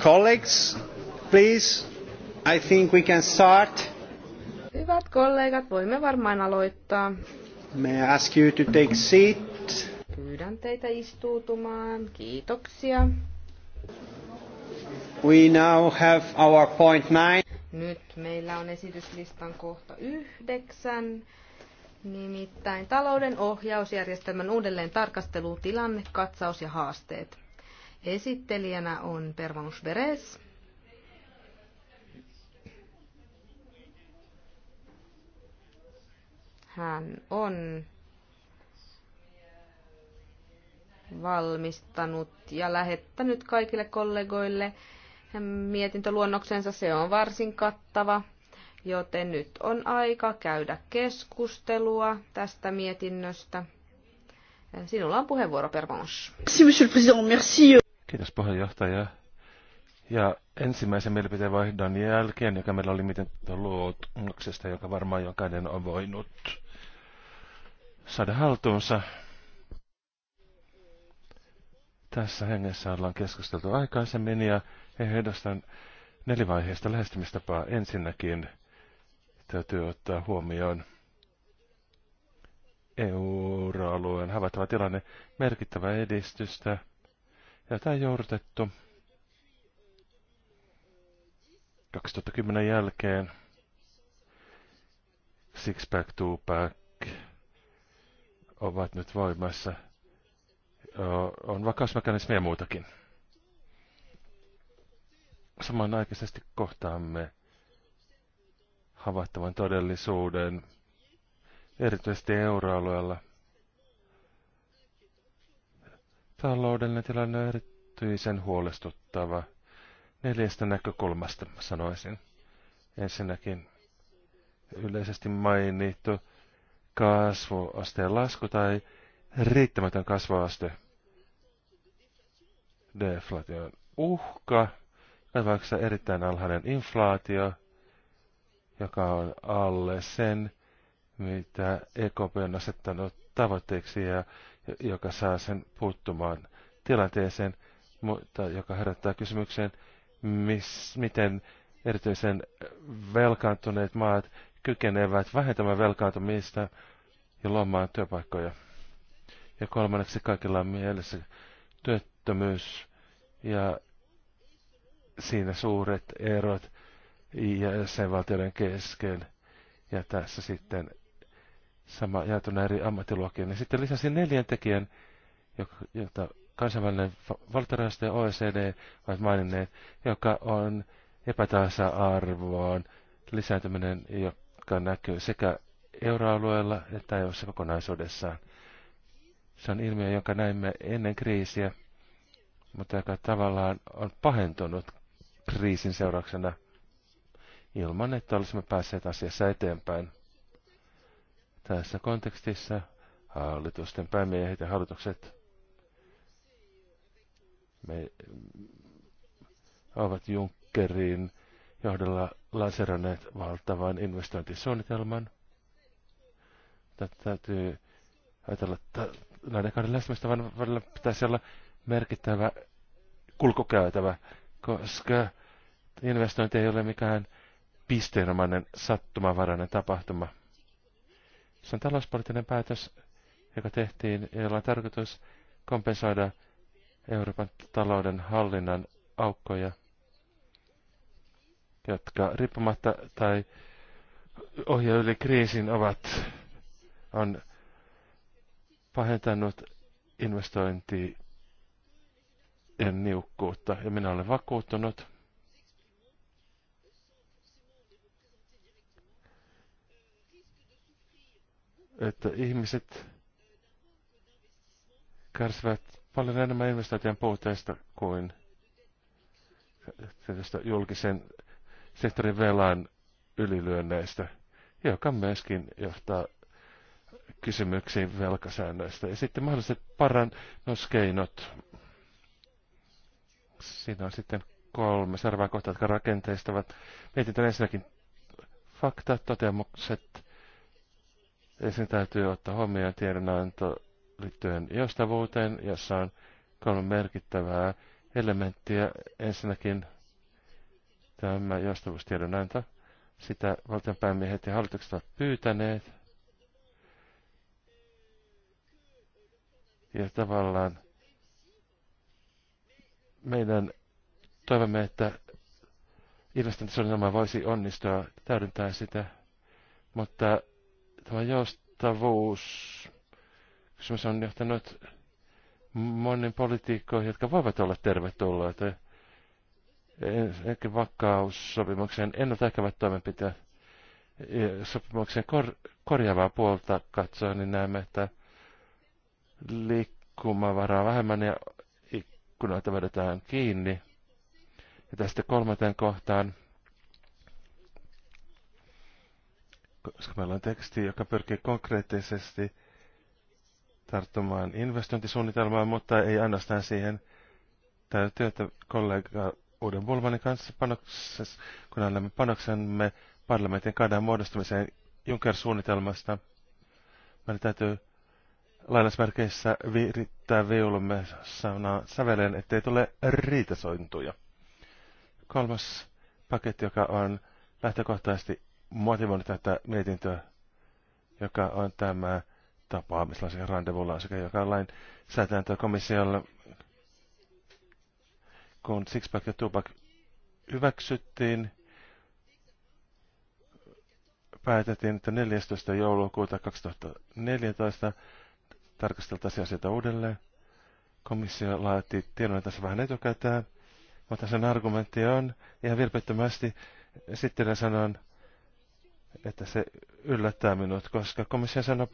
Colleagues, please, I think we can start. Hyvät kollegat, voimme varmaan aloittaa. May I ask you to take seat? Pyydän teitä istuutumaan. Kiitoksia. We now have our point nine. Nyt meillä on esityslistan kohta yhdeksän. Nimittäin talouden ohjausjärjestelmän uudelleen tarkastelu, tilanne, katsaus ja haasteet. Esittelijänä on Pervanus Beres. Hän on valmistanut ja lähettänyt kaikille kollegoille mietintöluonnoksensa. Se on varsin kattava, joten nyt on aika käydä keskustelua tästä mietinnöstä. Sinulla on puheenvuoro, Pervanche. Merci, monsieur le président. Merci. Euh, Kiitos puheenjohtaja. Ja ensimmäisen mielipiteen vaihdon jälkeen, joka meillä oli miten luotuksesta, joka varmaan jokainen on voinut saada haltuunsa. Tässä hengessä ollaan keskusteltu aikaisemmin ja ehdostan nelivaiheista lähestymistapaa. Ensinnäkin täytyy ottaa huomioon euroalueen havaittava tilanne merkittävää edistystä – ja tämä joudutettu 2010 jälkeen. Sixpack, Twopack ovat nyt voimassa. On vakausmekanismi ja muutakin. Samanaikaisesti kohtaamme havaittavan todellisuuden, erityisesti euroalueella – Taloudellinen tilanne on erityisen huolestuttava neljästä näkökulmasta, sanoisin. Ensinnäkin yleisesti mainittu kasvuasteen lasku tai riittämätön kasvuaste. Deflaation uhka, vaikka erittäin alhainen inflaatio, joka on alle sen, mitä EKP on asettanut tavoitteeksi ja joka saa sen puuttumaan tilanteeseen, mutta joka herättää kysymykseen, miss, miten erityisen velkaantuneet maat kykenevät vähentämään velkaantumista ja luomaan työpaikkoja. Ja kolmanneksi kaikilla on mielessä työttömyys ja siinä suuret erot jäsenvaltioiden kesken. Ja tässä sitten sama jaetuna eri ammattiluokkiin. Ja niin sitten lisäsin neljän tekijän, jota kansainvälinen valtarajasto ja OECD ovat maininneet, joka on epätasa-arvoon lisääntyminen, joka näkyy sekä euroalueella että EU:ssa kokonaisuudessaan. Se on ilmiö, jonka näimme ennen kriisiä, mutta joka tavallaan on pahentunut kriisin seurauksena ilman, että olisimme päässeet asiassa eteenpäin. Tässä kontekstissa hallitusten päämiehet ja hallitukset me, ovat Junckerin johdolla lanseranneet valtavan investointisuunnitelman. Tätä täytyy ajatella, että näiden kahden lähtemistä välillä pitäisi olla merkittävä kulkukäytävä, koska investointi ei ole mikään pisteenomainen sattumavarainen tapahtuma – se on talouspoliittinen päätös, joka tehtiin, jolla on tarkoitus kompensoida Euroopan talouden hallinnan aukkoja, jotka riippumatta tai ohja yli kriisin ovat, on pahentanut investointi niukkuutta. Ja minä olen vakuuttunut, että ihmiset kärsivät paljon enemmän investointien puutteesta kuin julkisen sektorin velan ylilyönneistä, joka myöskin johtaa kysymyksiin velkasäännöistä. Ja sitten mahdolliset parannuskeinot. Siinä on sitten kolme seuraavaa kohtaa, jotka rakenteistavat. Mietitään ensinnäkin faktat, toteamukset, Ensin täytyy ottaa huomioon tiedonanto liittyen joustavuuteen, jossa on kolme merkittävää elementtiä. Ensinnäkin tämä joustavuustiedonanto. Sitä valtionpäämiehet ja hallitukset ovat pyytäneet. Ja tavallaan meidän toivomme, että investointisuunnitelma voisi onnistua täydentää sitä, mutta Tämä joustavuus kysymys on johtanut monin politiikkoihin, jotka voivat olla tervetulleita. Ehkä vakaussopimuksen ennaltaehkävät toimenpiteet sopimuksen kor- korjaavaa puolta katsoa, niin näemme, että liikkumavaraa vähemmän ja ikkunoita vedetään kiinni. Ja tästä kolmanteen kohtaan koska meillä on teksti, joka pyrkii konkreettisesti tarttumaan investointisuunnitelmaan, mutta ei ainoastaan siihen. Täytyy, että kollega Uuden Bulmanin kanssa panoksessa, kun annamme panoksemme parlamentin kadan muodostumiseen juncker suunnitelmasta meidän täytyy lainausmerkeissä virittää viulumme saunaa säveleen, ettei tule riitasointuja. Kolmas paketti, joka on lähtökohtaisesti motivoinut tätä mietintöä, joka on tämä tapaamislauseke, rendezvous sekä joka lain säätäntöä komissiolle, kun Sixpack ja Tupac hyväksyttiin, päätettiin, että 14. joulukuuta 2014 tarkasteltaisiin asioita uudelleen. Komissio laati tiedon tässä vähän etukäteen, mutta sen argumentti on ihan vilpittömästi Sitten sanon, että se yllättää minut, koska komissio sanoi,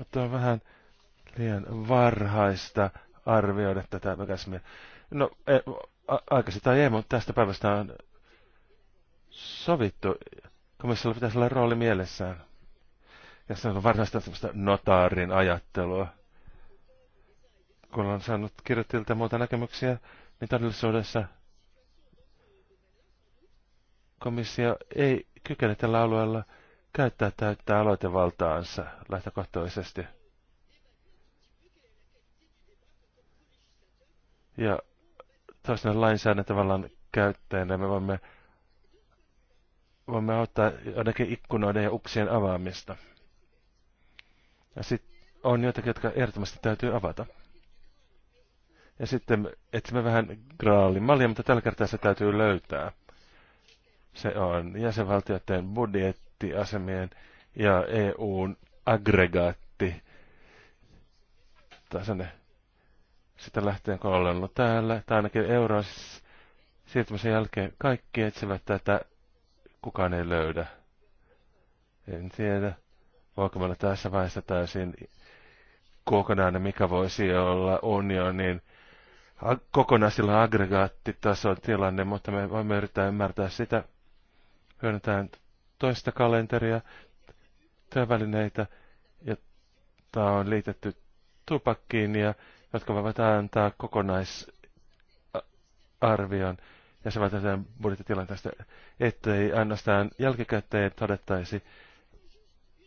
että on vähän liian varhaista arvioida tätä mekanismia. No, e, aikaisin tai ei, mutta tästä päivästä on sovittu. Komissiolla pitäisi olla rooli mielessään. Ja se on varhaista sellaista notaarin ajattelua. Kun on saanut kirjoittajilta muuta näkemyksiä, niin todellisuudessa komissio ei kykene tällä alueella käyttää täyttää aloitevaltaansa lähtökohtaisesti. Ja toisena lainsäädäntövallan käyttäjänä me voimme, voimme auttaa ainakin ikkunoiden ja uksien avaamista. Ja sitten on joitakin, jotka ehdottomasti täytyy avata. Ja sitten etsimme vähän graalin mallia, mutta tällä kertaa se täytyy löytää. Se on jäsenvaltioiden budjettiasemien ja EUn aggregaatti tasanne. Sitä lähtien, kun olen ollut täällä, tai ainakin euron siirtymisen jälkeen kaikki etsivät tätä, kukaan ei löydä. En tiedä, voiko meillä tässä vaiheessa täysin kokonainen, mikä voisi olla unionin kokonaisilla aggregaattitason tilanne, mutta me voimme yrittää ymmärtää sitä, hyödyntään toista kalenteria, työvälineitä, tämä on liitetty tupakkiin ja jotka voivat antaa kokonaisarvion ja se vaatetaan budjettitilanteesta, ettei ainoastaan jälkikäteen todettaisi,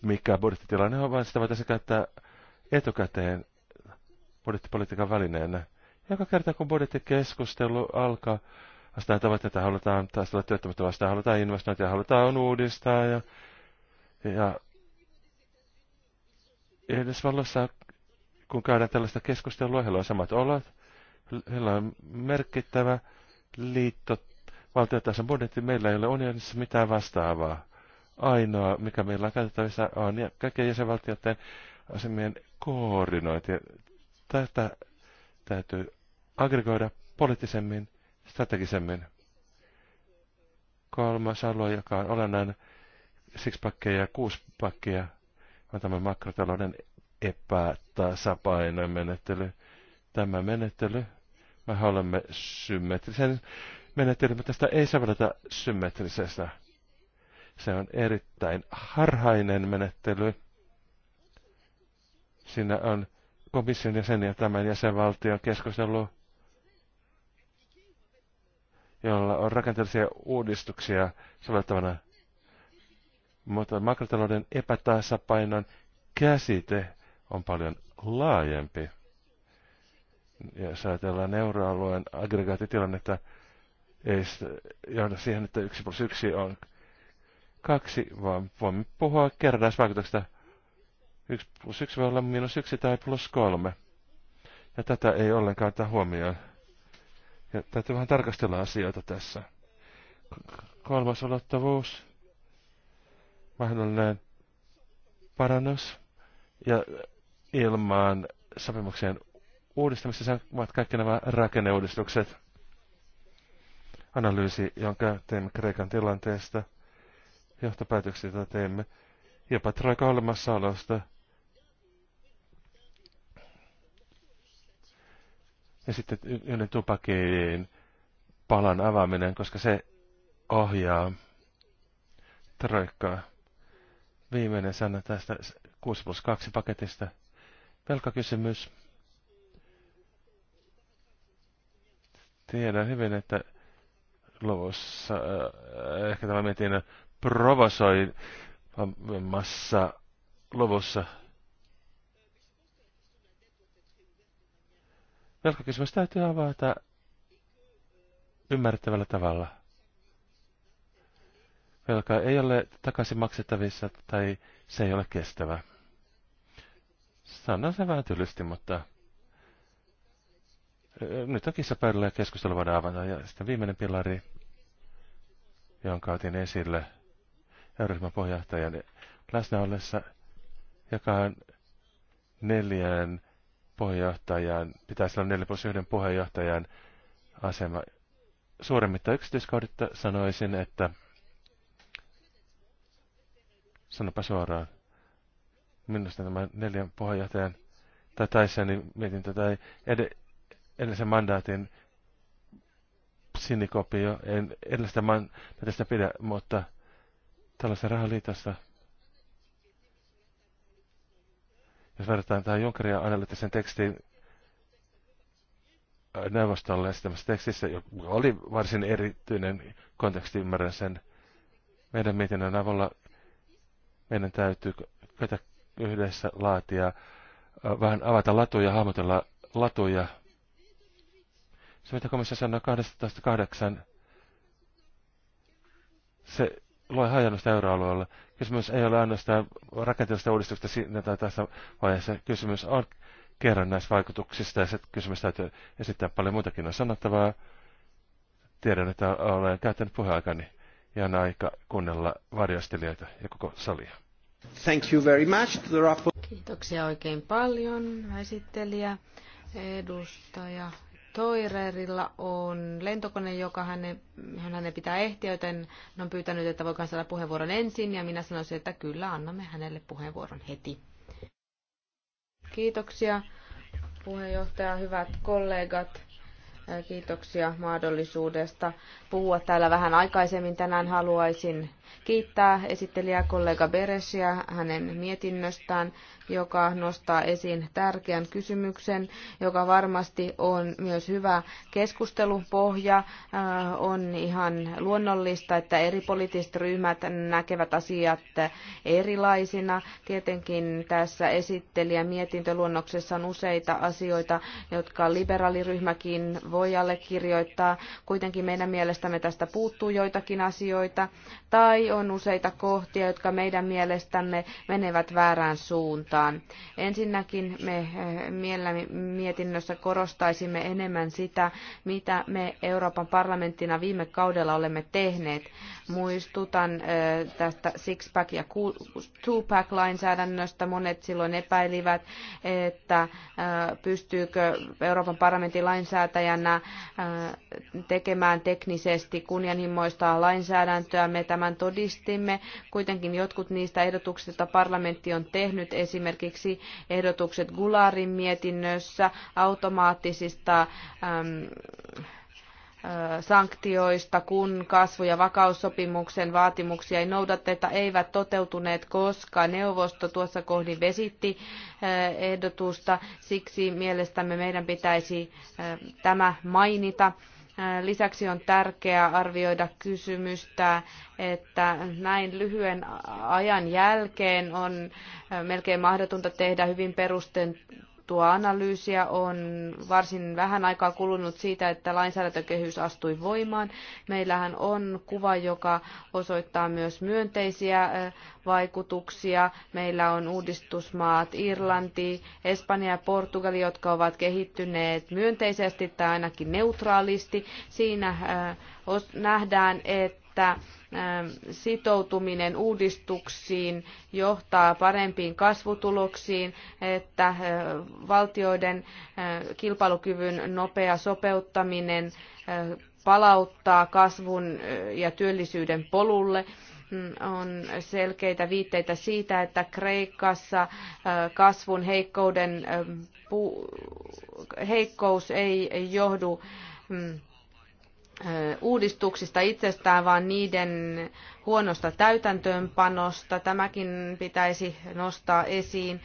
mikä budjettitilanne on, vaan sitä voitaisiin käyttää etukäteen budjettipolitiikan välineenä. Joka kerta kun budjettikeskustelu alkaa, vastaan tavoitteita, halutaan olla työttömyyttä vastaan, halutaan investointia, halutaan uudistaa ja, ja Yhdysvalloissa, kun käydään tällaista keskustelua, heillä on samat olot, heillä on merkittävä liitto, valtiotason budjetti, meillä ei ole unionissa mitään vastaavaa. Ainoa, mikä meillä on käytettävissä, on ja kaikkien jäsenvaltioiden asemien koordinointi. Tätä täytyy aggregoida poliittisemmin strategisemmin. Kolmas alue, joka on olennainen six-pakkeja ja kuusi-pakkeja, on tämä makrotalouden epätasapainoinen menettely. Tämä menettely, me haluamme symmetrisen menettelyn, mutta tästä ei sovelleta symmetrisestä. Se on erittäin harhainen menettely. Siinä on komission jäseniä ja tämän jäsenvaltion keskustelu jolla on rakenteellisia uudistuksia sovellettavana. Mutta makrotalouden epätasapainon käsite on paljon laajempi. Ja jos ajatellaan euroalueen aggregaatitilannetta, ei johda siihen, että 1 plus 1 on 2, vaan voimme puhua kerrallaisvaikutuksesta. 1 plus 1 voi olla miinus 1 tai plus 3. Ja tätä ei ollenkaan ottaa huomioon. Ja täytyy vähän tarkastella asioita tässä. Kolmas olottavuus, mahdollinen parannus ja ilmaan sopimuksien uudistamisessa ovat kaikki nämä rakenneuudistukset. Analyysi, jonka teemme Kreikan tilanteesta, johtopäätöksiä, joita teemme, jopa Troika olemassaolosta – Ja sitten yhden tupakin palan avaaminen, koska se ohjaa troikkaa. Viimeinen sana tästä 6 plus 2 paketista. Velkakysymys. Tiedän hyvin, että luvussa äh, ehkä tämä mietin provosoi massa luvussa Velkakysymys täytyy avata ymmärrettävällä tavalla. Velka ei ole takaisin maksettavissa tai se ei ole kestävä. Sanon se vähän tylysti, mutta nyt on kissapöydällä ja keskustelu voidaan avata. Ja sitten viimeinen pilari, jonka otin esille euroryhmän puheenjohtajan läsnä ollessa, joka on neljän puheenjohtajan, pitäisi olla 4 plus 1 puheenjohtajan asema. Suuremmitta yksityiskohdetta sanoisin, että sanopa suoraan, minusta tämä neljän puheenjohtajan tai Tysonin mietin tätä ed- edellisen mandaatin sinikopio, en edellistä mandaatista pidä, mutta tällaisessa rahaliitossa – Jos verrataan tähän Junckeria analyyttisen tekstiin neuvostolle esittämässä tekstissä, joka oli varsin erityinen konteksti, ymmärrän sen. Meidän mietinnön avulla meidän täytyy kyetä yhdessä laatia, vähän avata latuja, hahmotella latuja. Se, mitä komissio sanoi 12.8, se loi hajannusta euroalueella. Kysymys ei ole ainoastaan rakenteellista uudistusta siinä tai tässä vaiheessa. Kysymys on vaikutuksista ja se kysymys täytyy esittää paljon muitakin on sanottavaa. Tiedän, että olen käyttänyt puheaikani ja on aika kuunnella varjostelijoita ja koko salia. Thank you very much to the Kiitoksia oikein paljon, esittelijä, edustaja Toirerilla on lentokone, joka hänen, hänen pitää ehtiä, joten hän on pyytänyt, että voikaan saada puheenvuoron ensin, ja minä sanoisin, että kyllä, annamme hänelle puheenvuoron heti. Kiitoksia puheenjohtaja, hyvät kollegat. Kiitoksia mahdollisuudesta puhua täällä vähän aikaisemmin. Tänään haluaisin kiittää esittelijää kollega Beresia hänen mietinnöstään joka nostaa esiin tärkeän kysymyksen, joka varmasti on myös hyvä keskustelupohja. Äh, on ihan luonnollista, että eri poliittiset ryhmät näkevät asiat erilaisina. Tietenkin tässä esittelijä mietintöluonnoksessa on useita asioita, jotka liberaaliryhmäkin voi allekirjoittaa. Kuitenkin meidän mielestämme tästä puuttuu joitakin asioita, tai on useita kohtia, jotka meidän mielestämme menevät väärään suuntaan suuntaan. Ensinnäkin me eh, mielellämme mietinnössä korostaisimme enemmän sitä, mitä me Euroopan parlamenttina viime kaudella olemme tehneet. Muistutan eh, tästä six-pack ja two-pack-lainsäädännöstä. Monet silloin epäilivät, että eh, pystyykö Euroopan parlamentin lainsäätäjänä tekemään teknisesti kunnianhimoista lainsäädäntöä. Me tämän todistimme. Kuitenkin jotkut niistä ehdotuksista, parlamentti on tehnyt, esimerkiksi esimerkiksi ehdotukset Gularin mietinnössä automaattisista äm, sanktioista, kun kasvu- ja vakaussopimuksen vaatimuksia ei noudateta, eivät toteutuneet, koska neuvosto tuossa kohdin vesitti ehdotusta. Siksi mielestämme meidän pitäisi tämä mainita. Lisäksi on tärkeää arvioida kysymystä, että näin lyhyen ajan jälkeen on melkein mahdotonta tehdä hyvin perusten tuo analyysiä. On varsin vähän aikaa kulunut siitä, että lainsäädäntökehys astui voimaan. Meillähän on kuva, joka osoittaa myös myönteisiä vaikutuksia. Meillä on uudistusmaat Irlanti, Espanja ja Portugali, jotka ovat kehittyneet myönteisesti tai ainakin neutraalisti. Siinä nähdään, että että ähm, sitoutuminen uudistuksiin johtaa parempiin kasvutuloksiin, että äh, valtioiden äh, kilpailukyvyn nopea sopeuttaminen äh, palauttaa kasvun ja työllisyyden polulle mm, on selkeitä viitteitä siitä, että Kreikassa kasvun heikkouden, heikkous ei johdu mm, uudistuksista itsestään, vaan niiden huonosta täytäntöönpanosta. Tämäkin pitäisi nostaa esiin.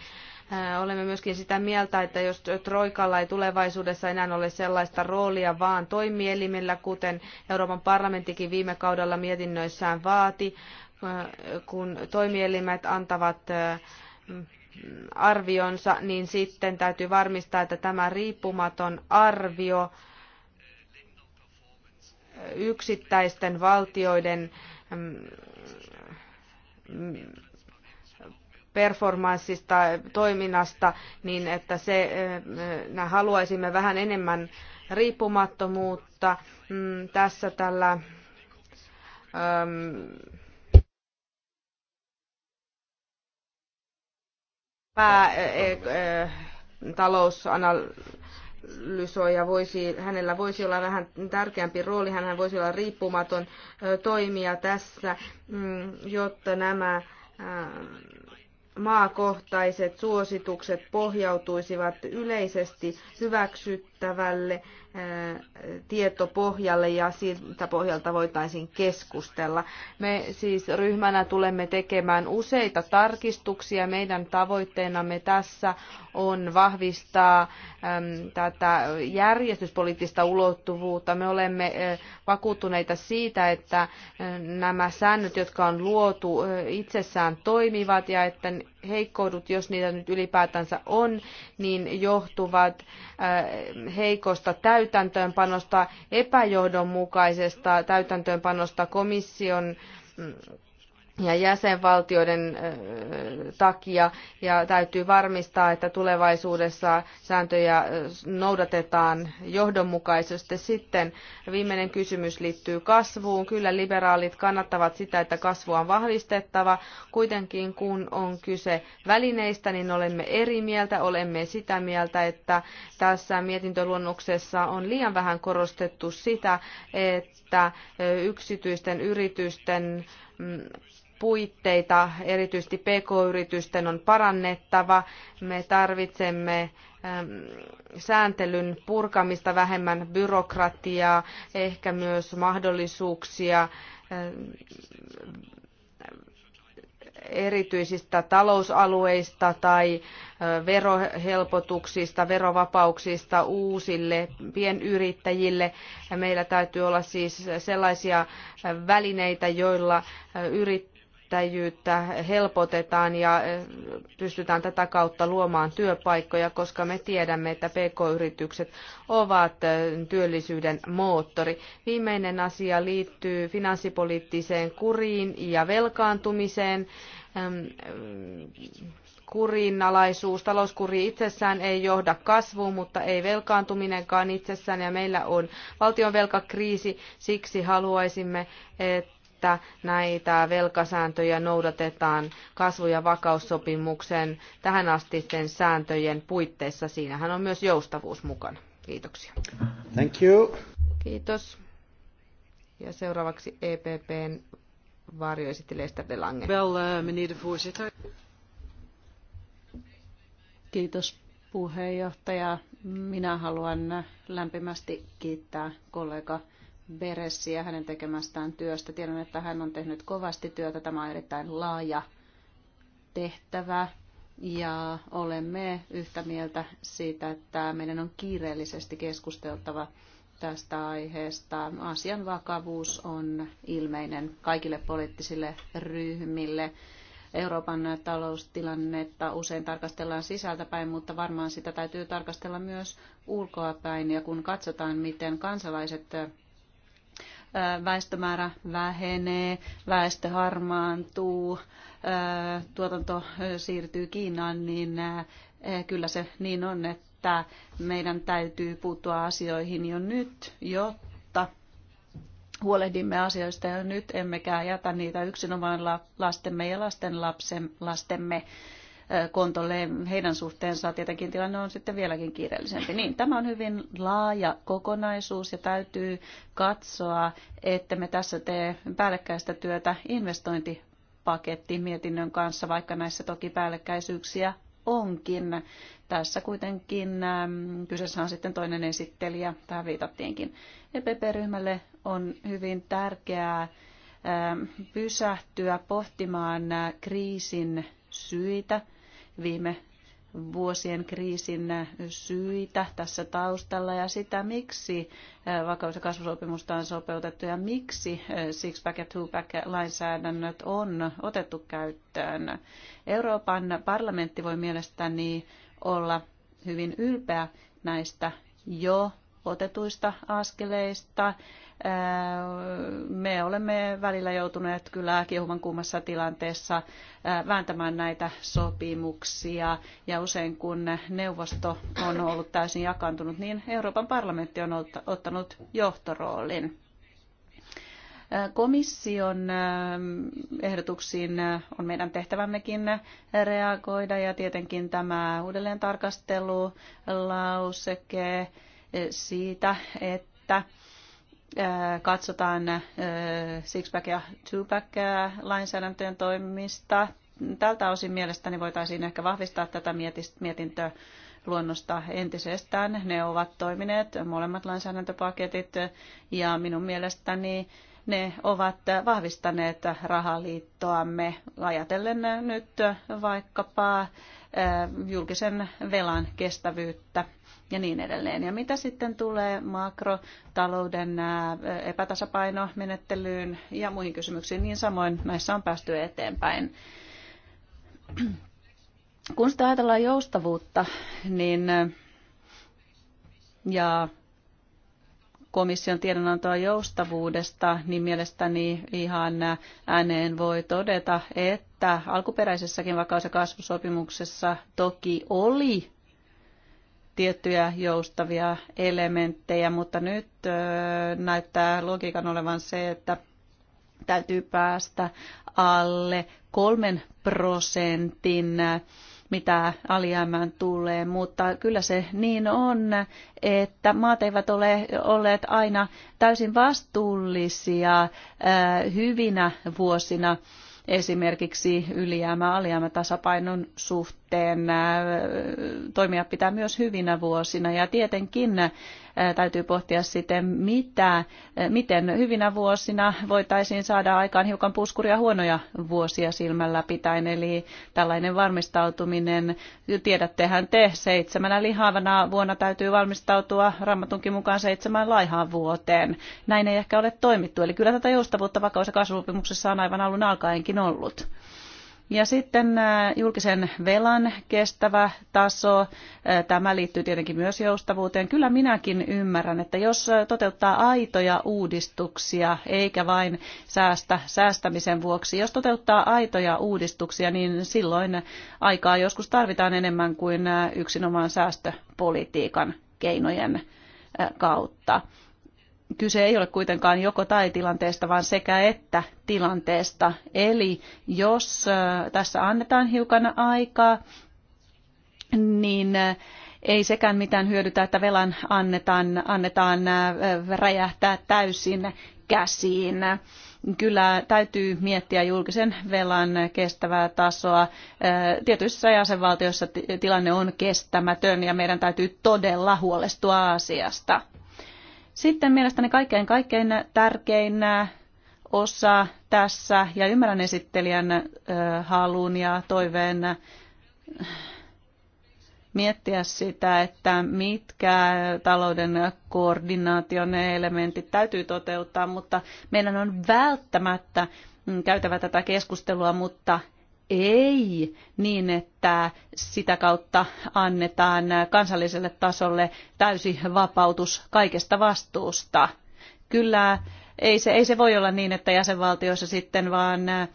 Olemme myöskin sitä mieltä, että jos Troikalla ei tulevaisuudessa enää ole sellaista roolia, vaan toimielimillä, kuten Euroopan parlamenttikin viime kaudella mietinnöissään vaati, kun toimielimet antavat mm, arvionsa, niin sitten täytyy varmistaa, että tämä riippumaton arvio yksittäisten valtioiden mm, performanssista, toiminnasta, niin että se, mm, me haluaisimme vähän enemmän riippumattomuutta. Mm, tässä tällä e- e- e- talousanal lysoja voisi, hänellä voisi olla vähän tärkeämpi rooli, hän voisi olla riippumaton toimija tässä, mm, jotta nämä maakohtaiset suositukset pohjautuisivat yleisesti hyväksyttävälle tietopohjalle ja siltä pohjalta voitaisiin keskustella. Me siis ryhmänä tulemme tekemään useita tarkistuksia. Meidän tavoitteenamme tässä on vahvistaa tätä järjestyspoliittista ulottuvuutta. Me olemme vakuuttuneita siitä, että nämä säännöt, jotka on luotu, itsessään toimivat ja että heikkoudut, jos niitä nyt ylipäätänsä on, niin johtuvat äh, heikosta täytäntöönpanosta, epäjohdonmukaisesta täytäntöönpanosta komission mm, ja jäsenvaltioiden takia ja täytyy varmistaa, että tulevaisuudessa sääntöjä noudatetaan johdonmukaisesti. Sitten viimeinen kysymys liittyy kasvuun. Kyllä liberaalit kannattavat sitä, että kasvua on vahvistettava. Kuitenkin kun on kyse välineistä, niin olemme eri mieltä. Olemme sitä mieltä, että tässä mietintöluonnoksessa on liian vähän korostettu sitä, että yksityisten yritysten mm, puitteita erityisesti pk-yritysten on parannettava. Me tarvitsemme sääntelyn purkamista, vähemmän byrokratiaa, ehkä myös mahdollisuuksia erityisistä talousalueista tai verohelpotuksista, verovapauksista uusille pienyrittäjille. Meillä täytyy olla siis sellaisia välineitä, joilla yrittäjät yrittäjyyttä helpotetaan ja eh, pystytään tätä kautta luomaan työpaikkoja, koska me tiedämme, että pk-yritykset ovat eh, työllisyyden moottori. Viimeinen asia liittyy finanssipoliittiseen kuriin ja velkaantumiseen ehm, kurinalaisuus, talouskuri itsessään ei johda kasvuun, mutta ei velkaantuminenkaan itsessään ja meillä on valtion velkakriisi, siksi haluaisimme, että että näitä velkasääntöjä noudatetaan kasvu- ja vakaussopimuksen tähän asti sen sääntöjen puitteissa. Siinähän on myös joustavuus mukana. Kiitoksia. Thank you. Kiitos. Ja seuraavaksi EPPn varjoesittelijä de Lange. Well, uh, eh, Kiitos puheenjohtaja. Minä haluan lämpimästi kiittää kollega Beressiä hänen tekemästään työstä. Tiedän, että hän on tehnyt kovasti työtä. Tämä on erittäin laaja tehtävä ja olemme yhtä mieltä siitä, että meidän on kiireellisesti keskusteltava tästä aiheesta. Asian vakavuus on ilmeinen kaikille poliittisille ryhmille. Euroopan taloustilannetta usein tarkastellaan sisältäpäin, mutta varmaan sitä täytyy tarkastella myös ulkoapäin. Ja kun katsotaan, miten kansalaiset väestömäärä vähenee, väestö harmaantuu, tuotanto siirtyy Kiinaan, niin kyllä se niin on, että meidän täytyy puuttua asioihin jo nyt, jotta huolehdimme asioista jo nyt, emmekä jätä niitä yksinomaan lastemme ja lasten lapsen, lastemme Kontolle heidän suhteensa. Tietenkin tilanne on sitten vieläkin kiireellisempi. Niin, tämä on hyvin laaja kokonaisuus ja täytyy katsoa, että me tässä tee päällekkäistä työtä investointipaketti mietinnön kanssa, vaikka näissä toki päällekkäisyyksiä onkin. Tässä kuitenkin kyseessä on sitten toinen esittelijä, tähän viitattiinkin. EPP-ryhmälle on hyvin tärkeää pysähtyä pohtimaan kriisin syitä viime vuosien kriisin syitä tässä taustalla ja sitä, miksi vakaus- ja kasvusopimusta on sopeutettu ja miksi six-pack ja two-pack-lainsäädännöt on otettu käyttöön. Euroopan parlamentti voi mielestäni olla hyvin ylpeä näistä jo otetuista askeleista me olemme välillä joutuneet kyllä kiehuvan kuumassa tilanteessa vääntämään näitä sopimuksia ja usein kun neuvosto on ollut täysin jakantunut, niin Euroopan parlamentti on ottanut johtoroolin. Komission ehdotuksiin on meidän tehtävämmekin reagoida ja tietenkin tämä uudelleen tarkastelu lauseke siitä, että katsotaan six-pack ja two-pack lainsäädäntöjen toimista. Tältä osin mielestäni voitaisiin ehkä vahvistaa tätä mietintöä luonnosta entisestään. Ne ovat toimineet, molemmat lainsäädäntöpaketit, ja minun mielestäni ne ovat vahvistaneet rahaliittoamme ajatellen nyt vaikkapa julkisen velan kestävyyttä ja niin edelleen. Ja mitä sitten tulee makrotalouden epätasapainomenettelyyn ja muihin kysymyksiin, niin samoin näissä on päästy eteenpäin. Kun sitä ajatellaan joustavuutta, niin ja komission tiedonantoa joustavuudesta, niin mielestäni ihan ääneen voi todeta, että alkuperäisessäkin vakaus- ja kasvusopimuksessa toki oli tiettyjä joustavia elementtejä, mutta nyt näyttää logiikan olevan se, että täytyy päästä alle kolmen prosentin mitä alijäämään tulee, mutta kyllä se niin on, että maat eivät ole olleet aina täysin vastuullisia äh, hyvinä vuosina esimerkiksi ylijäämä alijäämätasapainon suhteen äh, toimia pitää myös hyvinä vuosina ja tietenkin täytyy pohtia sitten, mitä, miten hyvinä vuosina voitaisiin saada aikaan hiukan puskuria huonoja vuosia silmällä pitäen. Eli tällainen varmistautuminen, tiedättehän te, seitsemänä lihavana vuonna täytyy valmistautua rammatunkin mukaan seitsemän laihaan vuoteen. Näin ei ehkä ole toimittu. Eli kyllä tätä joustavuutta vakaus- ja kasvusopimuksessa on aivan alun alkaenkin ollut. Ja sitten äh, julkisen velan kestävä taso, äh, tämä liittyy tietenkin myös joustavuuteen. Kyllä minäkin ymmärrän, että jos äh, toteuttaa aitoja uudistuksia, eikä vain säästä säästämisen vuoksi, jos toteuttaa aitoja uudistuksia, niin silloin aikaa joskus tarvitaan enemmän kuin yksinomaan säästöpolitiikan keinojen kautta kyse ei ole kuitenkaan joko tai tilanteesta, vaan sekä että tilanteesta. Eli jos tässä annetaan hiukan aikaa, niin ei sekään mitään hyödytä, että velan annetaan, annetaan räjähtää täysin käsiin. Kyllä täytyy miettiä julkisen velan kestävää tasoa. Tietyissä jäsenvaltioissa tilanne on kestämätön ja meidän täytyy todella huolestua asiasta. Sitten mielestäni kaikkein kaikkein tärkein äh, osa tässä, ja ymmärrän esittelijän haluun äh, halun ja toiveen äh, miettiä sitä, että mitkä talouden koordinaation elementit täytyy toteuttaa, mutta meidän on välttämättä mm, käytävä tätä keskustelua, mutta ei niin, että sitä kautta annetaan kansalliselle tasolle täysi vapautus kaikesta vastuusta. Kyllä ei se, ei se voi olla niin, että jäsenvaltioissa sitten vaan äh,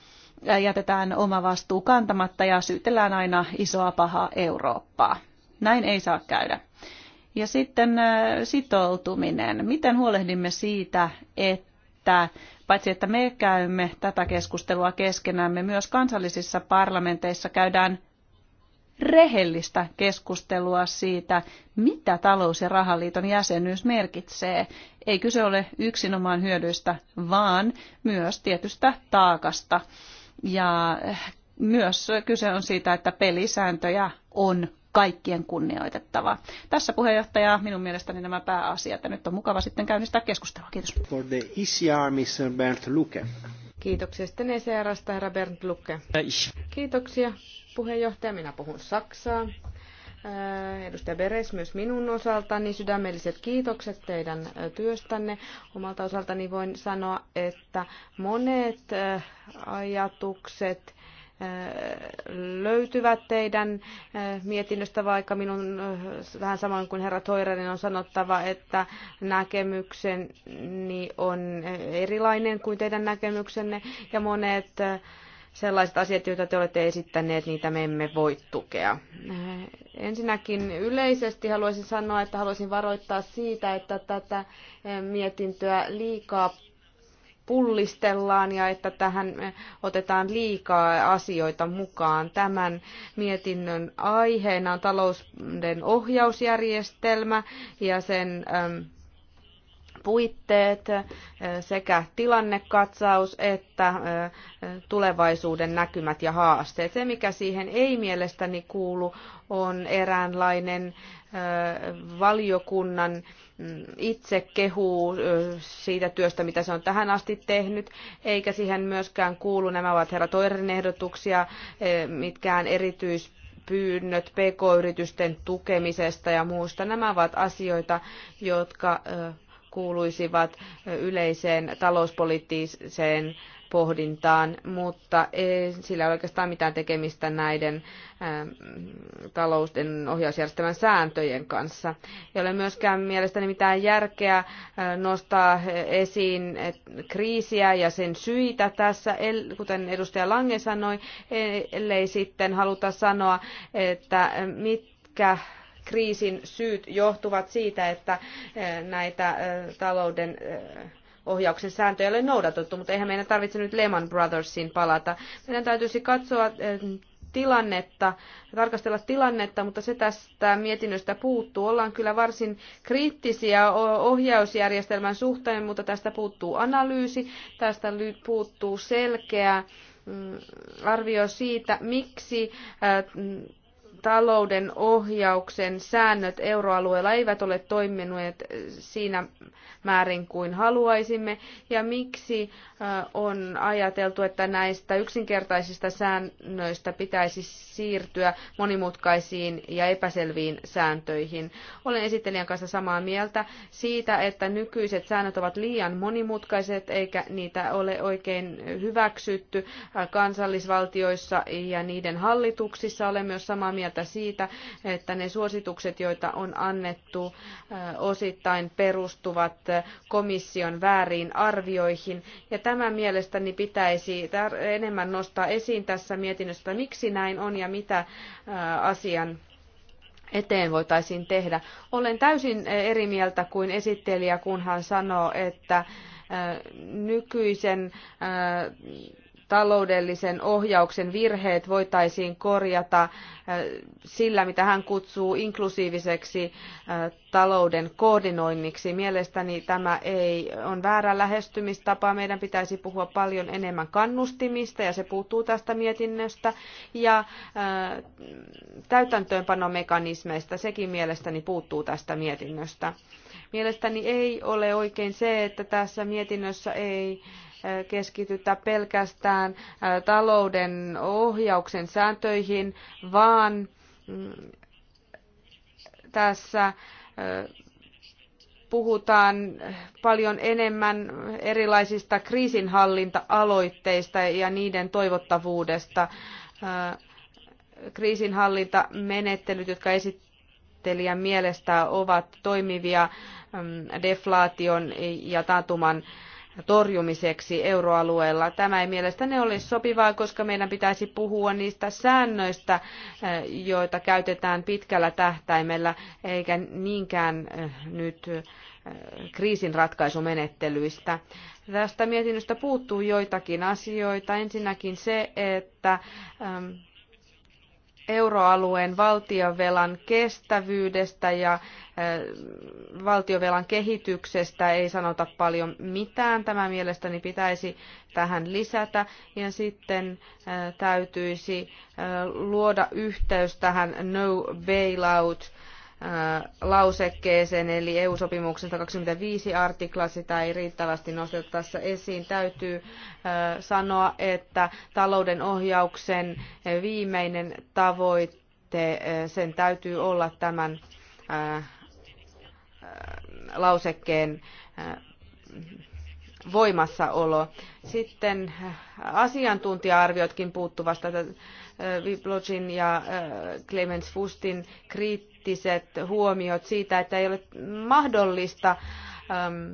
jätetään oma vastuu kantamatta ja syytellään aina isoa pahaa Eurooppaa. Näin ei saa käydä. Ja sitten äh, sitoutuminen. Miten huolehdimme siitä, että Paitsi että me käymme tätä keskustelua keskenämme, myös kansallisissa parlamenteissa käydään rehellistä keskustelua siitä, mitä talous- ja rahaliiton jäsenyys merkitsee. Ei kyse ole yksinomaan hyödyistä, vaan myös tietystä taakasta. Ja eh, myös kyse on siitä, että pelisääntöjä on kaikkien kunnioitettava. Tässä puheenjohtaja, minun mielestäni nämä pääasiat. Ja nyt on mukava sitten käynnistää keskustelua. Kiitos. For the Mr. E Bernd Luke. Kiitoksia sitten ECRstä, herra Bernd Lucke. Kiitoksia puheenjohtaja, minä puhun Saksaa. Äh, edustaja Beres myös minun osaltani sydämelliset kiitokset teidän äh, työstänne. Omalta osaltani voin sanoa, että monet äh, ajatukset löytyvät teidän mietinnöstä, vaikka minun vähän samoin kuin herra Toirerin on sanottava, että näkemykseni on erilainen kuin teidän näkemyksenne ja monet sellaiset asiat, joita te olette esittäneet, niitä me emme voi tukea. Ensinnäkin yleisesti haluaisin sanoa, että haluaisin varoittaa siitä, että tätä mietintöä liikaa pullistellaan ja että tähän otetaan liikaa asioita mukaan. Tämän mietinnön aiheena on talouden ohjausjärjestelmä ja sen ähm, puitteet äh, sekä tilannekatsaus että äh, tulevaisuuden näkymät ja haasteet. Se, mikä siihen ei mielestäni kuulu, on eräänlainen äh, valiokunnan itse kehuu siitä työstä, mitä se on tähän asti tehnyt, eikä siihen myöskään kuulu, nämä ovat herra Toirin ehdotuksia, mitkään erityis pyynnöt pk-yritysten tukemisesta ja muusta. Nämä ovat asioita, jotka kuuluisivat yleiseen talouspoliittiseen pohdintaan, mutta ei, sillä ei ole oikeastaan mitään tekemistä näiden ähm, talousten ohjausjärjestelmän sääntöjen kanssa. Ei ole myöskään mielestäni mitään järkeä äh, nostaa esiin kriisiä ja sen syitä tässä, kuten edustaja Lange sanoi, ellei sitten haluta sanoa, että mitkä kriisin syyt johtuvat siitä, että äh, näitä äh, talouden ohjauksen sääntöjä ole noudatettu, mutta eihän meidän tarvitse nyt Lehman Brothersiin palata. Meidän täytyisi katsoa eh, tilannetta, tarkastella tilannetta, mutta se tästä mietinnöstä puuttuu. Ollaan kyllä varsin kriittisiä ohjausjärjestelmän suhteen, mutta tästä puuttuu analyysi, tästä puuttuu selkeä mm, arvio siitä, miksi eh, talouden ohjauksen säännöt euroalueella eivät ole toimineet siinä määrin kuin haluaisimme ja miksi on ajateltu, että näistä yksinkertaisista säännöistä pitäisi siirtyä monimutkaisiin ja epäselviin sääntöihin. Olen esittelijän kanssa samaa mieltä siitä, että nykyiset säännöt ovat liian monimutkaiset eikä niitä ole oikein hyväksytty kansallisvaltioissa ja niiden hallituksissa. Olen myös samaa mieltä mieltä siitä, että ne suositukset, joita on annettu, osittain perustuvat komission vääriin arvioihin. Ja tämä mielestäni pitäisi enemmän nostaa esiin tässä mietinnössä, miksi näin on ja mitä asian eteen voitaisiin tehdä. Olen täysin eri mieltä kuin esittelijä, kun hän sanoo, että nykyisen taloudellisen ohjauksen virheet voitaisiin korjata äh, sillä, mitä hän kutsuu inklusiiviseksi äh, talouden koordinoinniksi. Mielestäni tämä ei on väärä lähestymistapa. Meidän pitäisi puhua paljon enemmän kannustimista ja se puuttuu tästä mietinnöstä ja äh, täytäntöönpanomekanismeista. Sekin mielestäni puuttuu tästä mietinnöstä. Mielestäni ei ole oikein se, että tässä mietinnössä ei keskitytä pelkästään talouden ohjauksen sääntöihin, vaan mm, tässä puhutaan paljon enemmän erilaisista kriisinhallinta-aloitteista ja niiden toivottavuudesta. Kriisinhallintamenettelyt, jotka esittelijän mielestä ovat toimivia mm, deflaation ja taantuman torjumiseksi euroalueella. Tämä ei mielestäni ole sopivaa, koska meidän pitäisi puhua niistä säännöistä, eh, joita käytetään pitkällä tähtäimellä, eikä niinkään eh, nyt eh, kriisinratkaisumenettelyistä. Tästä mietinnöstä puuttuu joitakin asioita. Ensinnäkin se, että euroalueen valtiovelan kestävyydestä ja valtiovelan kehityksestä ei sanota paljon mitään. Tämä mielestäni pitäisi tähän lisätä ja sitten täytyisi luoda yhteys tähän no bailout lausekkeeseen, eli EU-sopimuksesta 25 artikla, sitä ei riittävästi nosteta tässä esiin. Täytyy sanoa, että talouden ohjauksen viimeinen tavoite, sen täytyy olla tämän lausekkeen voimassaolo. Sitten asiantuntija-arviotkin puuttuvasta Viblogin ja Clemens Fustin kriittistä kriittiset huomiot siitä, että ei ole mahdollista ähm,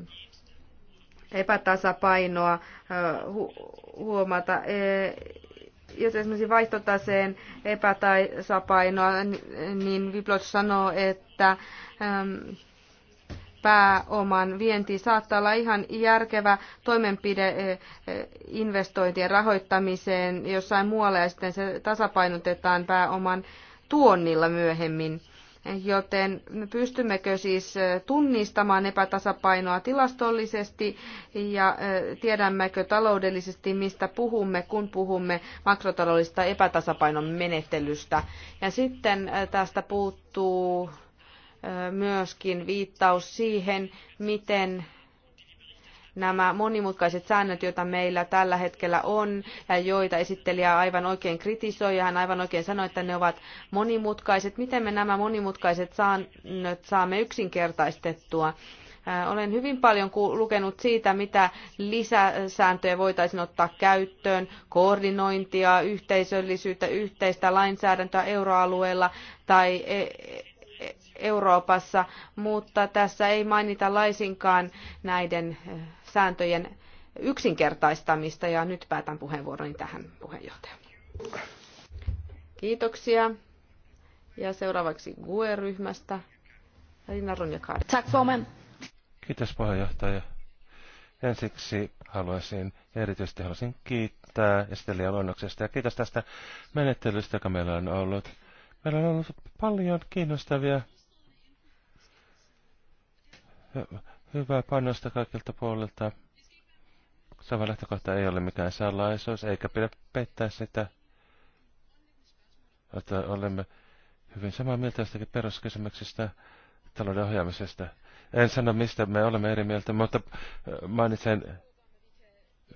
epätasapainoa äh, huomata. E, jos esimerkiksi vaihtotaseen epätasapainoa, niin Viplot sanoo, että ähm, pääoman vienti saattaa olla ihan järkevä toimenpide e, e, investointien rahoittamiseen jossain muualla ja sitten se tasapainotetaan pääoman tuonnilla myöhemmin. Joten pystymmekö siis tunnistamaan epätasapainoa tilastollisesti ja tiedämmekö taloudellisesti, mistä puhumme, kun puhumme makrotaloudellista epätasapainon menettelystä. Ja sitten tästä puuttuu myöskin viittaus siihen, miten nämä monimutkaiset säännöt, joita meillä tällä hetkellä on ja joita esittelijä aivan oikein kritisoi ja hän aivan oikein sanoi, että ne ovat monimutkaiset. Miten me nämä monimutkaiset säännöt saamme yksinkertaistettua? Äh, olen hyvin paljon lukenut siitä, mitä lisäsääntöjä voitaisiin ottaa käyttöön, koordinointia, yhteisöllisyyttä, yhteistä lainsäädäntöä euroalueella tai e-, e-, Euroopassa, mutta tässä ei mainita laisinkaan näiden äh, sääntöjen yksinkertaistamista ja nyt päätän puheenvuoroni tähän puheenjohtaja. Kiitoksia. Ja seuraavaksi GUE-ryhmästä. Elina Ronjakaari. Kiitos puheenjohtaja. Ensiksi haluaisin, erityisesti haluaisin kiittää esittelijäluonnoksesta ja kiitos tästä menettelystä, joka meillä on ollut. Meillä on ollut paljon kiinnostavia hyvää panosta kaikilta puolilta. Sama lähtökohta ei ole mikään salaisuus, eikä pidä pettää sitä, että olemme hyvin samaa mieltä jostakin peruskysymyksistä talouden ohjaamisesta. En sano, mistä me olemme eri mieltä, mutta äh, mainitsen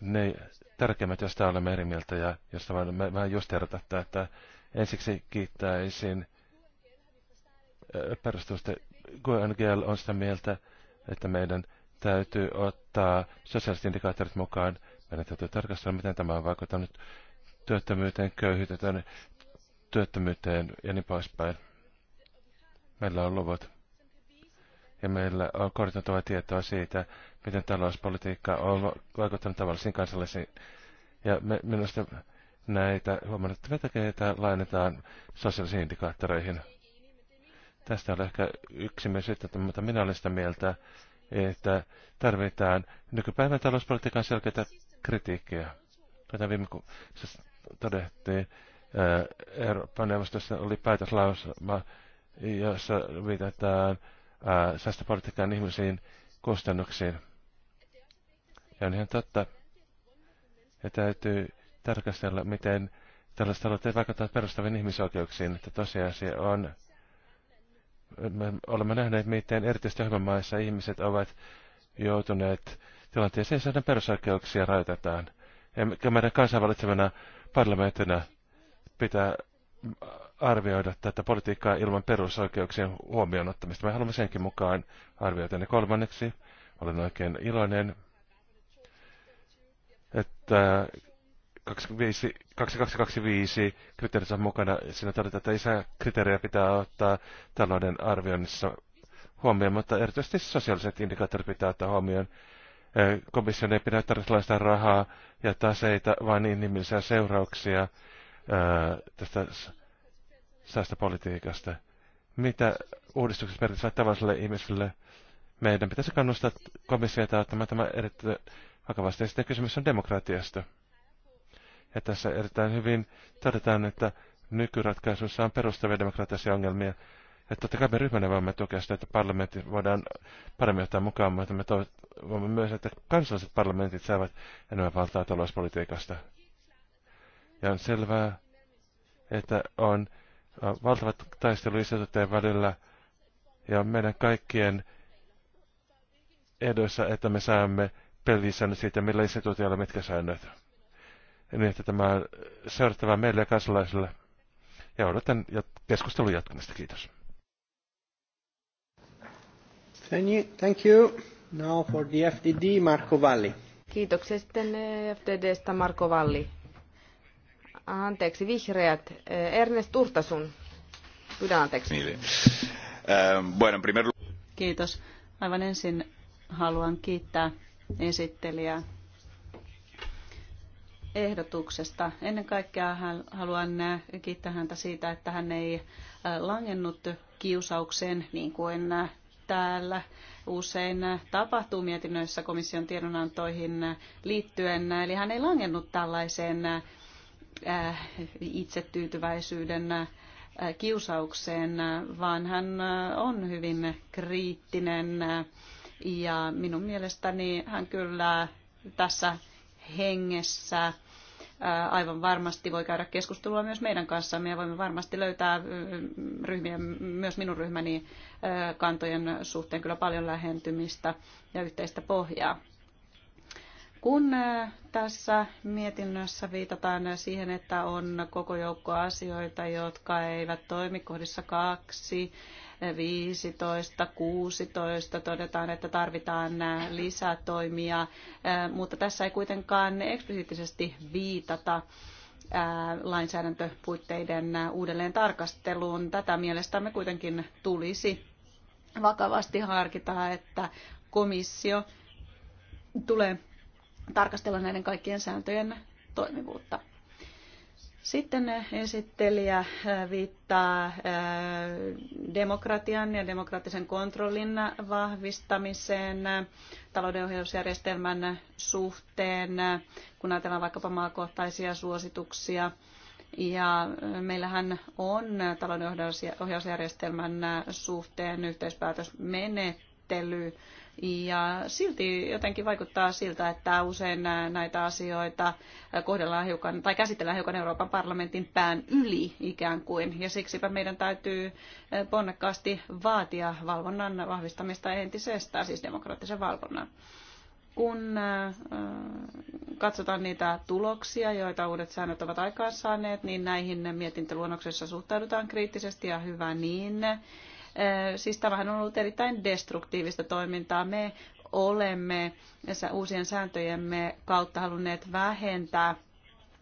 ne tärkeimmät, joista olemme eri mieltä ja josta mä, mä just erotatta, että ensiksi kiittäisin äh, perustusta. GNGL on sitä mieltä, että meidän täytyy ottaa sosiaaliset indikaattorit mukaan. Meidän täytyy tarkastella, miten tämä on vaikuttanut työttömyyteen, köyhyyteen, työttömyyteen ja niin poispäin. Meillä on luvut. Ja meillä on koordinoitavaa tietoa siitä, miten talouspolitiikka on vaikuttanut tavallisiin kansallisiin. Ja me, minusta näitä tekee että lainetaan sosiaalisiin indikaattoreihin. Tästä on ehkä yksimielisyyttä, mutta minä olen sitä mieltä, että tarvitaan nykypäivän talouspolitiikan selkeitä kritiikkiä. Kuten viime se todettiin, äh, Euroopan neuvostossa oli päätöslausuma, jossa viitataan äh, säästöpolitiikan ihmisiin kustannuksiin. Ja on ihan totta, että täytyy tarkastella, miten tällaiset aloitteet vaikuttavat perustavien ihmisoikeuksiin, että tosiasia on, me olemme nähneet, miten erityisesti ohjelmamaissa ihmiset ovat joutuneet tilanteeseen saada perusoikeuksia rajoitetaan. Ja meidän kansanvalitsemana parlamenttina pitää arvioida tätä politiikkaa ilman perusoikeuksien huomioon ottamista. Me haluamme senkin mukaan arvioida ne kolmanneksi. Olen oikein iloinen, että 2225 kriteerissä mukana. Siinä todetaan, että kriteeriä pitää ottaa talouden arvioinnissa huomioon, mutta erityisesti sosiaaliset indikaattorit pitää ottaa huomioon. Komission ei pidä tarvitse rahaa ja taseita, vaan inhimillisiä seurauksia tästä säästöpolitiikasta. Mitä uudistukset merkitsevät tavalliselle ihmiselle? Meidän pitäisi kannustaa komissiota ottamaan tämä erittäin vakavasti. Ja sitten kysymys on demokratiasta. Ja tässä erittäin hyvin todetaan, että nykyratkaisussa on perustavia demokraattisia ongelmia. Että totta kai me ryhmänä voimme tukea sitä, että parlamentti voidaan paremmin ottaa mukaan, mutta me toivomme myös, että kansalliset parlamentit saavat enemmän valtaa talouspolitiikasta. Ja on selvää, että on valtavat taistelu isotuteen välillä ja meidän kaikkien edoissa, että me saamme pelisäännöt siitä, millä instituutioilla mitkä säännöt niin että tämä on seurattavaa meille ja kansalaisille. Ja odotan keskustelun jatkumista. Kiitos. Thank you. Now for the FDD, Marco Valli. Kiitoksia sitten eh, FDDstä, Marko Valli. Anteeksi, vihreät. Eh, Ernest Urtasun. Pyydän anteeksi. Niin. Eh, Kiitos. Aivan ensin haluan kiittää esittelijää ehdotuksesta. Ennen kaikkea haluan äh, kiittää häntä siitä, että hän ei äh, langennut kiusaukseen niin kuin äh, täällä usein tapahtuu mietinnöissä komission tiedonantoihin liittyen. Eli hän ei langennut tällaiseen itsetyytyväisyyden kiusaukseen, vaan hän on hyvin kriittinen ja minun mielestäni hän kyllä tässä hengessä aivan varmasti voi käydä keskustelua myös meidän kanssamme ja voimme varmasti löytää ryhmien, myös minun ryhmäni kantojen suhteen kyllä paljon lähentymistä ja yhteistä pohjaa. Kun tässä mietinnössä viitataan siihen, että on koko joukko asioita, jotka eivät toimi kohdissa kaksi, 15, 16 todetaan, että tarvitaan lisätoimia, mutta tässä ei kuitenkaan eksplisiittisesti viitata lainsäädäntöpuitteiden uudelleen tarkasteluun. Tätä mielestämme kuitenkin tulisi vakavasti harkita, että komissio tulee tarkastella näiden kaikkien sääntöjen toimivuutta. Sitten esittelijä viittaa demokratian ja demokraattisen kontrollin vahvistamiseen taloudenohjausjärjestelmän suhteen, kun ajatellaan vaikkapa maakohtaisia suosituksia. Ja meillähän on taloudenohjausjärjestelmän suhteen yhteispäätösmenettely, ja silti jotenkin vaikuttaa siltä, että usein näitä asioita kohdellaan hiukan tai käsitellään hiukan Euroopan parlamentin pään yli ikään kuin. Ja siksipä meidän täytyy ponnekkaasti vaatia valvonnan vahvistamista entisestään, siis demokraattisen valvonnan kun äh, katsotaan niitä tuloksia, joita uudet säännöt ovat aikaansaaneet, niin näihin mietintöluonnoksissa suhtaudutaan kriittisesti ja hyvä niin. Siis tämähän on ollut erittäin destruktiivista toimintaa. Me olemme uusien sääntöjemme kautta halunneet vähentää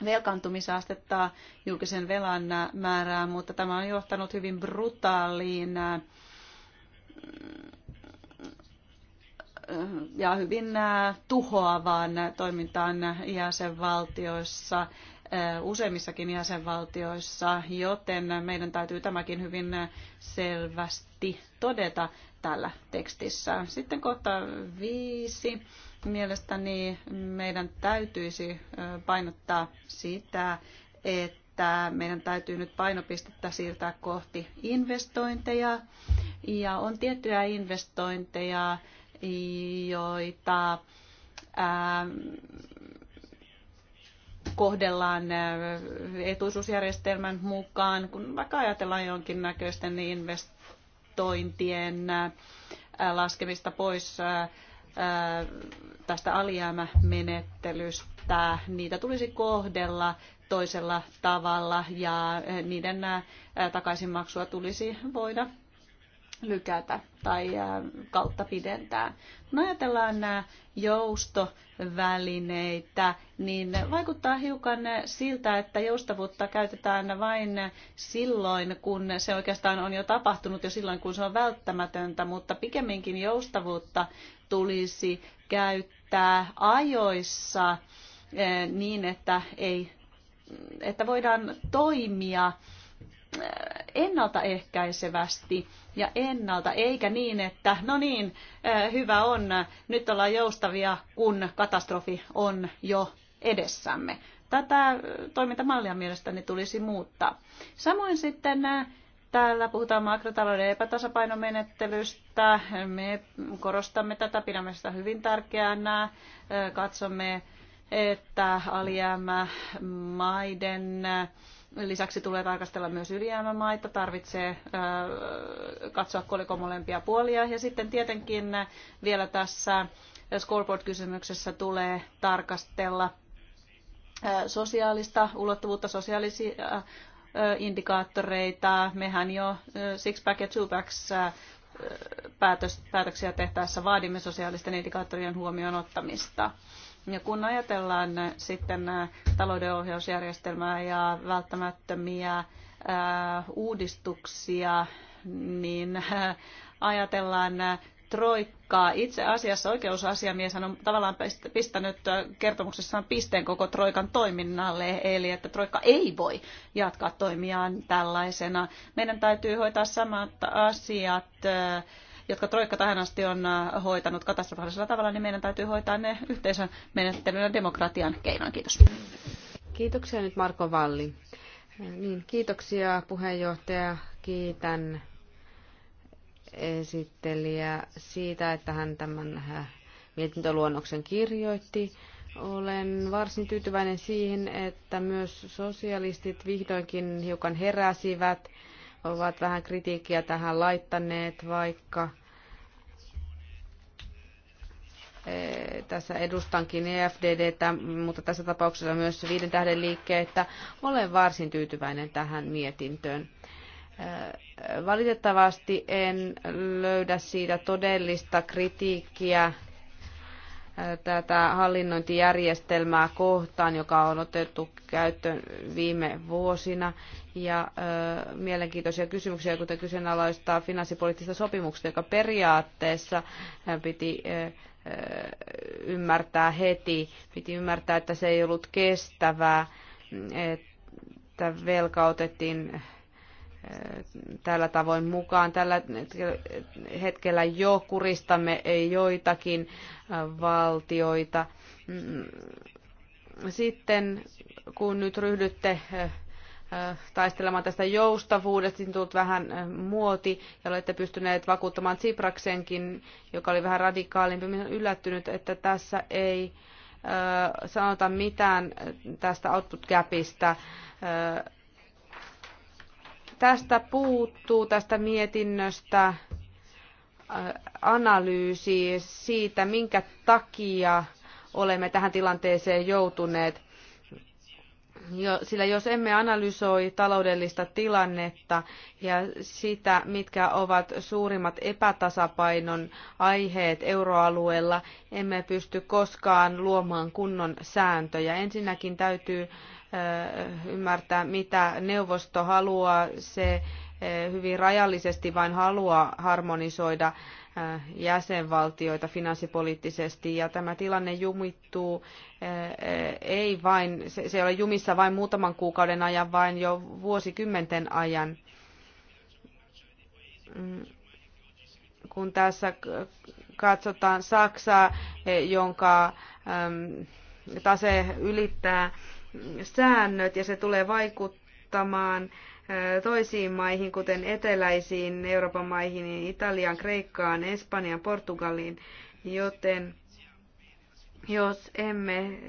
velkaantumisastetta, julkisen velan määrää, mutta tämä on johtanut hyvin brutaaliin ja hyvin tuhoavaan toimintaan jäsenvaltioissa. Eh, useimmissakin jäsenvaltioissa, joten meidän täytyy tämäkin hyvin eh, selvästi todeta tällä tekstissä. Sitten kohta viisi. Mielestäni meidän täytyisi eh, painottaa sitä, että meidän täytyy nyt painopistettä siirtää kohti investointeja. Ja on tiettyjä investointeja, joita kohdellaan äh, etuisuusjärjestelmän mukaan, kun vaikka ajatellaan jonkinnäköisten investointien äh, laskemista pois äh, tästä alijäämämenettelystä, niitä tulisi kohdella toisella tavalla ja niiden takaisinmaksua tulisi voida lykätä tai kautta pidentää. Kun ajatellaan nämä joustovälineitä, niin vaikuttaa hiukan siltä, että joustavuutta käytetään vain silloin, kun se oikeastaan on jo tapahtunut jo silloin, kun se on välttämätöntä, mutta pikemminkin joustavuutta tulisi käyttää ajoissa niin, että, ei, että voidaan toimia Äh, ennaltaehkäisevästi ja ennalta, eikä niin, että no niin, äh, hyvä on, nyt ollaan joustavia, kun katastrofi on jo edessämme. Tätä äh, toimintamallia mielestäni tulisi muuttaa. Samoin sitten täällä puhutaan makrotalouden epätasapainomenettelystä. Me korostamme tätä, pidämme sitä hyvin tärkeänä. Katsomme, että alijäämä maiden Lisäksi tulee tarkastella myös ylijäämämaita, tarvitsee katsoa koliko molempia puolia. Ja sitten tietenkin vielä tässä scoreboard-kysymyksessä tulee tarkastella sosiaalista ulottuvuutta, sosiaalisia indikaattoreita. Mehän jo six-pack ja two-packs päätöksiä tehtäessä vaadimme sosiaalisten indikaattorien huomioon ottamista. Ja kun ajatellaan sitten äh, talouden ohjausjärjestelmää ja välttämättömiä äh, uudistuksia, niin äh, ajatellaan troikkaa. Itse asiassa oikeusasiamies on tavallaan pistänyt kertomuksessaan pisteen koko troikan toiminnalle, eli että troikka ei voi jatkaa toimiaan tällaisena. Meidän täytyy hoitaa samat asiat jotka Troikka tähän asti on äh, hoitanut katastrofaalisella tavalla, niin meidän täytyy hoitaa ne yhteisön menettelyn ja demokratian keinoin. Kiitos. Kiitoksia nyt Marko Valli. Niin, kiitoksia puheenjohtaja. Kiitän esittelijä siitä, että hän tämän äh, mietintöluonnoksen kirjoitti. Olen varsin tyytyväinen siihen, että myös sosialistit vihdoinkin hiukan heräsivät ovat vähän kritiikkiä tähän laittaneet, vaikka e, tässä edustankin EFDD, mutta tässä tapauksessa myös viiden tähden että Olen varsin tyytyväinen tähän mietintöön. E, valitettavasti en löydä siitä todellista kritiikkiä tätä hallinnointijärjestelmää kohtaan, joka on otettu käyttöön viime vuosina. Ja ö, mielenkiintoisia kysymyksiä, kuten kyseenalaistaa finanssipoliittista sopimuksesta, joka periaatteessa piti ö, ymmärtää heti. Piti ymmärtää, että se ei ollut kestävää, että velka otettiin tällä tavoin mukaan. Tällä hetkellä jo kuristamme joitakin valtioita. Mm, sitten kun nyt ryhdytte taistelemaan tästä joustavuudesta, niin tullut vähän muoti ja olette pystyneet vakuuttamaan Tsipraksenkin, joka oli vähän radikaalimpi. Minä olen yllättynyt, että tässä ei sanota mitään tästä output gapista. Tästä puuttuu tästä mietinnöstä äh, analyysi siitä, minkä takia olemme tähän tilanteeseen joutuneet. Sillä jos emme analysoi taloudellista tilannetta ja sitä, mitkä ovat suurimmat epätasapainon aiheet euroalueella, emme pysty koskaan luomaan kunnon sääntöjä. Ensinnäkin täytyy ymmärtää, mitä neuvosto haluaa. Se hyvin rajallisesti vain haluaa harmonisoida jäsenvaltioita finanssipoliittisesti ja tämä tilanne jumittuu ei vain, se ei ole jumissa vain muutaman kuukauden ajan, vaan jo vuosikymmenten ajan. Mm, kun tässä katsotaan Saksaa, jonka tase ylittää säännöt ja se tulee vaikuttamaan toisiin maihin, kuten eteläisiin Euroopan maihin, Italiaan, Kreikkaan, Espanjaan, Portugaliin, joten jos emme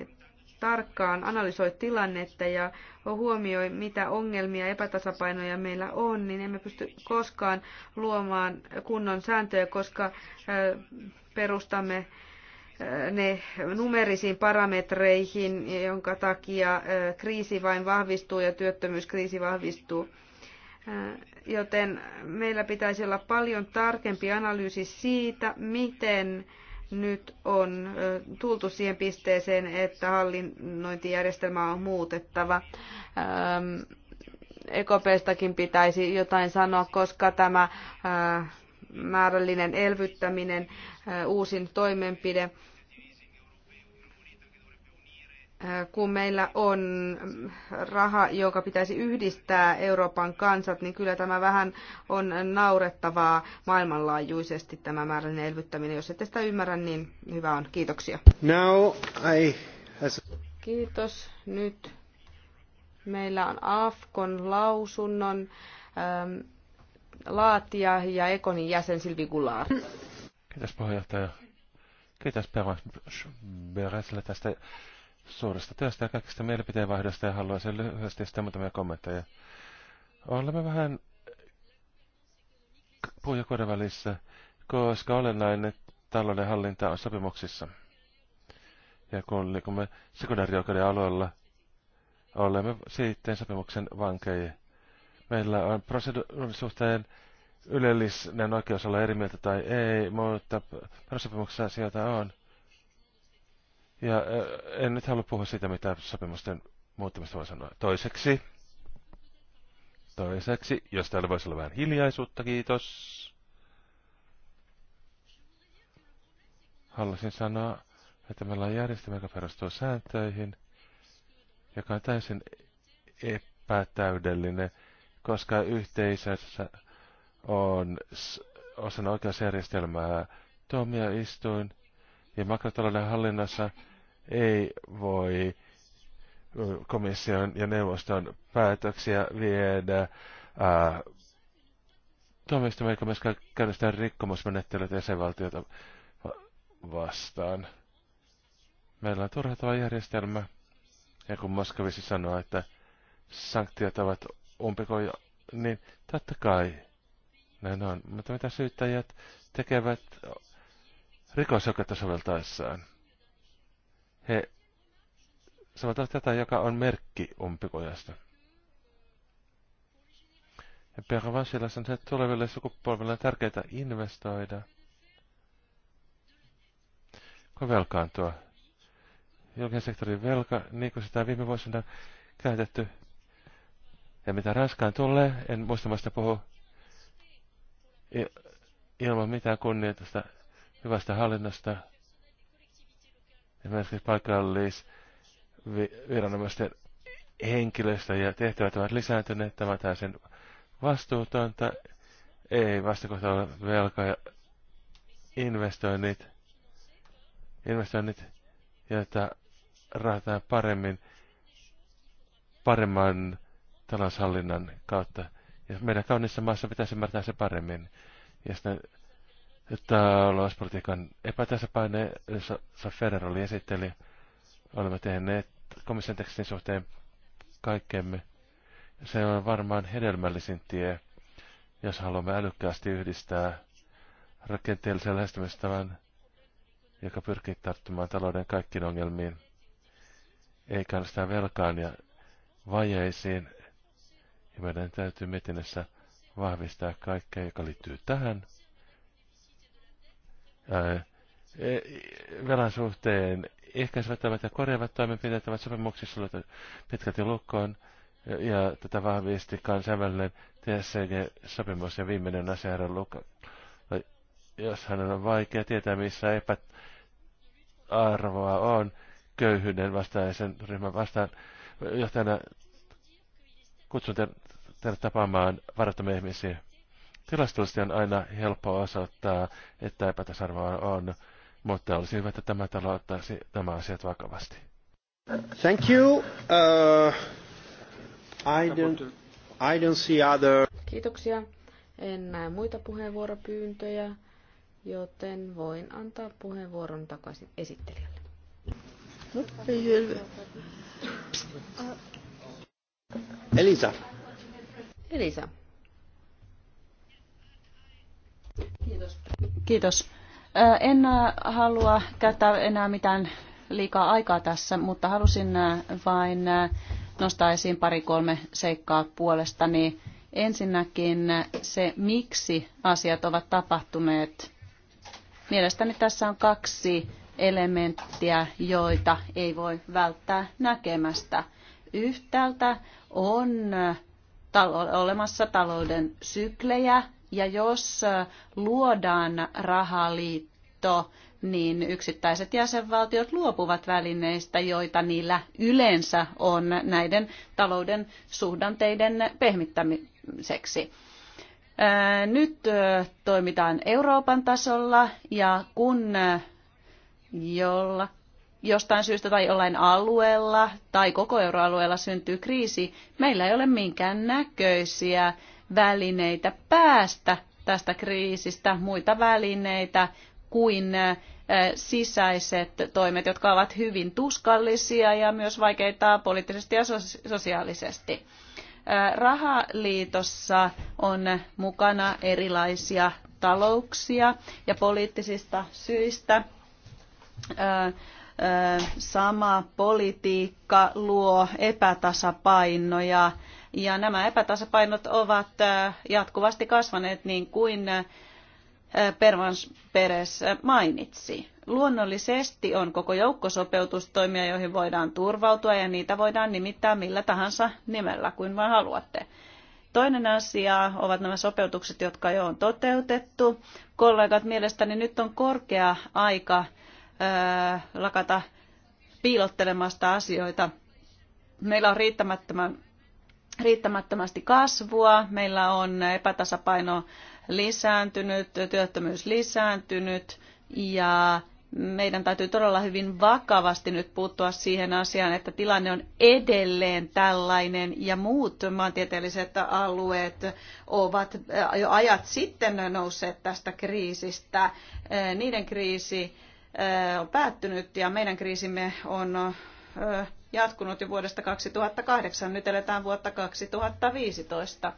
tarkkaan analysoi tilannetta ja huomioi, mitä ongelmia ja epätasapainoja meillä on, niin emme pysty koskaan luomaan kunnon sääntöjä, koska perustamme ne numerisiin parametreihin, jonka takia kriisi vain vahvistuu ja työttömyyskriisi vahvistuu. Joten meillä pitäisi olla paljon tarkempi analyysi siitä, miten nyt on tultu siihen pisteeseen, että hallinnointijärjestelmää on muutettava. EKPstäkin pitäisi jotain sanoa, koska tämä määrällinen elvyttäminen, uusin toimenpide. Kun meillä on raha, joka pitäisi yhdistää Euroopan kansat, niin kyllä tämä vähän on naurettavaa maailmanlaajuisesti tämä määrällinen elvyttäminen. Jos ette sitä ymmärrä, niin hyvä on. Kiitoksia. Now I... Kiitos. Nyt meillä on AFKon lausunnon. Ähm, laatia ja Ekonin jäsen Silvi Gular. Kiitos puheenjohtaja. Kiitos Beresille tästä suuresta työstä ja kaikista mielipiteenvaihdosta ja haluaisin lyhyesti esittää muutamia kommentteja. Olemme vähän puhujakoiden välissä, koska olennainen talouden hallinta on sopimuksissa. Ja kun liikumme sekundaarioikeuden alueella, olemme sitten sopimuksen vankeja. Meillä on proseduurin suhteen ylellinen oikeus olla eri mieltä tai ei, mutta perussopimuksessa sieltä on. Ja en nyt halua puhua siitä, mitä sopimusten muuttamista voi sanoa. Toiseksi, toiseksi, jos täällä voisi olla vähän hiljaisuutta, kiitos. Haluaisin sanoa, että meillä on järjestelmä, joka perustuu sääntöihin, joka on täysin epätäydellinen – koska yhteisössä on osana oikeusjärjestelmää tuomioistuin ja makrotalouden hallinnassa ei voi komission ja neuvoston päätöksiä viedä ää, tuomioistuimen eikä myöskään käynnistää rikkomusmenettelyt jäsenvaltiota vastaan. Meillä on turhattava järjestelmä, ja kun Moskovisi sanoo, että sanktiot ovat umpikoja, niin totta kai näin on. Mutta mitä syyttäjät tekevät rikosoikeutta soveltaessaan? He soveltavat tätä, joka on merkki umpikojasta. Ja Pervasilla on se tuleville sukupolville on tärkeää investoida. Kun velkaantua. Julkisen sektorin velka, niin kuin sitä viime vuosina käytetty ja mitä Ranskaan tulee, en muistamasta puhu ilman mitään kunnioitusta hyvästä hallinnosta. Esimerkiksi paikallis viranomaisten henkilöstä ja tehtävät ovat lisääntyneet. Tämä on sen vastuutonta. Ei vastakohta ole velka ja investoinnit, investoinnit joita rahataan paremmin paremman taloushallinnan kautta. Ja meidän kaunissa maassa pitäisi ymmärtää se paremmin. Ja sitten talouspolitiikan epätasapaine, jossa Ferrer oli esitteli, olemme tehneet komission tekstin suhteen kaikkemme. Se on varmaan hedelmällisin tie, jos haluamme älykkäästi yhdistää rakenteellisen lähestymistavan, joka pyrkii tarttumaan talouden kaikkiin ongelmiin, eikä ainoastaan velkaan ja vajeisiin, ja meidän täytyy mietinnässä vahvistaa kaikkea, joka liittyy tähän. Ää, e, velan suhteen ehkäisevät ja korjaavat toimenpiteet ovat sopimuksissa pitkälti lukkoon. Ja, ja tätä vahvisti kansainvälinen tsg e sopimus ja viimeinen asia herra Luka. Jos hän on vaikea tietää, missä epäarvoa on köyhyyden vastaisen ryhmän vastaan johtajana kutsun teidät tapaamaan varattomia ihmisiä. Tilastollisesti on aina helppo osoittaa, että epätasarvoa on, mutta olisi hyvä, että tämä talo ottaisi nämä asiat vakavasti. Thank you. Uh, I, don't, I don't see other... Kiitoksia. En näe muita puheenvuoropyyntöjä, joten voin antaa puheenvuoron takaisin esittelijälle. No, ei, ei. Elisa. Elisa. Kiitos. Kiitos. En halua käyttää enää mitään liikaa aikaa tässä, mutta halusin vain nostaa esiin pari-kolme seikkaa puolestani. Ensinnäkin se, miksi asiat ovat tapahtuneet. Mielestäni tässä on kaksi elementtiä, joita ei voi välttää näkemästä. Yhtäältä on äh, olemassa talouden syklejä, ja jos äh, luodaan rahaliitto, niin yksittäiset jäsenvaltiot luopuvat välineistä, joita niillä yleensä on näiden talouden suhdanteiden pehmittämiseksi. Äh, nyt toimitaan Euroopan tasolla ja kun jollakin jostain syystä tai jollain alueella tai koko euroalueella syntyy kriisi, meillä ei ole minkään näköisiä välineitä päästä tästä kriisistä, muita välineitä kuin sisäiset toimet, jotka ovat hyvin tuskallisia ja myös vaikeita poliittisesti ja sosiaalisesti. Rahaliitossa on mukana erilaisia talouksia ja poliittisista syistä sama politiikka luo epätasapainoja ja nämä epätasapainot ovat jatkuvasti kasvaneet niin kuin Pervans Peres mainitsi. Luonnollisesti on koko joukko sopeutustoimia, joihin voidaan turvautua ja niitä voidaan nimittää millä tahansa nimellä kuin vain haluatte. Toinen asia ovat nämä sopeutukset, jotka jo on toteutettu. Kollegat, mielestäni nyt on korkea aika lakata piilottelemasta asioita. Meillä on riittämättömän riittämättömästi kasvua, meillä on epätasapaino lisääntynyt, työttömyys lisääntynyt ja meidän täytyy todella hyvin vakavasti nyt puuttua siihen asiaan, että tilanne on edelleen tällainen ja muut maantieteelliset alueet ovat jo ajat sitten nousseet tästä kriisistä. Niiden kriisi on päättynyt ja meidän kriisimme on jatkunut jo vuodesta 2008. Nyt eletään vuotta 2015.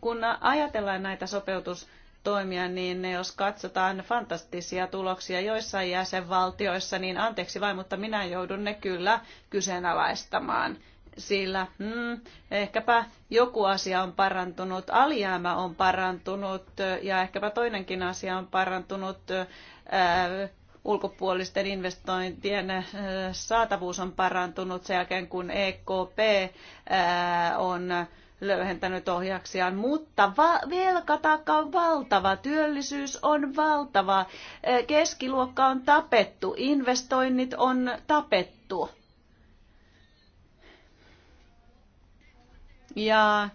Kun ajatellaan näitä sopeutustoimia, niin jos katsotaan fantastisia tuloksia joissain jäsenvaltioissa, niin anteeksi vain, mutta minä joudun ne kyllä kyseenalaistamaan sillä hmm, ehkäpä joku asia on parantunut, alijäämä on parantunut ja ehkäpä toinenkin asia on parantunut, ulkopuolisten investointien äh, saatavuus on parantunut sen jälkeen, kun EKP äh, on löyhentänyt ohjaksiaan, mutta va- velkataakka on valtava, työllisyys on valtava, äh, keskiluokka on tapettu, investoinnit on tapettu. Ja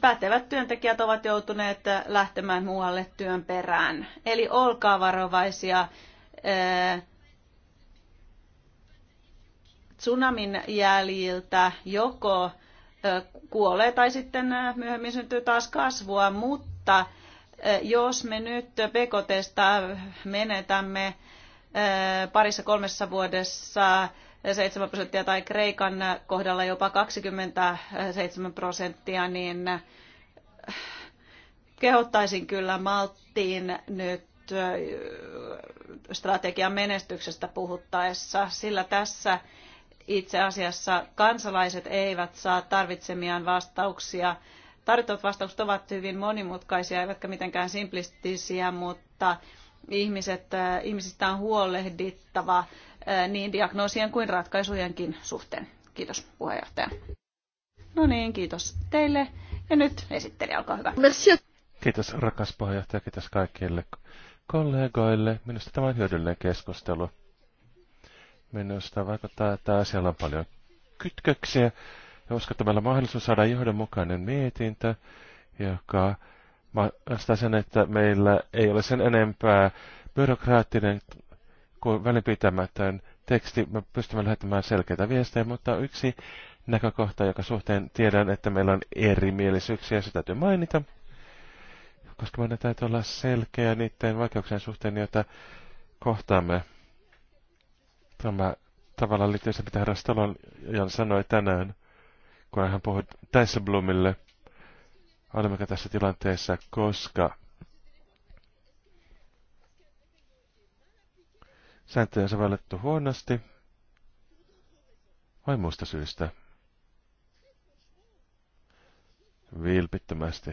pätevät työntekijät ovat joutuneet lähtemään muualle työn perään. Eli olkaa varovaisia tsunamin jäljiltä joko kuolee tai sitten myöhemmin syntyy taas kasvua, mutta jos me nyt pekotesta menetämme parissa kolmessa vuodessa 7 prosenttia tai Kreikan kohdalla jopa 27 prosenttia, niin kehottaisin kyllä malttiin nyt strategian menestyksestä puhuttaessa, sillä tässä itse asiassa kansalaiset eivät saa tarvitsemiaan vastauksia. Tarvittavat vastaukset ovat hyvin monimutkaisia, eivätkä mitenkään simplistisiä, mutta ihmiset, ihmisistä on huolehdittava niin diagnoosien kuin ratkaisujenkin suhteen. Kiitos puheenjohtaja. No niin, kiitos teille. Ja nyt esittelijä, olkaa hyvä. Kiitos rakas puheenjohtaja, kiitos kaikille kollegoille. Minusta tämä on hyödyllinen keskustelu. Minusta vaikuttaa, että asialla on paljon kytköksiä. Ja uskon, että meillä on mahdollisuus saada johdonmukainen mietintö, joka vastaa sen, että meillä ei ole sen enempää byrokraattinen kuin välinpitämätön teksti. Me pystymme lähettämään selkeitä viestejä, mutta yksi näkökohta, joka suhteen tiedän, että meillä on erimielisyyksiä, se täytyy mainita – koska meidän täytyy olla selkeä niiden vaikeuksien suhteen, joita kohtaamme. Tämä tavallaan liittyy se, mitä herra Stalojan sanoi tänään, kun hän puhui Blumille. olemmeko tässä tilanteessa, koska sääntöjä on sovellettu huonosti vai muusta syystä. Vilpittömästi.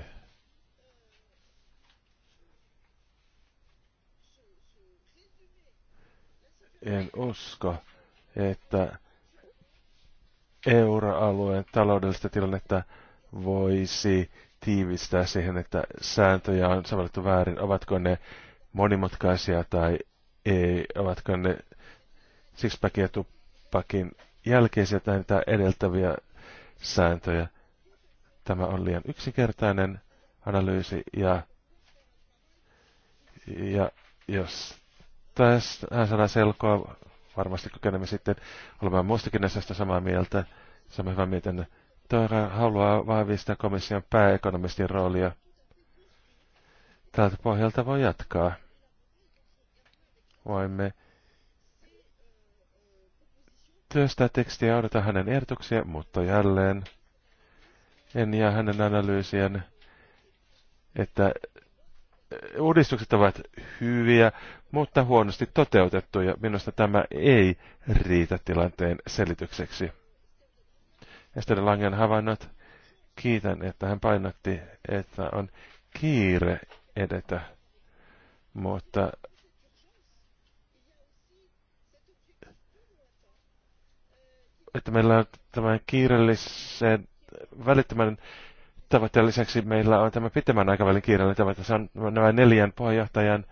en usko, että euroalueen taloudellista tilannetta voisi tiivistää siihen, että sääntöjä on sovellettu väärin. Ovatko ne monimutkaisia tai ei, ovatko ne sixpackin ja tuppakin jälkeisiä tai niitä edeltäviä sääntöjä. Tämä on liian yksinkertainen analyysi ja, ja jos Tästä sana selkoa. Varmasti kykenemme sitten olemaan muistakin näistä samaa mieltä. Se on hyvä miten Tora haluaa vahvistaa komission pääekonomistin roolia. Tältä pohjalta voi jatkaa. Voimme työstää tekstiä ja odota hänen ehdotuksia, mutta jälleen en jää hänen analyysien, että uudistukset ovat hyviä, mutta huonosti toteutettu, ja minusta tämä ei riitä tilanteen selitykseksi. Ester Langen havainnot. Kiitän, että hän painotti, että on kiire edetä, mutta että meillä on tämän kiireellisen välittömän tavoitteen lisäksi meillä on tämä pitemmän aikavälin kiireellinen tavoite. Se on nämä neljän puheenjohtajan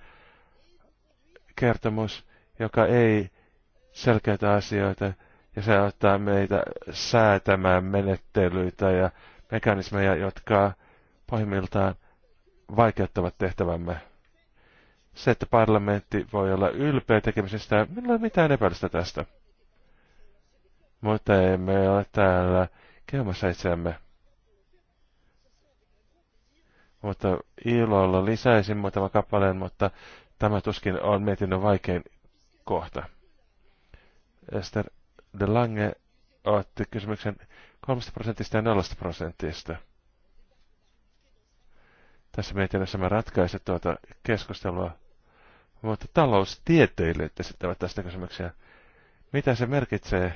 kertomus, joka ei selkeitä asioita ja se auttaa meitä säätämään menettelyitä ja mekanismeja, jotka pahimmiltaan vaikeuttavat tehtävämme. Se, että parlamentti voi olla ylpeä tekemisestä, minulla ei ole mitään epäilystä tästä. Mutta emme ole täällä kehumassa itseämme. Mutta ilolla lisäisin muutaman kappaleen, mutta Tämä tuskin on mietinnön vaikein kohta. Esther de Lange otti kysymyksen 3 prosentista ja 0 prosentista. Tässä mietinnössä mä ratkaisin tuota keskustelua, mutta taloustieteilijät esittävät tästä kysymyksiä. Mitä se merkitsee,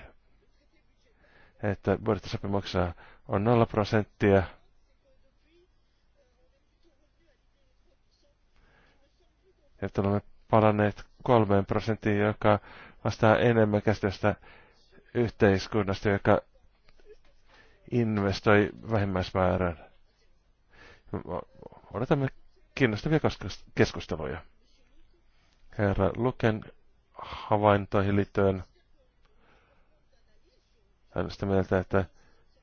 että budjettisopimuksessa on 0 prosenttia – että olemme palanneet kolmeen prosenttiin, joka vastaa enemmän käsitystä yhteiskunnasta, joka investoi vähimmäismäärän. Odotamme kiinnostavia keskusteluja. Herra Luken havaintoihin liittyen hän sitä mieltä, että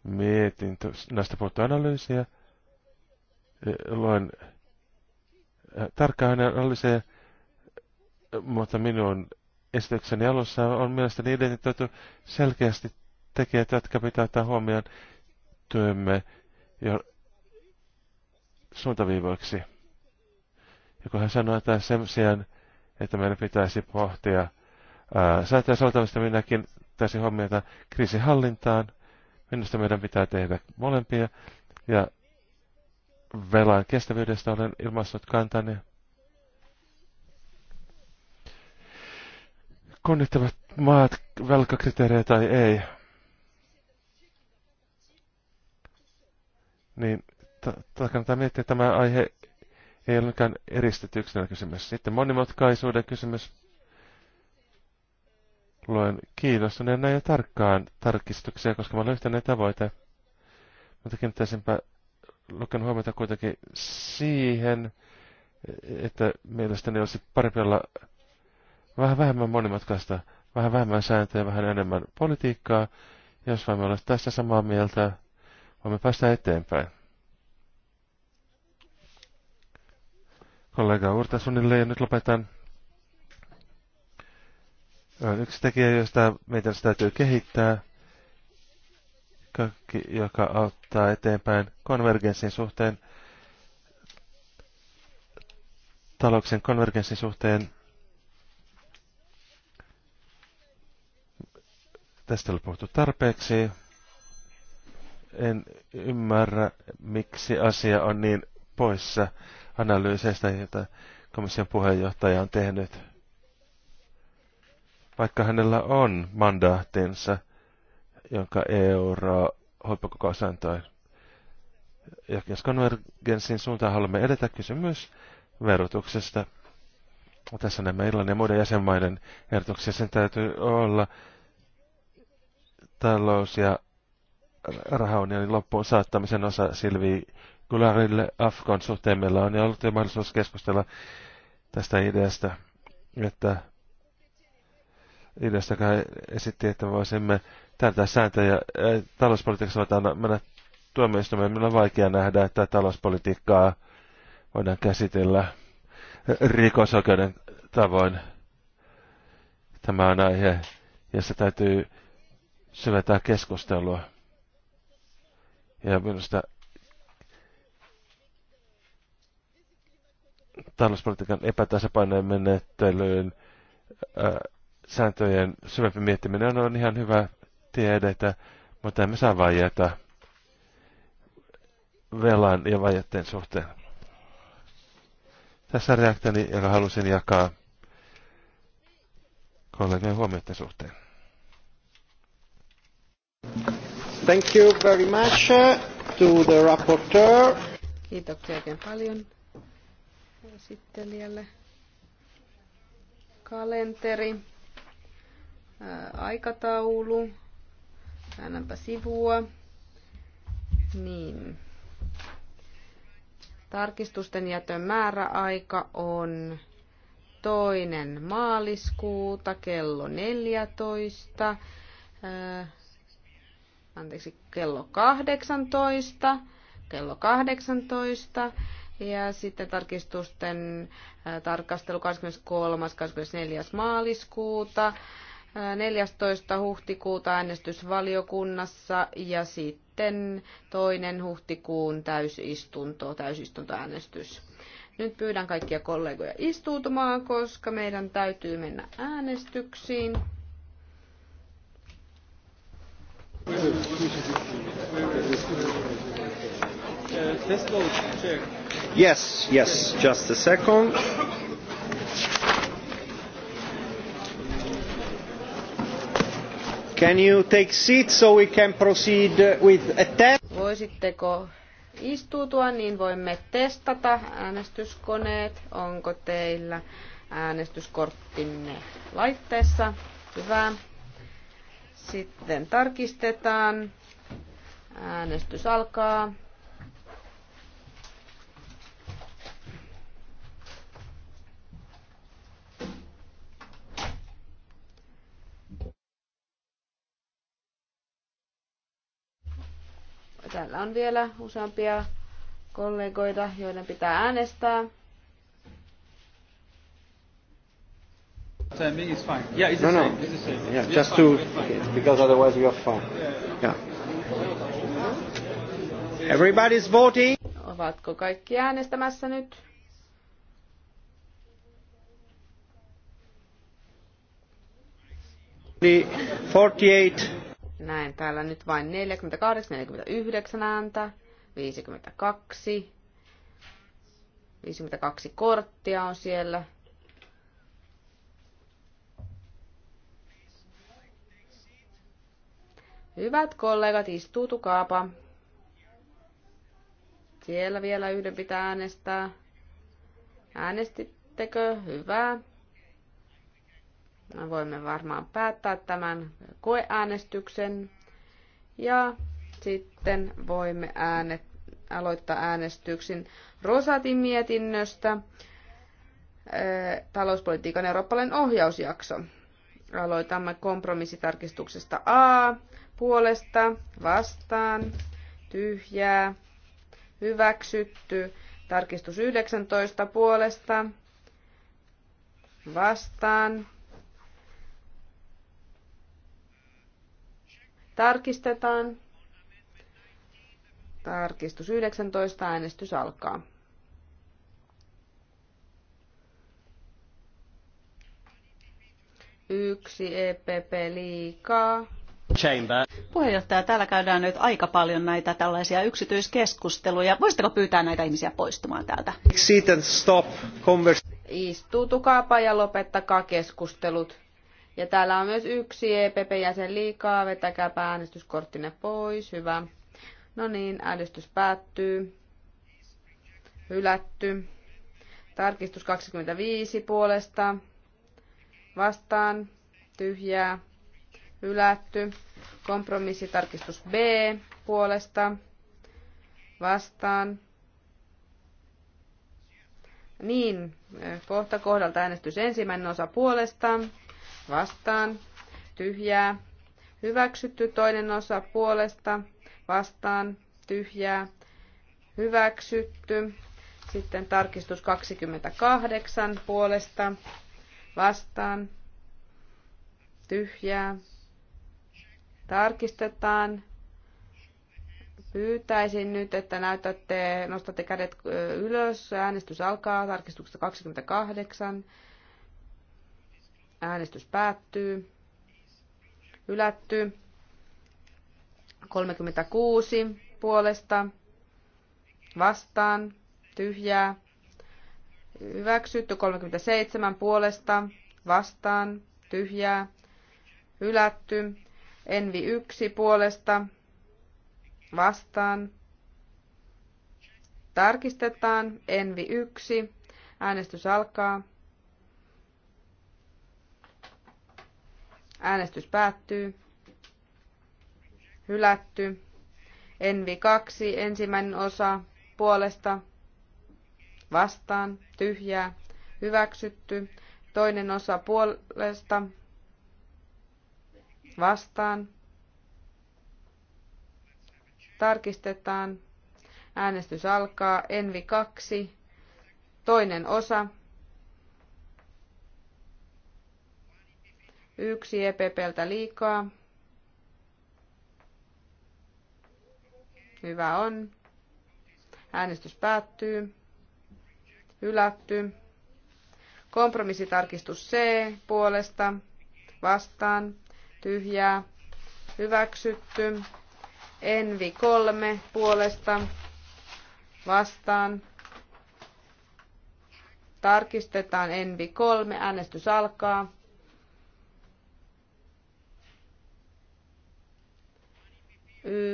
mietin näistä puhuttu analyysiä. E, Luen tarkkaan se, mutta minun esitykseni alussa on mielestäni identitoitu selkeästi tekijät, jotka pitää ottaa huomioon työmme jo suuntaviivoiksi. Ja kun hän sanoi, että sen sijaan, että meidän pitäisi pohtia säätöä soveltamista, minäkin taisin huomiota kriisihallintaan. Minusta meidän pitää tehdä molempia ja velan kestävyydestä olen ilmaissut kantani. Kunnittavat maat velkakriteerejä tai ei, niin kannattaa miettiä, että tämä aihe ei ole mikään eristetty yksilön kysymys. Sitten monimutkaisuuden kysymys. Luen kiinnostuneena ja tarkkaan tarkistuksia, koska olen on yhteinen tavoite. Mutta kiinnittäisinpä lukenut huomiota kuitenkin siihen, että mielestäni olisi parempi olla vähän vähemmän monimutkaista, vähän vähemmän sääntöjä, vähän enemmän politiikkaa. Jos voimme olla tässä samaa mieltä, voimme päästä eteenpäin. Kollega Urtasunille ja nyt lopetan. yksi tekijä, josta meidän täytyy kehittää kaikki, joka auttaa eteenpäin konvergenssin suhteen, talouksen konvergenssin suhteen. Tästä on puhuttu tarpeeksi. En ymmärrä, miksi asia on niin poissa analyyseistä, jota komission puheenjohtaja on tehnyt. Vaikka hänellä on mandaattinsa, jonka euro huippukokous antoi. Ja jos konvergenssin suuntaan haluamme edetä, kysymys verotuksesta. Tässä nämä illan ja muiden jäsenmaiden ehdotuksia. Sen täytyy olla talous- ja rahaunionin loppuun saattamisen osa Silvi Gularille Afkon suhteen. Meillä on jo ollut jo mahdollisuus keskustella tästä ideasta, että ideasta, joka esitti, että voisimme täältä sääntöjä talouspolitiikassa voidaan mennä tuomioistuimeen. Meillä on vaikea nähdä, että talouspolitiikkaa voidaan käsitellä rikosoikeuden tavoin. Tämä on aihe, jossa täytyy syventää keskustelua. Ja minusta talouspolitiikan epätasapainojen menettelyyn ää, sääntöjen syvempi miettiminen on ihan hyvä tiedetä, mutta emme saa vaieta velan ja vaietteen suhteen. Tässä reaktioni, jonka halusin jakaa kollegojen huomioiden suhteen. Thank you very much uh, to the rapporteur. Kiitoksia oikein paljon esittelijälle. Kalenteri aikataulu. Käännänpä sivua. Niin. Tarkistusten jätön määräaika on toinen maaliskuuta kello 14. Anteeksi, kello 18. Kello 18. Ja sitten tarkistusten tarkastelu 23. 24. maaliskuuta. 14. huhtikuuta äänestysvaliokunnassa ja sitten toinen huhtikuun täysistunto, täysistuntoäänestys. Nyt pyydän kaikkia kollegoja istuutumaan, koska meidän täytyy mennä äänestyksiin. Yes, yes, just a second. Can you take seat so we can proceed with a test? Voisitteko istuutua, niin voimme testata äänestyskoneet. Onko teillä äänestyskorttinne laitteessa? Hyvä. Sitten tarkistetaan. Äänestys alkaa. Täällä on vielä useampia kollegoita, joiden pitää äänestää. is fine. Yeah, it's the no, no. same. No. It's the same. Yeah, just to because otherwise we are fine. Yeah. Everybody's voting. Ovatko kaikki äänestämässä nyt? The 48 Näen täällä nyt vain 48, 49 ääntä, 52, 52 korttia on siellä. Hyvät kollegat, istuutukaapa. Siellä vielä yhden pitää äänestää. Äänestittekö? Hyvä voimme varmaan päättää tämän koeäänestyksen ja sitten voimme äänet, aloittaa äänestyksen Rosatin mietinnöstä eh, talouspolitiikan eurooppalainen ohjausjakso. Aloitamme kompromissitarkistuksesta A puolesta vastaan tyhjää hyväksytty. Tarkistus 19 puolesta vastaan Tarkistetaan. Tarkistus 19. Äänestys alkaa. Yksi EPP liikaa. Chamber. Puheenjohtaja, täällä käydään nyt aika paljon näitä tällaisia yksityiskeskusteluja. Voisitteko pyytää näitä ihmisiä poistumaan täältä? Sit and stop Istuutukaapa ja lopettakaa keskustelut. Ja täällä on myös yksi EPP-jäsen liikaa, vetäkääpä äänestyskorttinne pois, hyvä. No niin, äänestys päättyy. Hylätty. Tarkistus 25 puolesta. Vastaan. Tyhjää. Hylätty. Kompromissitarkistus B puolesta. Vastaan. Niin, kohta kohdalta äänestys ensimmäinen osa puolesta vastaan, tyhjää, hyväksytty toinen osa puolesta, vastaan, tyhjää, hyväksytty. Sitten tarkistus 28 puolesta, vastaan, tyhjää, tarkistetaan. Pyytäisin nyt, että näytätte, nostatte kädet ylös. Äänestys alkaa tarkistuksesta 28. Äänestys päättyy. Ylätty. 36 puolesta. Vastaan. Tyhjää. Hyväksytty. 37 puolesta. Vastaan. Tyhjää. Ylätty Envi 1 puolesta. Vastaan. Tarkistetaan. Envi 1. Äänestys alkaa. Äänestys päättyy. Hylätty. Envi 2, ensimmäinen osa puolesta vastaan, tyhjää, hyväksytty. Toinen osa puolesta vastaan. Tarkistetaan. Äänestys alkaa. Envi 2. Toinen osa Yksi EPPltä liikaa. Hyvä on. Äänestys päättyy. Hylätty. Kompromissitarkistus C puolesta. Vastaan. Tyhjää. Hyväksytty. Envi 3 puolesta. Vastaan. Tarkistetaan Envi 3. Äänestys alkaa.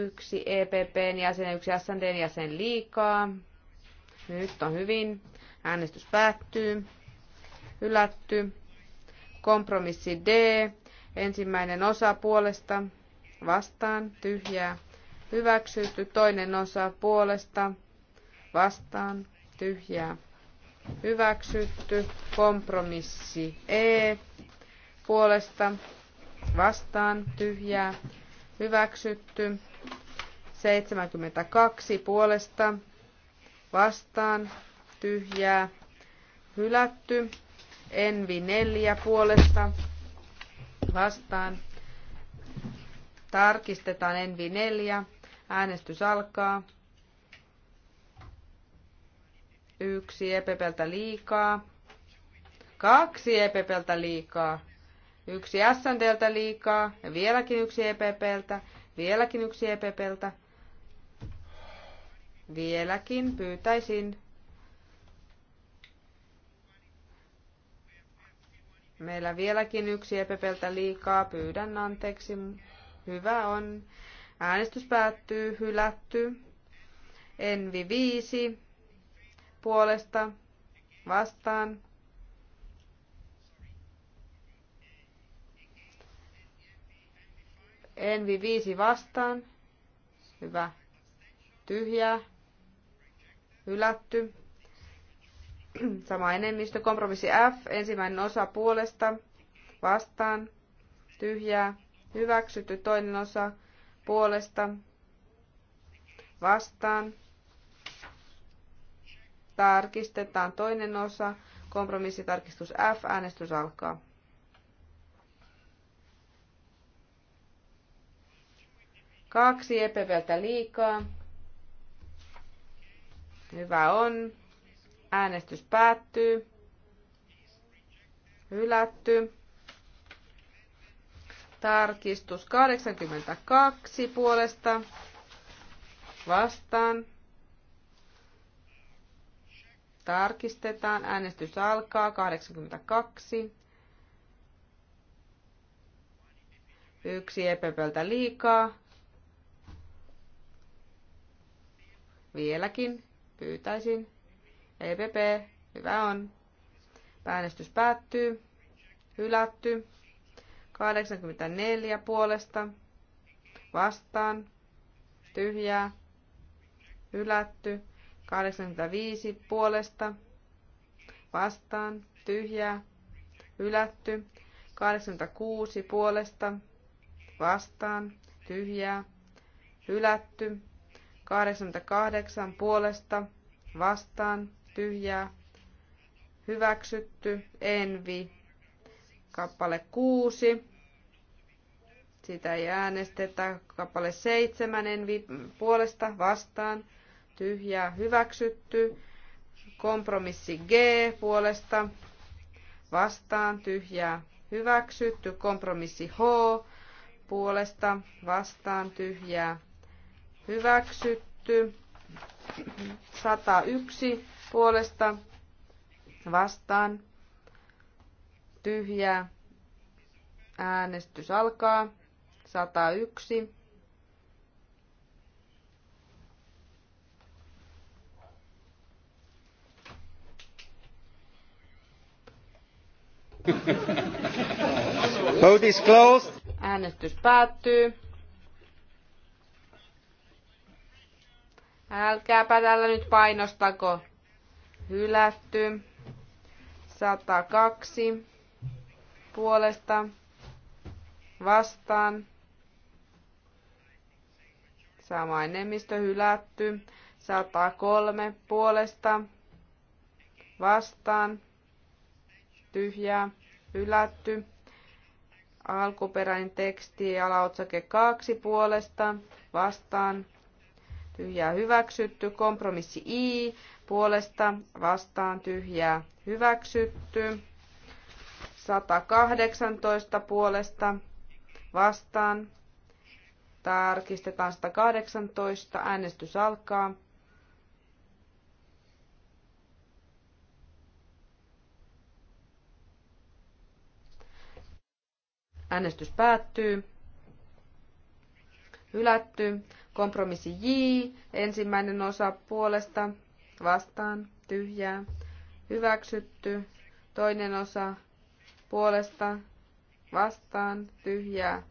Yksi EPPn jäsen ja yksi SNDn jäsen liikaa. Nyt on hyvin. Äänestys päättyy. Hylätty. Kompromissi D. Ensimmäinen osa puolesta. Vastaan. Tyhjää. Hyväksytty. Toinen osa puolesta. Vastaan. Tyhjää. Hyväksytty. Kompromissi E. Puolesta. Vastaan. Tyhjää hyväksytty. 72 puolesta vastaan tyhjää hylätty. Envi 4 puolesta vastaan. Tarkistetaan Envi 4. Äänestys alkaa. Yksi epepeltä liikaa. Kaksi epepeltä liikaa. Yksi SNDltä liikaa ja vieläkin yksi EPPltä, vieläkin yksi EPPltä. Vieläkin pyytäisin Meillä vieläkin yksi EPPltä liikaa, pyydän anteeksi. Hyvä on. Äänestys päättyy, hylätty. Envi 5 puolesta vastaan Envi 5 vastaan. Hyvä. Tyhjää. Hylätty. Sama enemmistö. Kompromissi F. Ensimmäinen osa puolesta. Vastaan. Tyhjää. Hyväksytty. Toinen osa puolesta. Vastaan. Tarkistetaan toinen osa. Kompromissitarkistus F. Äänestys alkaa. Kaksi epäveltä liikaa. Hyvä on. Äänestys päättyy. Hylätty. Tarkistus 82 puolesta. Vastaan. Tarkistetaan. Äänestys alkaa. 82. Yksi epäpöltä liikaa. Vieläkin pyytäisin. EPP, hyvä on. Päänestys päättyy. Hylätty. 84 puolesta. Vastaan. Tyhjää. Hylätty. 85 puolesta. Vastaan. Tyhjää. Hylätty. 86 puolesta. Vastaan. Tyhjää. Hylätty. 88 puolesta vastaan tyhjää hyväksytty envi kappale 6 sitä ei äänestetä kappale 7 envi puolesta vastaan tyhjää hyväksytty kompromissi G puolesta vastaan tyhjää hyväksytty kompromissi H puolesta vastaan tyhjää hyväksytty. 101 puolesta vastaan tyhjä, Äänestys alkaa. 101. Vote is closed. Äänestys päättyy. Älkääpä tällä nyt painostako. Hylätty. 102 puolesta vastaan. Sama enemmistö hylätty. 103 puolesta vastaan. Tyhjää hylätty. Alkuperäinen teksti alaotsake 2 puolesta vastaan tyhjää hyväksytty. Kompromissi I puolesta vastaan tyhjää hyväksytty. 118 puolesta vastaan. Tarkistetaan 118. Äänestys alkaa. Äänestys päättyy. Hylätty. Kompromissi J, ensimmäinen osa puolesta, vastaan, tyhjää, hyväksytty. Toinen osa puolesta, vastaan, tyhjää,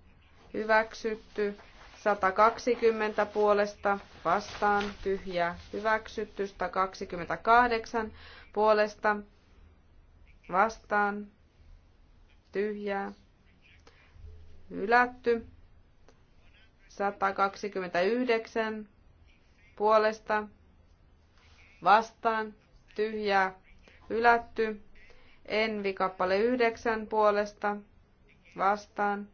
hyväksytty. 120 puolesta, vastaan, tyhjää, hyväksytty. 128 puolesta, vastaan, tyhjää, hylätty. 129 puolesta vastaan tyhjää hylätty. Envi kappale 9 puolesta vastaan.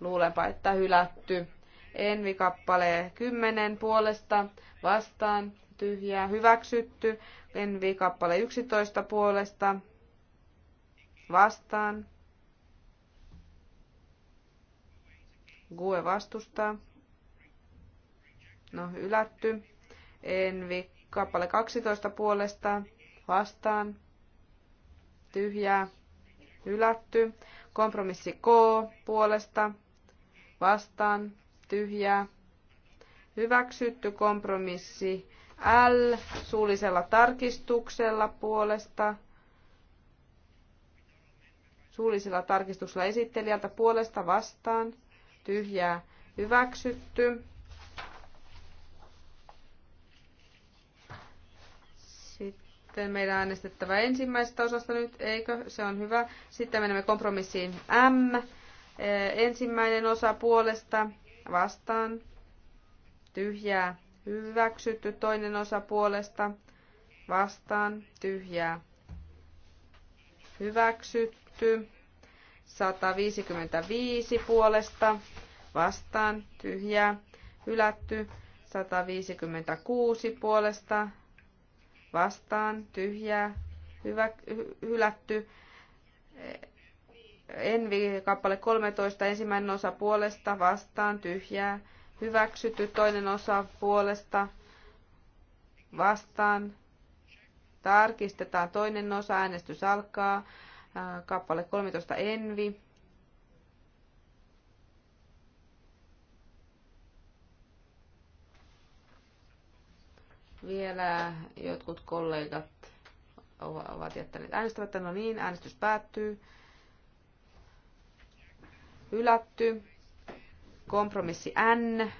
Luulenpa, että hylätty. Envi kappale 10 puolesta vastaan tyhjää hyväksytty. Envi kappale 11 puolesta vastaan GUE vastustaa. No, ylätty. Envi kappale 12 puolesta vastaan. Tyhjää. Ylätty. Kompromissi K puolesta vastaan. Tyhjää. Hyväksytty kompromissi L suullisella tarkistuksella puolesta suullisella tarkistuksella esittelijältä puolesta vastaan tyhjää hyväksytty. Sitten meidän on äänestettävä ensimmäisestä osasta nyt, eikö? Se on hyvä. Sitten menemme kompromissiin M. Eh, ensimmäinen osa puolesta vastaan. Tyhjää hyväksytty. Toinen osa puolesta vastaan. Tyhjää hyväksytty. 155 puolesta vastaan tyhjää hylätty. 156 puolesta vastaan tyhjää hyvä, hylätty. Envi kappale 13 ensimmäinen osa puolesta vastaan tyhjää hyväksytty. Toinen osa puolesta vastaan tarkistetaan toinen osa äänestys alkaa. Äh, kappale 13 Envi. Vielä jotkut kollegat ovat jättäneet äänestämättä. No niin, äänestys päättyy. Hylätty. Kompromissi N.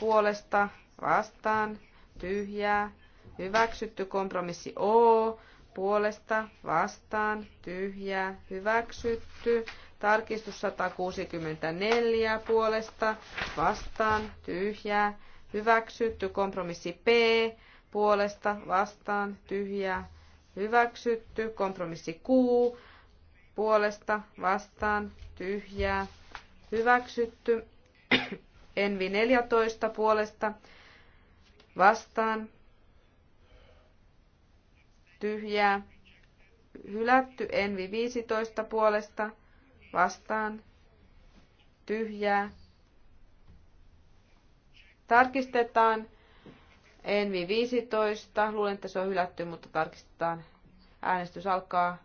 Puolesta vastaan. Tyhjää. Hyväksytty kompromissi O puolesta, vastaan, tyhjää, hyväksytty. Tarkistus 164 puolesta, vastaan, tyhjää, hyväksytty. Kompromissi P puolesta, vastaan, tyhjää, hyväksytty. Kompromissi Q puolesta, vastaan, tyhjää, hyväksytty. Envi 14 puolesta, vastaan, tyhjää, hylätty Envi 15 puolesta, vastaan, tyhjää. Tarkistetaan Envi 15, luulen, että se on hylätty, mutta tarkistetaan. Äänestys alkaa.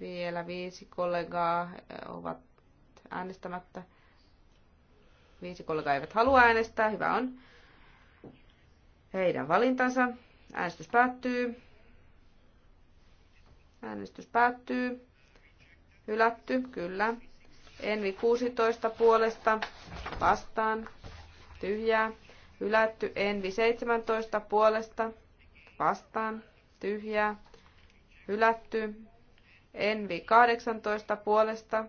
Vielä viisi kollegaa eh, ovat äänestämättä. Viisi kollegaa eivät halua äänestää, hyvä on heidän valintansa. Äänestys päättyy. Äänestys päättyy. Hylätty, kyllä. Envi 16 puolesta vastaan. Tyhjää. Hylätty Envi 17 puolesta vastaan. Tyhjää. Hylätty Envi 18 puolesta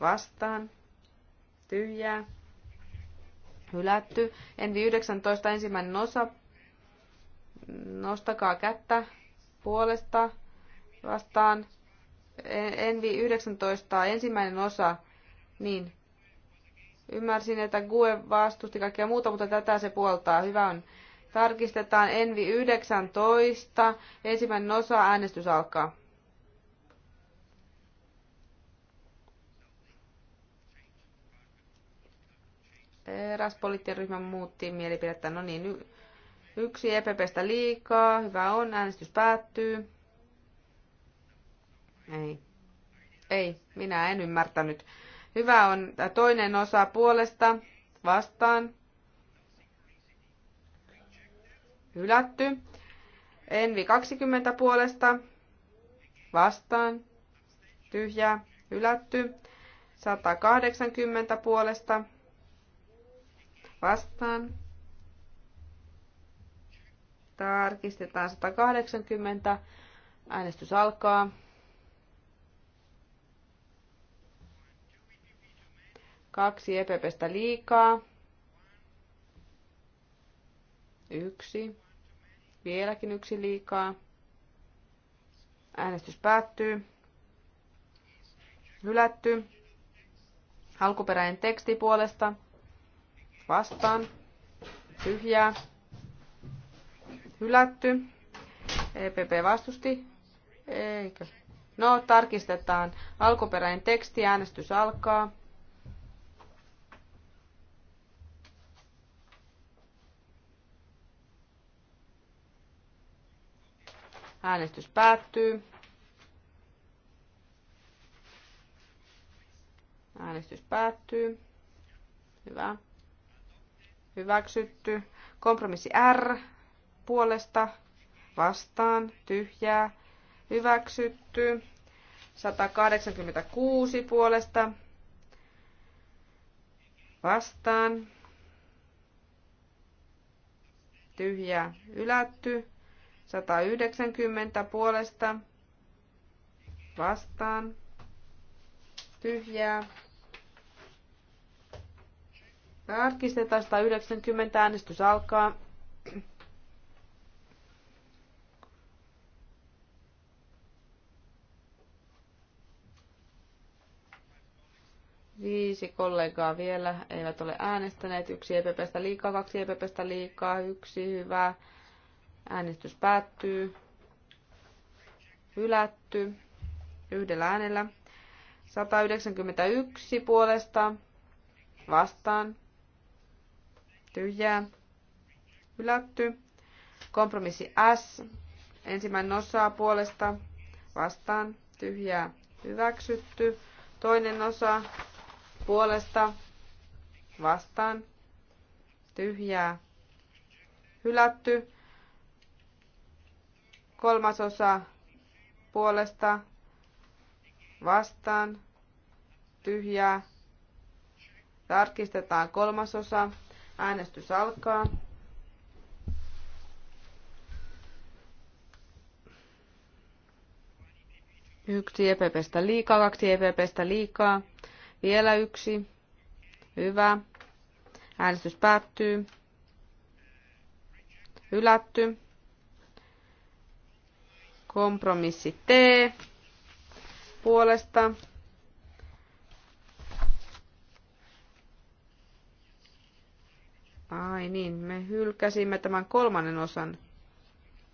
vastaan. Tyhjää hylätty. Enti 19 ensimmäinen osa. Nostakaa kättä puolesta vastaan. E, Envi 19 ensimmäinen osa. Niin. Ymmärsin, että GUE vastusti kaikkea muuta, mutta tätä se puoltaa. Hyvä on. Tarkistetaan Envi 19. Ensimmäinen osa. Äänestys alkaa. Eräs poliittinen ryhmä muutti mielipidettä. No niin, yksi EPPstä liikaa. Hyvä on, äänestys päättyy. Ei. Ei, minä en ymmärtänyt. Hyvä on toinen osa puolesta vastaan. Hylätty. Envi 20 puolesta vastaan. Tyhjä. Hylätty. 180 puolesta vastaan. Tarkistetaan 180. Äänestys alkaa. Kaksi EPPstä liikaa. Yksi. Vieläkin yksi liikaa. Äänestys päättyy. Hylätty. Alkuperäinen teksti puolesta vastaan, tyhjää, hylätty. EPP vastusti, eikö? No, tarkistetaan. Alkuperäinen teksti, äänestys alkaa. Äänestys päättyy. Äänestys päättyy. Hyvä hyväksytty. Kompromissi R puolesta vastaan tyhjää hyväksytty. 186 puolesta vastaan tyhjää ylätty. 190 puolesta vastaan tyhjää Tarkistetaan 190, äänestys alkaa. Viisi kollegaa vielä eivät ole äänestäneet. Yksi EPPstä liikaa, kaksi EPPstä liikaa, yksi hyvä. Äänestys päättyy. Hylätty. Yhdellä äänellä. 191 puolesta vastaan tyhjää, hylätty. Kompromissi S, ensimmäinen osa puolesta, vastaan, tyhjää, hyväksytty. Toinen osa puolesta, vastaan, tyhjää, hylätty. Kolmas osa puolesta, vastaan, tyhjää. Tarkistetaan kolmas osa Äänestys alkaa. Yksi EPPstä liikaa, kaksi EPPstä liikaa. Vielä yksi. Hyvä. Äänestys päättyy. Hylätty. Kompromissi T puolesta Ai niin, me hylkäsimme tämän kolmannen osan.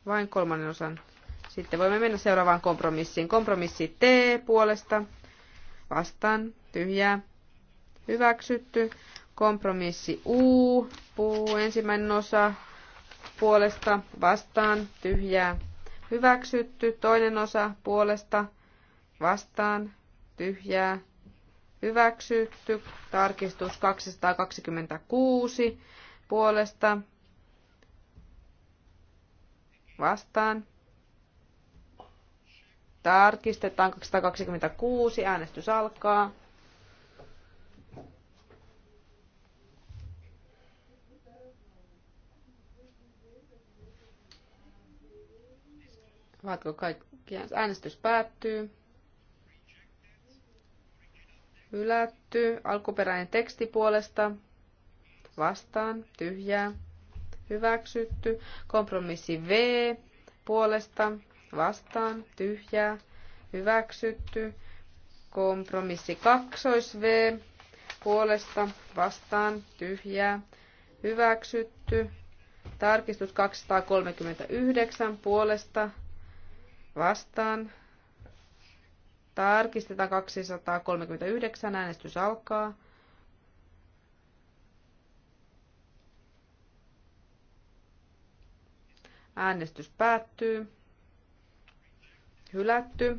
Vain kolmannen osan. Sitten voimme mennä seuraavaan kompromissiin. Kompromissi T puolesta. Vastaan. Tyhjää. Hyväksytty. Kompromissi U. Puu. Ensimmäinen osa. Puolesta. Vastaan. Tyhjää. Hyväksytty. Toinen osa. Puolesta. Vastaan. Tyhjää. Hyväksytty. Tarkistus 226 puolesta vastaan. Tarkistetaan 226, äänestys alkaa. Vaatko kaikki? Äänestys päättyy. Hylätty. Alkuperäinen teksti puolesta vastaan, tyhjää, hyväksytty. Kompromissi V puolesta, vastaan, tyhjää, hyväksytty. Kompromissi 2 V puolesta, vastaan, tyhjää, hyväksytty. Tarkistus 239 puolesta, vastaan. Tarkistetaan 239, äänestys alkaa. Äänestys päättyy. Hylätty.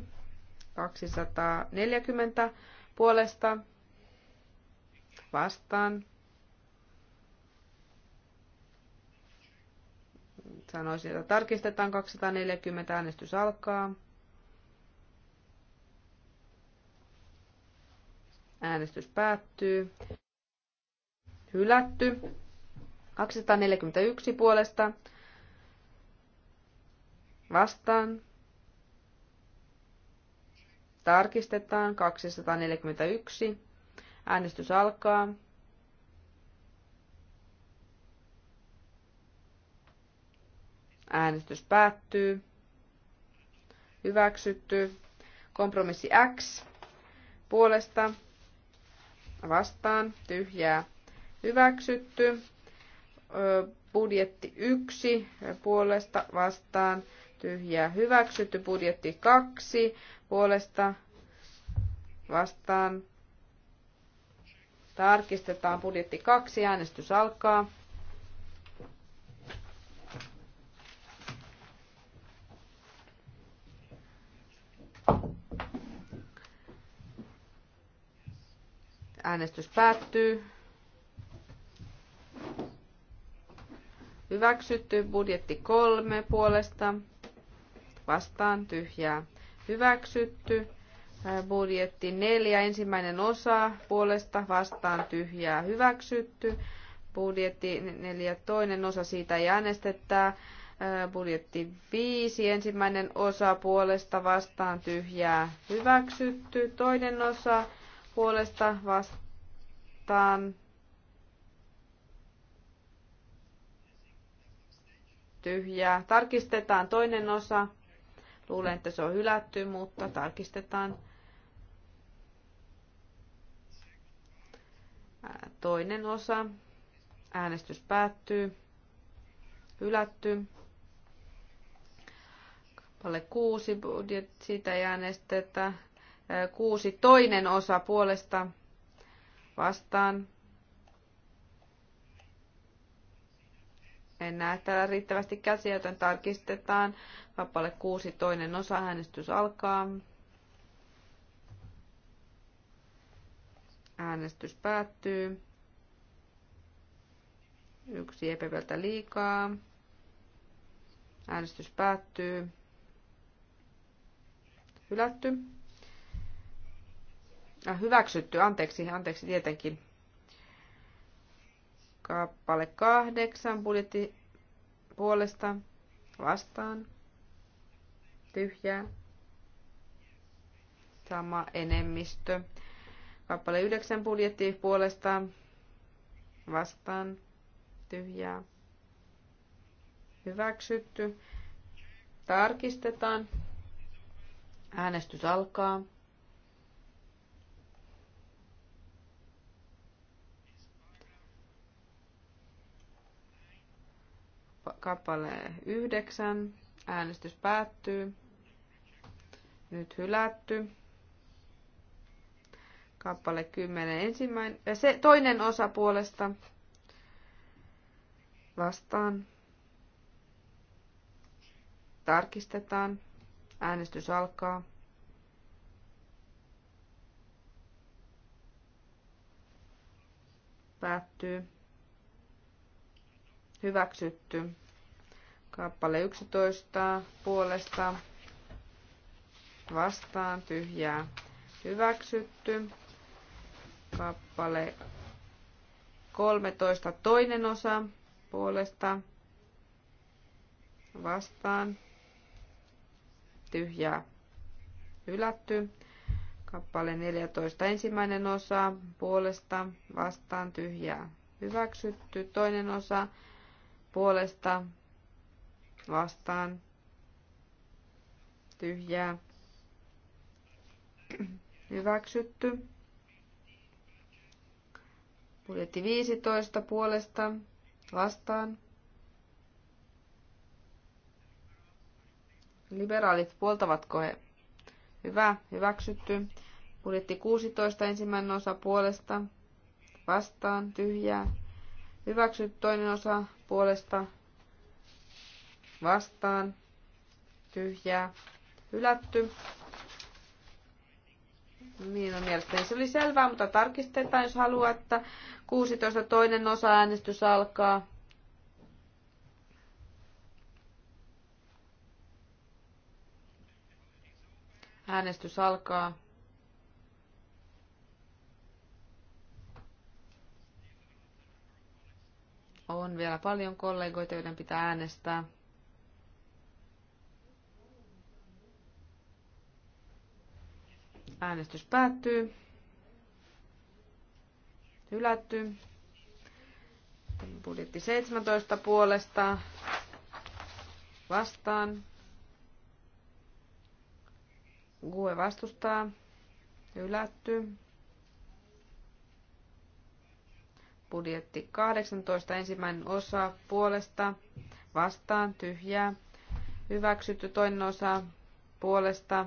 240 puolesta vastaan. Sanoisin, että tarkistetaan 240, äänestys alkaa. Äänestys päättyy. Hylätty. 241 puolesta Vastaan. Tarkistetaan 241. Äänestys alkaa. Äänestys päättyy. Hyväksytty. Kompromissi X. Puolesta. Vastaan. Tyhjää. Hyväksytty. Budjetti 1. Puolesta. Vastaan tyhjää hyväksytty. Budjetti kaksi puolesta vastaan tarkistetaan budjetti kaksi Äänestys alkaa. Äänestys päättyy. Hyväksytty budjetti kolme puolesta vastaan tyhjää hyväksytty. Budjetti neljä ensimmäinen osa puolesta vastaan tyhjää hyväksytty. Budjetti neljä toinen osa siitä ei äänestettää. Budjetti viisi ensimmäinen osa puolesta vastaan tyhjää hyväksytty. Toinen osa puolesta vastaan tyhjää. Tarkistetaan toinen osa. Luulen, että se on hylätty, mutta tarkistetaan. Toinen osa. Äänestys päättyy. Hylätty. Kappale 6. Budjet, siitä ei äänestetä. 6. Toinen osa puolesta vastaan. En näe täällä riittävästi käsiä, joten tarkistetaan. Kappale 6, toinen osa, äänestys alkaa. Äänestys päättyy. Yksi epäveltä liikaa. Äänestys päättyy. Hylätty. Äh, hyväksytty, anteeksi, anteeksi tietenkin. Kappale kahdeksan budjetti puolesta vastaan. Tyhjää. Sama enemmistö. Kappale yhdeksän budjetti puolesta vastaan. Tyhjää. Hyväksytty. Tarkistetaan. Äänestys alkaa. kappale 9. Äänestys päättyy. Nyt hylätty. Kappale 10. Ensimmäinen, se, toinen osa puolesta vastaan. Tarkistetaan. Äänestys alkaa. Päättyy. Hyväksytty. Kappale 11 puolesta vastaan tyhjää hyväksytty. Kappale 13 toinen osa puolesta vastaan tyhjää hylätty. Kappale 14 ensimmäinen osa puolesta vastaan tyhjää hyväksytty. Toinen osa puolesta vastaan, tyhjää, hyväksytty. Budjetti 15 puolesta vastaan. Liberaalit puoltavatko he? Hyvä, hyväksytty. Budjetti 16 ensimmäinen osa puolesta vastaan, tyhjää. Hyväksytty toinen osa puolesta vastaan, tyhjää, hylätty. Minun mielestäni se oli selvää, mutta tarkistetaan, jos haluaa, että 16 toinen osa äänestys alkaa. Äänestys alkaa. On vielä paljon kollegoita, joiden pitää äänestää. Äänestys päättyy. Hylätty. Budjetti 17 puolesta vastaan. Gue vastustaa. Hylätty. Budjetti 18, ensimmäinen osa puolesta, vastaan, tyhjää. Hyväksytty toinen osa puolesta,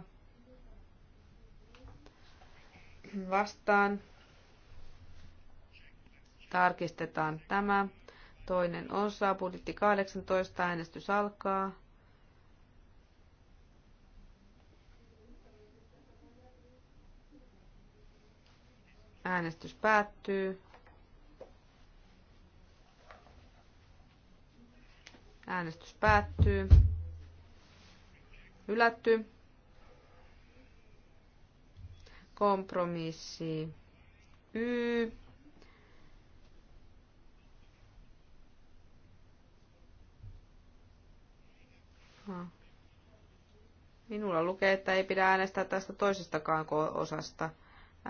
vastaan. Tarkistetaan tämä. Toinen osa, budjetti 18, äänestys alkaa. Äänestys päättyy. Äänestys päättyy. Hylätty kompromissi Y. No. Minulla lukee, että ei pidä äänestää tästä toisestakaan osasta.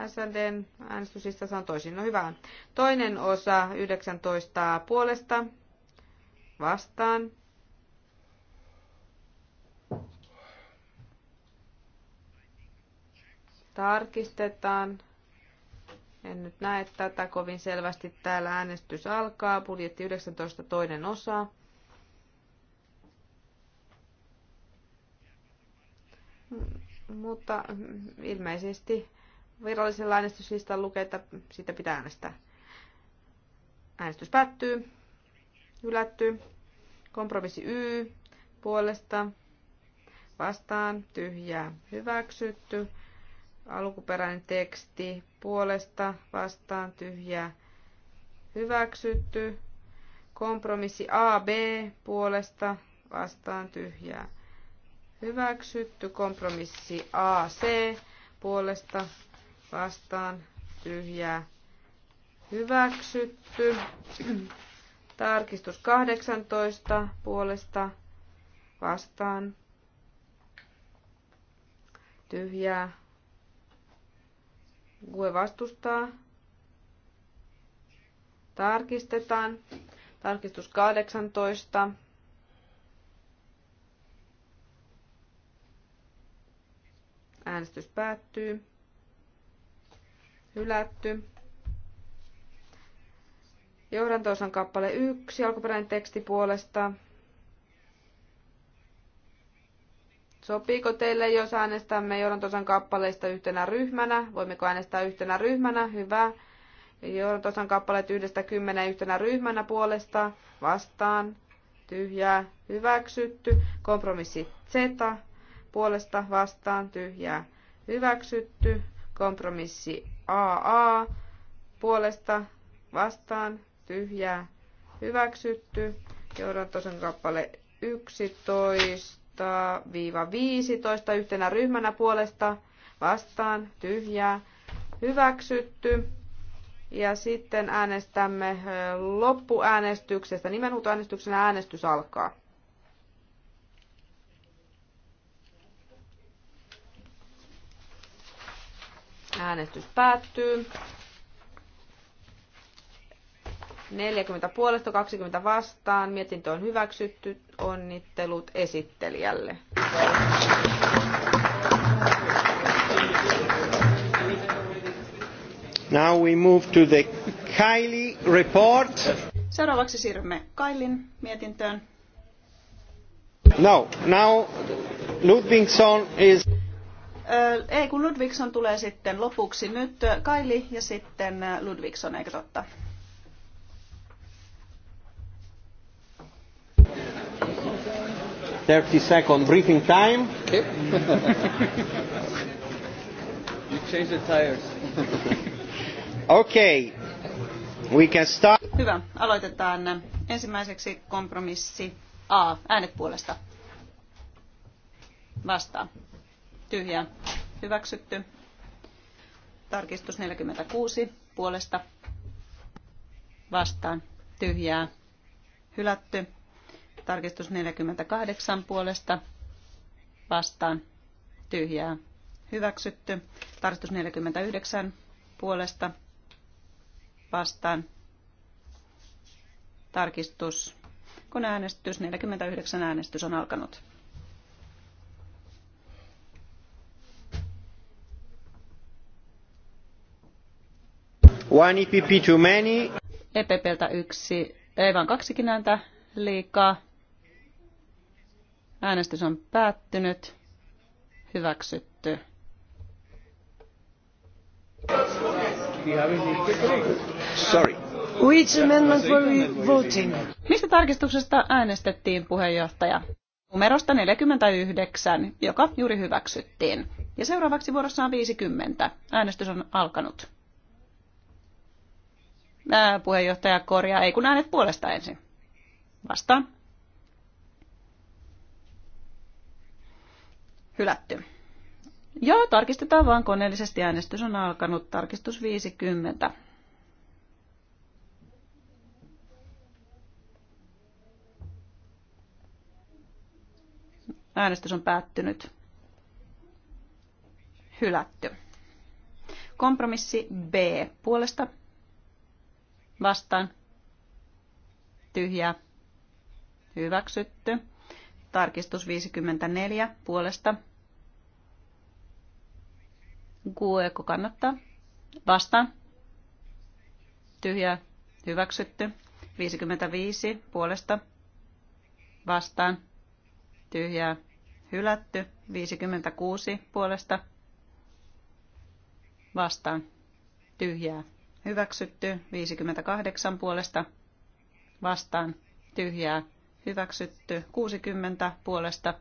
SNDn äänestyslistassa on toisin. No hyvä. Toinen osa 19 puolesta vastaan tarkistetaan. En nyt näe tätä kovin selvästi. Täällä äänestys alkaa. Budjetti 19 toinen osa. Mutta ilmeisesti virallisella äänestyslistalla lukee, että siitä pitää äänestää. Äänestys päättyy. Hylätty. Kompromissi Y puolesta. Vastaan. Tyhjää. Hyväksytty alkuperäinen teksti puolesta vastaan tyhjää hyväksytty. Kompromissi AB puolesta vastaan tyhjää hyväksytty. Kompromissi AC puolesta vastaan tyhjää hyväksytty. Tarkistus 18 puolesta vastaan tyhjää Gue vastustaa. Tarkistetaan. Tarkistus 18. Äänestys päättyy. Hylätty. Johdantoosan kappale 1, alkuperäinen teksti puolesta Sopiiko teille, jos äänestämme Jorontosan kappaleista yhtenä ryhmänä? Voimmeko äänestää yhtenä ryhmänä? Hyvä. Jorontosan kappaleet yhdestä kymmenen yhtenä ryhmänä puolesta. Vastaan. Tyhjää. Hyväksytty. Kompromissi Z. Puolesta vastaan. Tyhjää. Hyväksytty. Kompromissi AA. Puolesta vastaan. Tyhjää. Hyväksytty. Jorontosan kappale 11 13-15 yhtenä ryhmänä puolesta vastaan tyhjää hyväksytty. Ja sitten äänestämme loppuäänestyksestä. Nimenhuutoäänestyksenä äänestys alkaa. Äänestys päättyy. 40 puolesta, 20 vastaan. Mietintö on hyväksytty. Onnittelut esittelijälle. Now we move to the Kylie report. Seuraavaksi siirrymme Kailin mietintöön. No, now Ludvigson is... Ö, ei, kun Ludvigson tulee sitten lopuksi. Nyt Kaili ja sitten Ludvigson, eikö totta? 30 second briefing time. Okay. you change the tires. okay. We can start. Hyvä. Aloitetaan ensimmäiseksi kompromissi A. Äänet puolesta. Vastaan. Tyhjä. Hyväksytty. Tarkistus 46. Puolesta. Vastaan. Tyhjää. Hylätty. Tarkistus 48 puolesta vastaan tyhjää hyväksytty. Tarkistus 49 puolesta vastaan tarkistus. Kun äänestys 49 äänestys on alkanut. One EPP too many. EPPltä yksi, ei vaan kaksikin ääntä liikaa. Äänestys on päättynyt. Hyväksytty. Sorry. Which amendment were we voting? Mistä tarkistuksesta äänestettiin puheenjohtaja? Numerosta 49, joka juuri hyväksyttiin. Ja seuraavaksi vuorossa on 50. Äänestys on alkanut. Ää, puheenjohtaja korjaa, ei kun äänet puolesta ensin. Vastaan. Hylätty. Ja tarkistetaan vaan koneellisesti. Äänestys on alkanut. Tarkistus 50. Äänestys on päättynyt. Hylätty. Kompromissi B. Puolesta. Vastaan. tyhjä Hyväksytty. Tarkistus 54 puolesta. Kuueko kannattaa? Vastaan. Tyhjä. Hyväksytty. 55 puolesta. Vastaan. Tyhjää. Hylätty. 56 puolesta. Vastaan. Tyhjää. Hyväksytty. 58 puolesta. Vastaan. Tyhjää hyväksytty 60 puolesta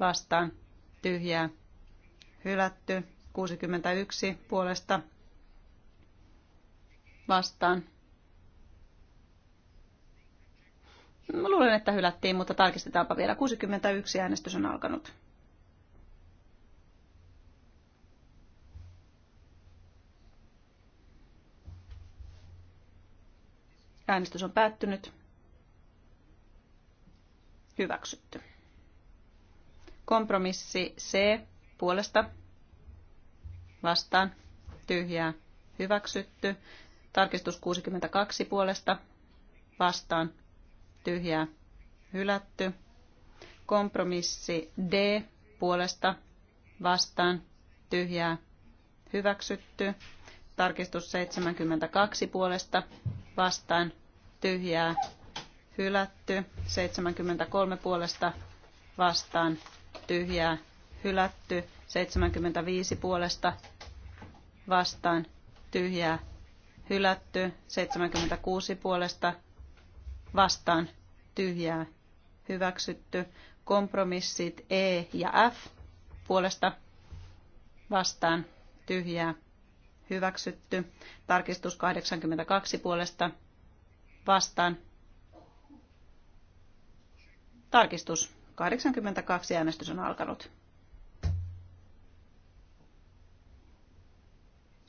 vastaan tyhjää hylätty 61 puolesta vastaan. Mä luulen, että hylättiin, mutta tarkistetaanpa vielä. 61 äänestys on alkanut. Äänestys on päättynyt. Hyväksytty. Kompromissi C puolesta vastaan tyhjää hyväksytty. Tarkistus 62 puolesta vastaan tyhjää hylätty. Kompromissi D puolesta vastaan tyhjää hyväksytty. Tarkistus 72 puolesta vastaan tyhjää hylätty, 73 puolesta vastaan tyhjää hylätty, 75 puolesta vastaan tyhjää hylätty, 76 puolesta vastaan tyhjää hyväksytty, kompromissit E ja F puolesta vastaan tyhjää hyväksytty, tarkistus 82 puolesta vastaan Tarkistus 82 äänestys on alkanut.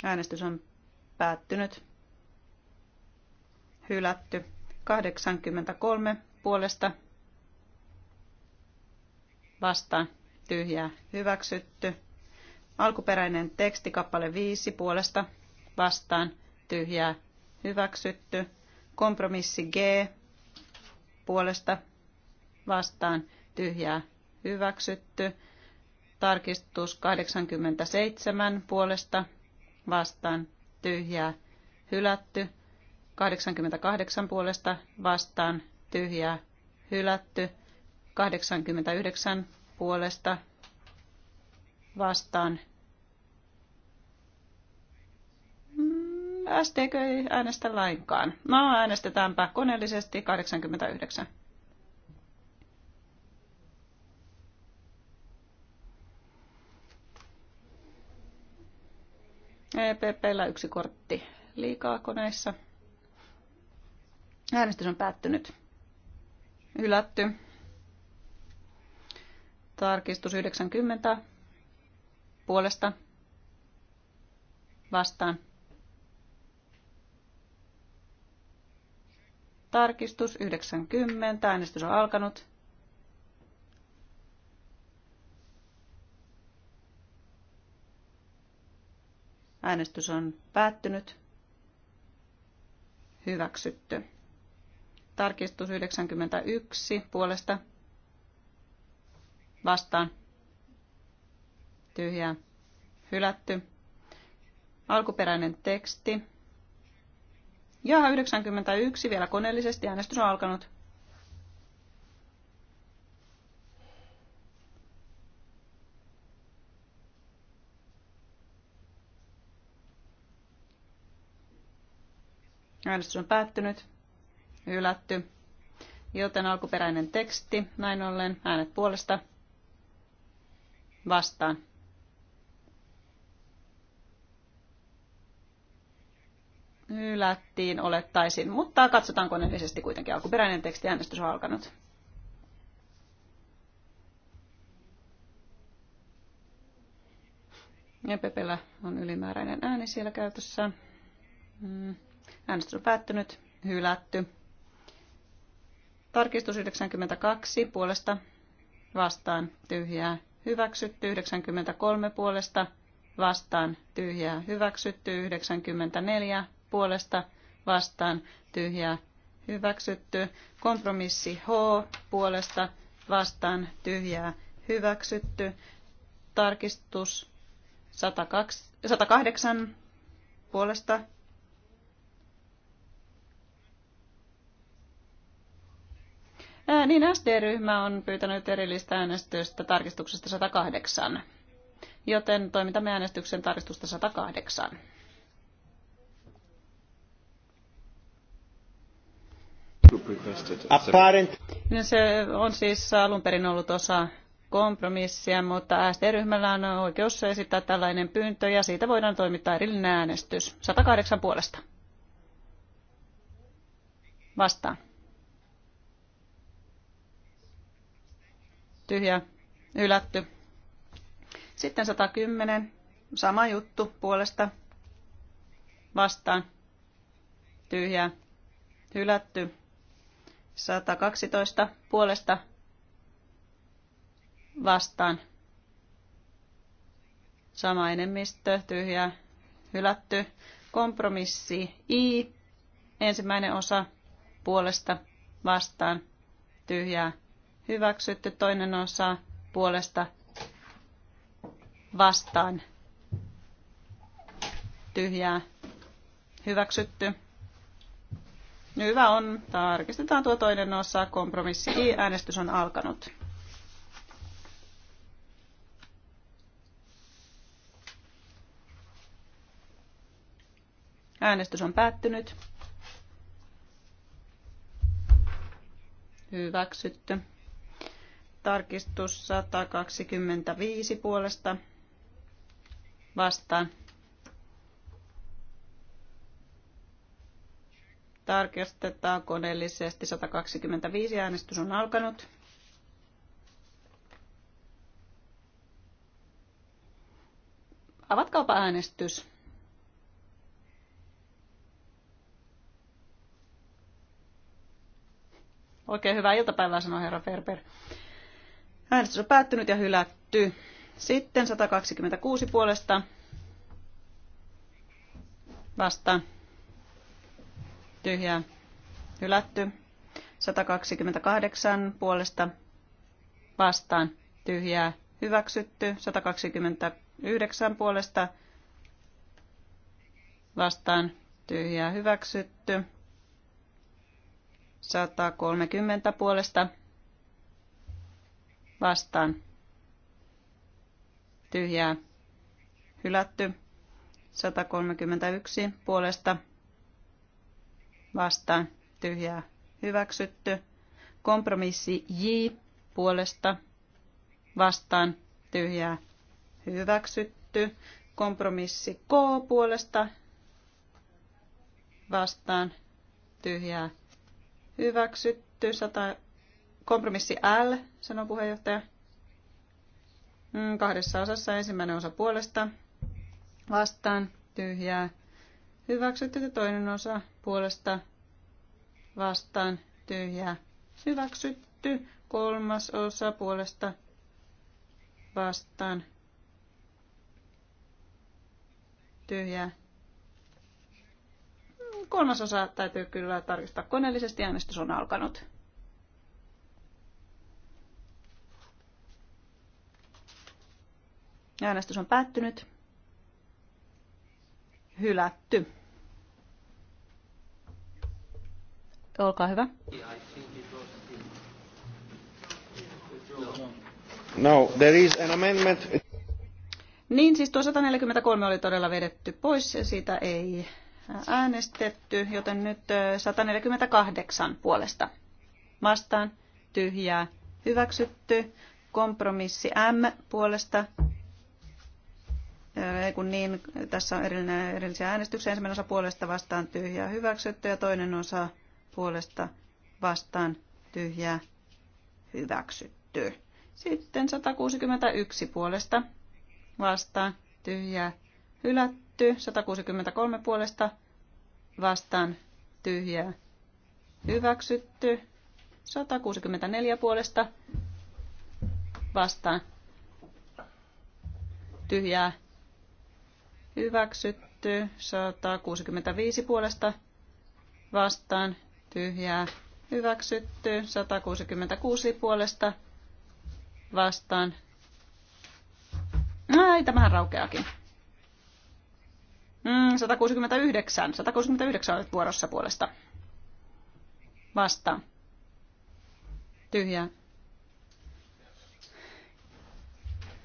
Äänestys on päättynyt. Hylätty. 83 puolesta vastaan tyhjää hyväksytty. Alkuperäinen teksti kappale 5 puolesta vastaan tyhjää hyväksytty. Kompromissi G puolesta vastaan tyhjää hyväksytty. Tarkistus 87 puolesta vastaan tyhjää hylätty. 88 puolesta vastaan tyhjää hylätty. 89 puolesta vastaan. Mm, STK ei äänestä lainkaan. No, äänestetäänpä koneellisesti 89. EPPllä yksi kortti liikaa koneissa. Äänestys on päättynyt. Ylätty. Tarkistus 90 puolesta vastaan. Tarkistus 90. Äänestys on alkanut. Äänestys on päättynyt. Hyväksytty. Tarkistus 91 puolesta. Vastaan. Tyhjää. Hylätty. Alkuperäinen teksti. Ja 91 vielä koneellisesti. Äänestys on alkanut. Äänestys on päättynyt. Hylätty. Joten alkuperäinen teksti, näin ollen äänet puolesta vastaan. Hylättiin, olettaisin, mutta katsotaan koneellisesti kuitenkin. Alkuperäinen teksti, äänestys on alkanut. Ja Pepellä on ylimääräinen ääni siellä käytössä. Mm. Äänestys on päättynyt. Hylätty. Tarkistus 92 puolesta vastaan tyhjää hyväksytty. 93 puolesta vastaan tyhjää hyväksytty. 94 puolesta vastaan tyhjää hyväksytty. Kompromissi H puolesta vastaan tyhjää hyväksytty. Tarkistus 102, 108 puolesta Niin SD-ryhmä on pyytänyt erillistä äänestystä tarkistuksesta 108, joten toimitamme äänestyksen tarkistusta 108. Apparent. Se on siis alun perin ollut osa kompromissia, mutta SD-ryhmällä on oikeus esittää tällainen pyyntö ja siitä voidaan toimittaa erillinen äänestys. 108 puolesta. Vastaan. tyhjä, ylätty. Sitten 110, sama juttu puolesta vastaan, tyhjä, hylätty. 112 puolesta vastaan. Sama enemmistö, tyhjä, hylätty. Kompromissi I, ensimmäinen osa puolesta vastaan, tyhjää, hyväksytty, toinen osa puolesta vastaan tyhjää hyväksytty. No hyvä on. Tarkistetaan tuo toinen osa. Kompromissi I. Äänestys on alkanut. Äänestys on päättynyt. Hyväksytty. Tarkistus 125 puolesta vastaan. Tarkistetaan koneellisesti 125 äänestys on alkanut. Avatkaapa äänestys. Oikein hyvää iltapäivää, sanoi herra Ferber. Äänestys on päättynyt ja hylätty. Sitten 126 puolesta vastaan tyhjää hylätty. 128 puolesta vastaan tyhjää hyväksytty. 129 puolesta vastaan tyhjää hyväksytty. 130 puolesta vastaan tyhjää hylätty. 131 puolesta vastaan tyhjää hyväksytty. Kompromissi J puolesta vastaan tyhjää hyväksytty. Kompromissi K puolesta vastaan tyhjää hyväksytty. 100, Kompromissi L, sanoo puheenjohtaja. Mm, kahdessa osassa ensimmäinen osa puolesta. Vastaan. Tyhjää. Hyväksytty toinen osa puolesta. Vastaan. Tyhjää. Hyväksytty. Kolmas osa puolesta. Vastaan. Tyhjää. Kolmas osa täytyy kyllä tarkistaa koneellisesti. Äänestys on alkanut. Äänestys on päättynyt. Hylätty. Olkaa hyvä. No, there is an amendment. Niin, siis tuo 143 oli todella vedetty pois ja siitä ei äänestetty, joten nyt 148 puolesta. Vastaan tyhjää hyväksytty. Kompromissi M puolesta kun niin, tässä on erillisiä äänestyksiä. Ensimmäinen osa puolesta vastaan tyhjää hyväksytty ja toinen osa puolesta vastaan tyhjää hyväksytty. Sitten 161 puolesta vastaan tyhjää hylätty. 163 puolesta vastaan tyhjää hyväksytty. 164 puolesta vastaan tyhjää hyväksytty, 165 puolesta vastaan, tyhjää, hyväksytty, 166 puolesta vastaan. Ai, no, tämähän raukeakin. Mm, 169. 169 olet vuorossa puolesta. Vastaan. Tyhjää.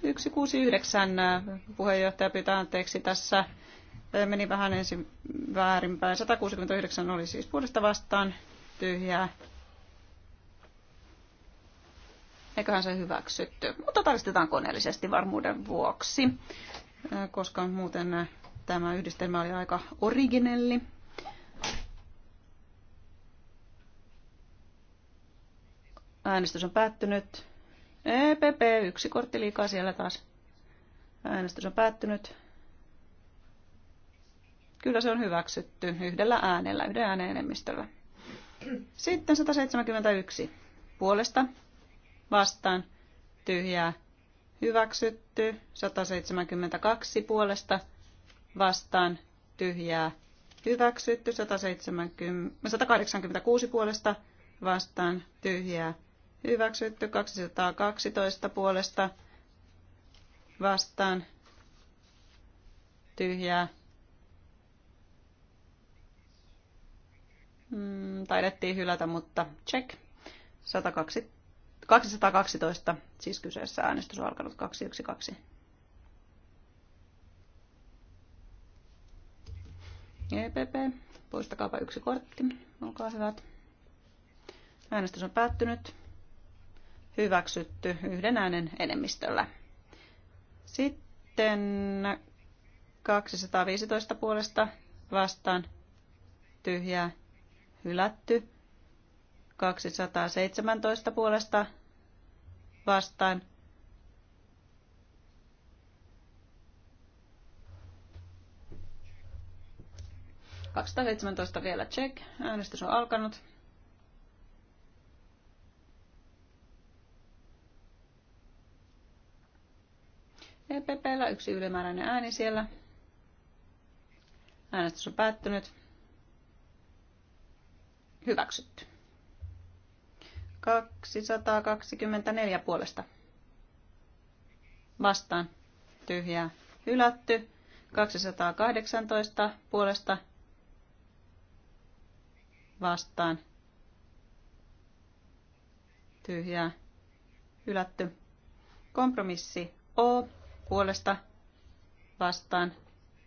169 äh, puheenjohtaja pitää anteeksi tässä. Äh, meni vähän ensin väärinpäin. 169 oli siis puolesta vastaan tyhjää. Eiköhän se hyväksytty. Mutta tarkistetaan koneellisesti varmuuden vuoksi, äh, koska muuten tämä yhdistelmä oli aika originelli. Äänestys on päättynyt. EPP, yksi kortti liikaa siellä taas. Äänestys on päättynyt. Kyllä se on hyväksytty yhdellä äänellä, yhden äänen enemmistöllä. Sitten 171. Puolesta, vastaan, tyhjää, hyväksytty. 172 puolesta, vastaan, tyhjää, hyväksytty. 170, 186 puolesta, vastaan, tyhjää, hyväksytty 212 puolesta vastaan tyhjää. Mm, taidettiin hylätä, mutta check. 102, 212, siis kyseessä äänestys on alkanut 212. EPP, poistakaapa yksi kortti, olkaa hyvät. Äänestys on päättynyt hyväksytty yhden äänen enemmistöllä. Sitten 215 puolesta vastaan tyhjää hylätty. 217 puolesta vastaan Kaksitoista vielä check. Äänestys on alkanut. EPPllä yksi ylimääräinen ääni siellä. Äänestys on päättynyt. Hyväksytty. 224 puolesta. Vastaan. Tyhjää. Hylätty. 218 puolesta. Vastaan. Tyhjää. Hylätty. Kompromissi O puolesta vastaan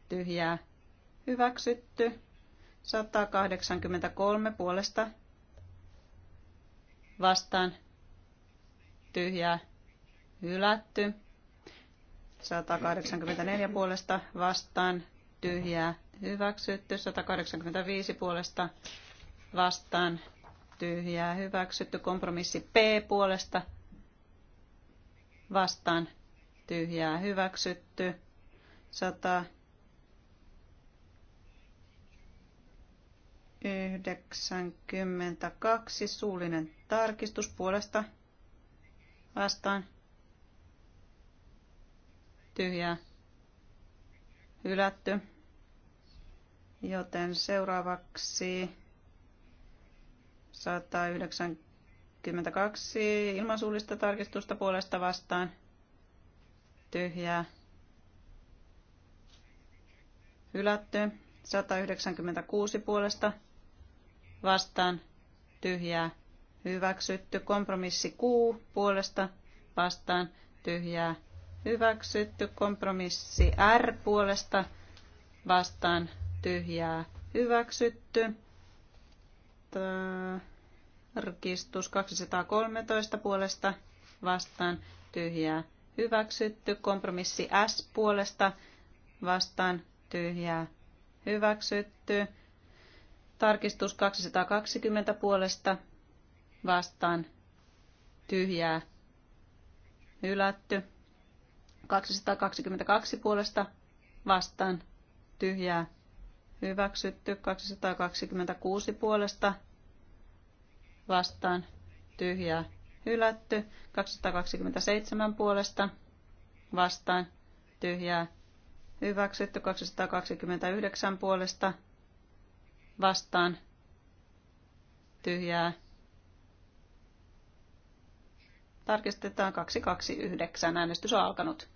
tyhjää hyväksytty. 183 puolesta vastaan tyhjää hylätty. 184 puolesta vastaan tyhjää hyväksytty. 185 puolesta vastaan tyhjää hyväksytty. Kompromissi P puolesta vastaan tyhjää hyväksytty. 192 suullinen tarkistus puolesta vastaan tyhjää hylätty. Joten seuraavaksi 192 ilmansuullista tarkistusta puolesta vastaan tyhjää, hylätty. 196 puolesta vastaan tyhjää, hyväksytty. Kompromissi Q puolesta vastaan tyhjää, hyväksytty. Kompromissi R puolesta vastaan tyhjää, hyväksytty. Tarkistus 213 puolesta vastaan tyhjää, hyväksytty. Kompromissi S puolesta vastaan tyhjää hyväksytty. Tarkistus 220 puolesta vastaan tyhjää hylätty. 222 puolesta vastaan tyhjää hyväksytty. 226 puolesta vastaan tyhjää hylätty. 227 puolesta vastaan tyhjää hyväksytty. 229 puolesta vastaan tyhjää Tarkistetaan 229. Äänestys on alkanut.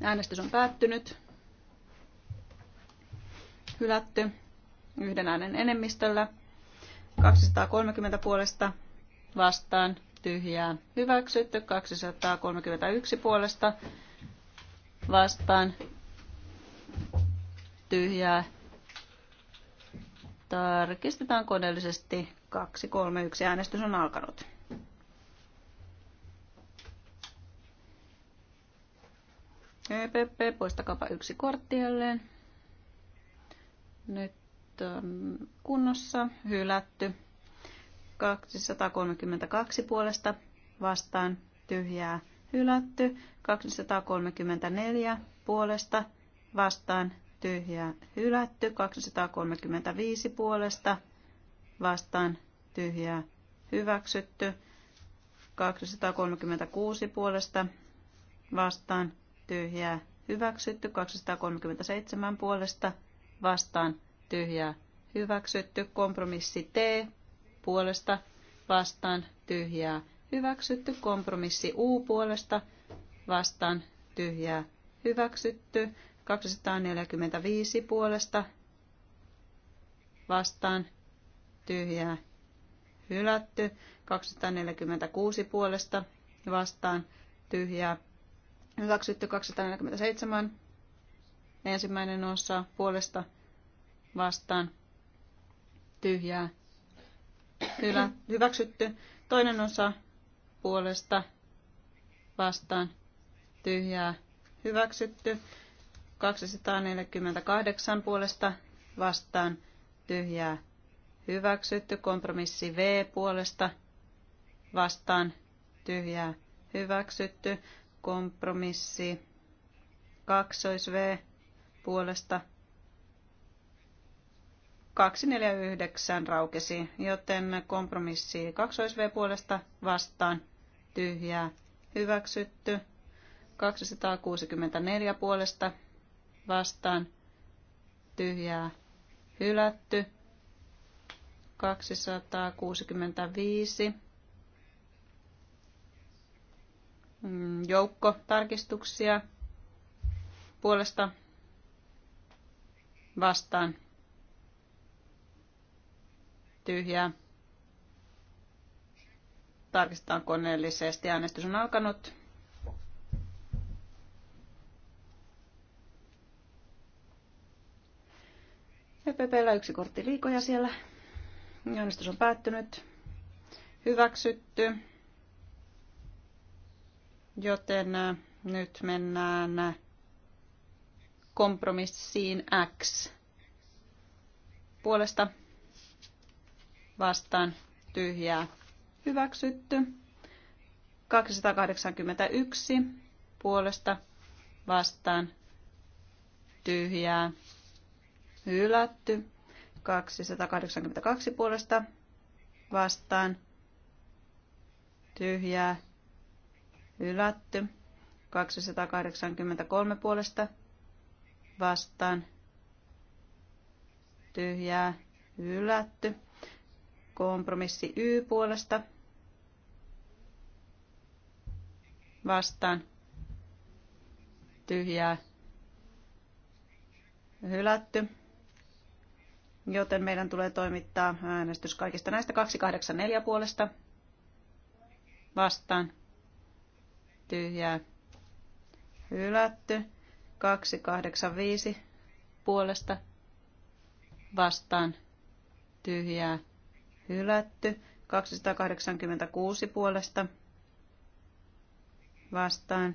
Äänestys on päättynyt hylätty yhden äänen enemmistöllä. 230 puolesta vastaan tyhjää hyväksytty. 231 puolesta vastaan tyhjää. Tarkistetaan koneellisesti 231 äänestys on alkanut. EPP, poistakaapa yksi kortti jälleen. Nyt on kunnossa hylätty. 232 puolesta vastaan tyhjää hylätty. 234 puolesta vastaan tyhjää hylätty. 235 puolesta vastaan tyhjää hyväksytty. 236 puolesta vastaan tyhjää hyväksytty. 237 puolesta vastaan tyhjää hyväksytty. Kompromissi T puolesta vastaan tyhjää hyväksytty. Kompromissi U puolesta vastaan tyhjää hyväksytty. 245 puolesta vastaan tyhjää hylätty. 246 puolesta vastaan tyhjää hyväksytty. 247 Ensimmäinen osa puolesta vastaan tyhjää Hylä, hyväksytty. Toinen osa puolesta vastaan tyhjää hyväksytty. 248 puolesta vastaan tyhjää hyväksytty. Kompromissi V puolesta vastaan tyhjää hyväksytty. Kompromissi 2 V puolesta 249 raukesi, joten kompromissi 2 V puolesta vastaan tyhjää hyväksytty. 264 puolesta vastaan tyhjää hylätty. 265 joukko tarkistuksia puolesta vastaan tyhjää. Tarkistetaan koneellisesti. Äänestys on alkanut. EPPllä yksi kortti liikoja siellä. Äänestys on päättynyt. Hyväksytty. Joten äh, nyt mennään kompromissiin X puolesta vastaan tyhjää hyväksytty. 281 puolesta vastaan tyhjää hylätty. 282 puolesta vastaan tyhjää hylätty. 283 puolesta vastaan tyhjää hylätty. Kompromissi Y puolesta vastaan tyhjää hylätty. Joten meidän tulee toimittaa äänestys kaikista näistä 284 puolesta vastaan tyhjää hylätty. 285 puolesta vastaan tyhjää hylätty. 286 puolesta vastaan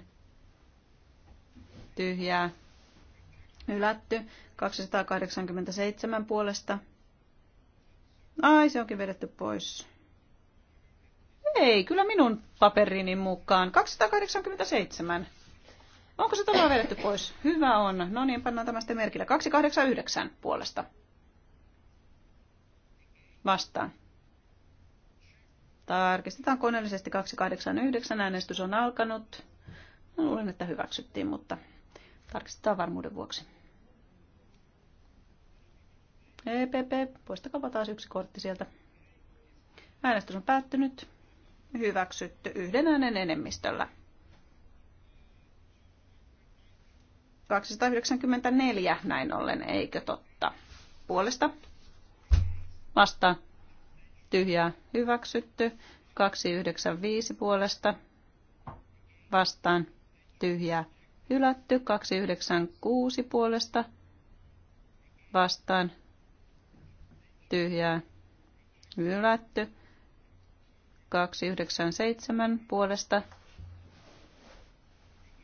tyhjää hylätty. 287 puolesta. Ai, se onkin vedetty pois. Ei, kyllä minun paperini mukaan. 287. Onko se todella vedetty pois? Hyvä on. No niin, pannaan tämä sitten merkille. 289 puolesta. Vastaan. Tarkistetaan koneellisesti 289. Äänestys on alkanut. Mä luulen, että hyväksyttiin, mutta tarkistetaan varmuuden vuoksi. EPP, poistakaa taas yksi kortti sieltä. Äänestys on päättynyt. Hyväksytty yhden äänen enemmistöllä. 294 näin ollen, eikö totta? Puolesta vasta tyhjää hyväksytty. 295 puolesta vastaan tyhjää hylätty. 296 puolesta vastaan tyhjää hylätty. 297 puolesta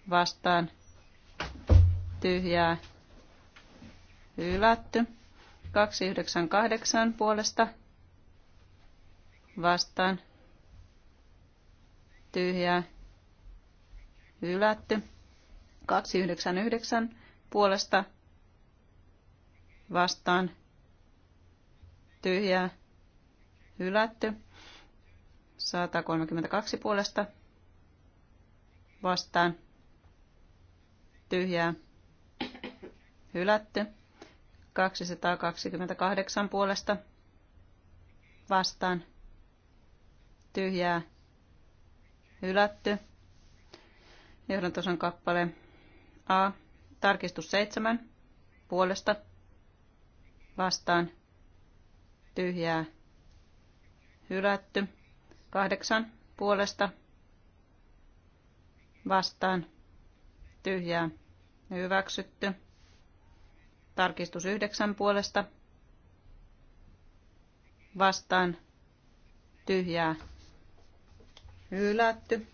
vastaan tyhjää hylätty. 298 puolesta vastaan tyhjää hylätty. 299 puolesta vastaan tyhjää hylätty. 132 puolesta vastaan tyhjää hylätty. 228 puolesta vastaan tyhjää hylätty. Johdantosan kappale A. Tarkistus 7 puolesta vastaan tyhjää hylätty. 8 puolesta vastaan tyhjää hyväksytty. Tarkistus 9 puolesta. Vastaan. Tyhjää. Hylätty.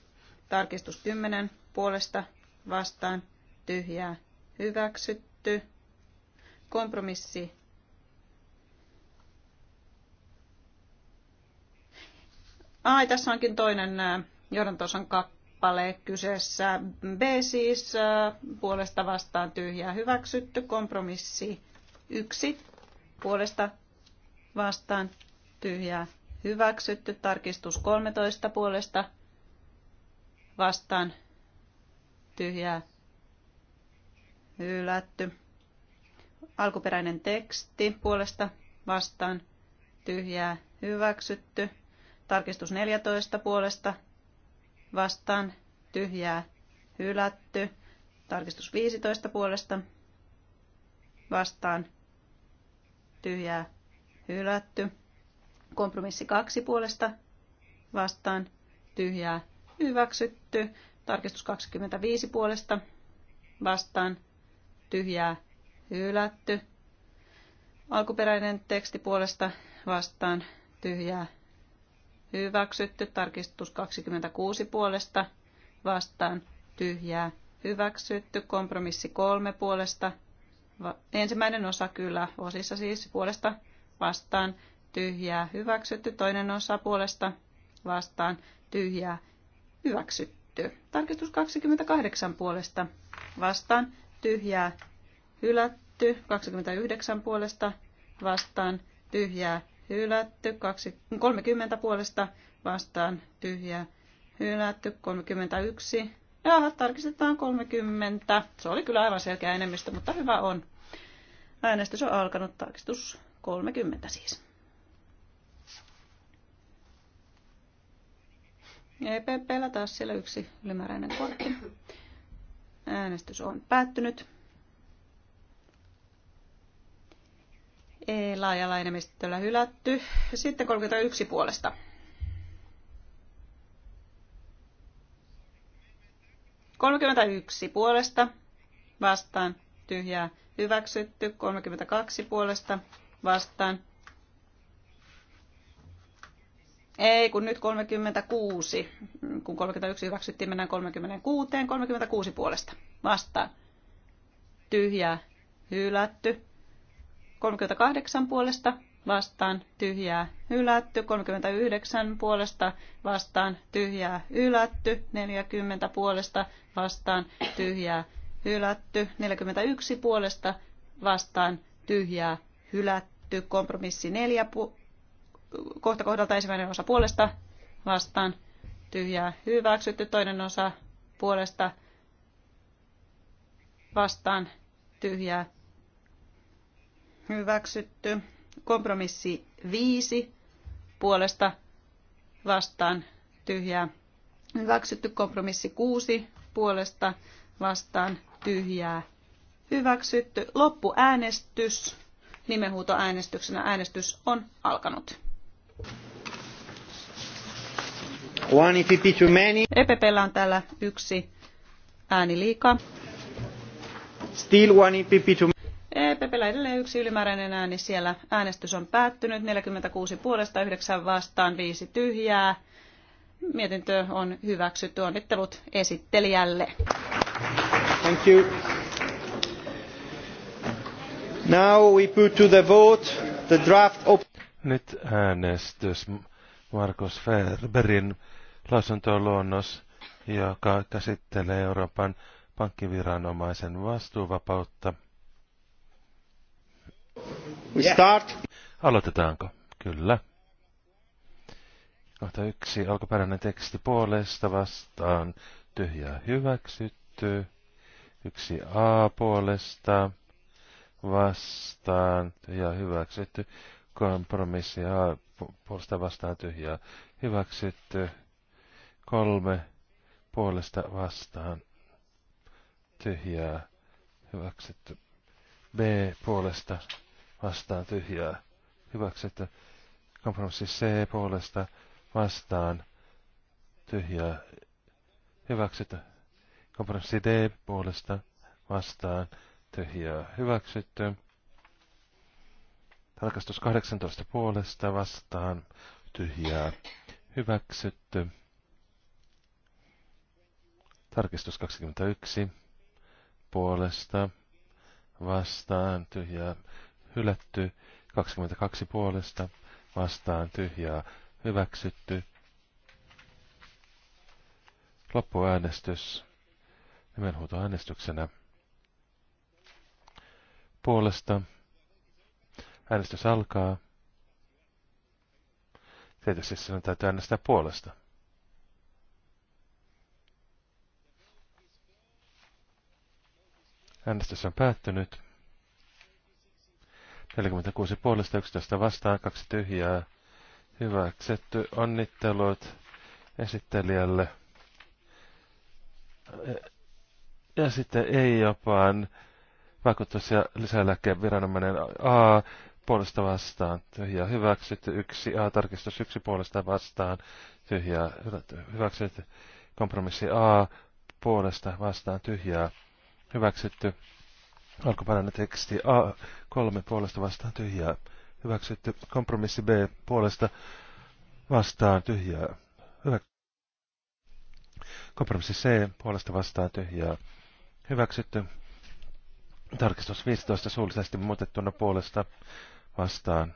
Tarkistus 10 puolesta. Vastaan. Tyhjää. Hyväksytty. Kompromissi Ai, tässä onkin toinen äh, on kappale kappale kyseessä. B siis äh, puolesta vastaan tyhjää hyväksytty. Kompromissi 1 puolesta vastaan tyhjää hyväksytty. Tarkistus 13 puolesta vastaan tyhjää hylätty. Alkuperäinen teksti puolesta vastaan tyhjää hyväksytty. Tarkistus 14 puolesta vastaan tyhjää hylätty. Tarkistus 15 puolesta vastaan tyhjää hylätty. Kompromissi 2 puolesta vastaan tyhjää hyväksytty. Tarkistus 25 puolesta vastaan tyhjää hylätty. Alkuperäinen teksti puolesta vastaan tyhjää hyväksytty. Tarkistus 26 puolesta vastaan tyhjää hyväksytty. Kompromissi 3 puolesta. ensimmäinen osa kyllä, osissa siis puolesta vastaan tyhjää hyväksytty. Toinen osa puolesta vastaan tyhjää hyväksytty. Tarkistus 28 puolesta vastaan tyhjää hylätty. 29 puolesta vastaan tyhjää hylätty, 30 puolesta vastaan tyhjää hylätty, 31. Jaha, tarkistetaan 30. Se oli kyllä aivan selkeä enemmistö, mutta hyvä on. Äänestys on alkanut, tarkistus 30 siis. EPPllä taas siellä yksi ylimääräinen kortti. Äänestys on päättynyt. Ei laajalla enemmistöllä hylätty. Sitten 31 puolesta. Kolmekymmentä yksi puolesta vastaan tyhjää hyväksytty. 32 puolesta vastaan. Ei, kun nyt 36. Kun 31 hyväksyttiin, mennään 36. 36 puolesta vastaan. Tyhjää hylätty. 38 puolesta vastaan tyhjää hylätty, 39 puolesta vastaan tyhjää hylätty, 40 puolesta vastaan tyhjää hylätty, 41 puolesta vastaan tyhjää hylätty, kompromissi 4 pu- kohta kohdalta ensimmäinen osa puolesta vastaan tyhjää hyväksytty, toinen osa puolesta vastaan tyhjää hyväksytty. Kompromissi 5 puolesta vastaan tyhjää hyväksytty. Kompromissi 6 puolesta vastaan tyhjää hyväksytty. Loppuäänestys nimenhuutoäänestyksenä äänestys on alkanut. One EPP too many. EPPllä on täällä yksi ääni liikaa. Still one EPP too EPPllä edelleen yksi ylimääräinen ääni siellä. Äänestys on päättynyt. 46 puolesta, 9 vastaan, 5 tyhjää. Mietintö on hyväksytty. Onnittelut esittelijälle. Thank you. Now we put to the vote the draft op- Nyt äänestys Markus Ferberin lausuntoluonnos, joka käsittelee Euroopan pankkiviranomaisen vastuuvapautta – We start. Aloitetaanko? Kyllä. Kohta yksi alkuperäinen teksti puolesta vastaan. Tyhjää hyväksytty. Yksi A puolesta vastaan. Tyhjää hyväksytty. Kompromissi A puolesta vastaan. Tyhjää hyväksytty. Kolme puolesta vastaan. Tyhjää hyväksytty. B puolesta vastaan tyhjää. että Kompromissi C puolesta vastaan tyhjää. että Kompromissi D puolesta vastaan tyhjää. Hyväksytty. Tarkastus 18 puolesta vastaan tyhjää. Hyväksytty. Tarkistus 21 puolesta vastaan tyhjää hylätty, 22 puolesta vastaan tyhjää hyväksytty. Loppuäänestys nimenhuutoäänestyksenä. Puolesta äänestys alkaa. Tietysti siis sinun täytyy äänestää puolesta. Äänestys on päättynyt. 46 puolesta 11 vastaan, kaksi tyhjää. Hyväksetty. Onnittelut esittelijälle. Ja sitten ei jopaan vaikutus- ja lisäeläkkeen viranomainen A puolesta vastaan, tyhjää hyväksytty, yksi A tarkistus yksi puolesta vastaan, tyhjää hyväksytty, kompromissi A puolesta vastaan, tyhjää hyväksytty, Alkuperäinen teksti A3 puolesta vastaan tyhjää. Hyväksytty. Kompromissi B puolesta vastaan tyhjää. Hyvä. Kompromissi C puolesta vastaan tyhjää. Hyväksytty. Tarkistus 15 suullisesti muutettuna puolesta vastaan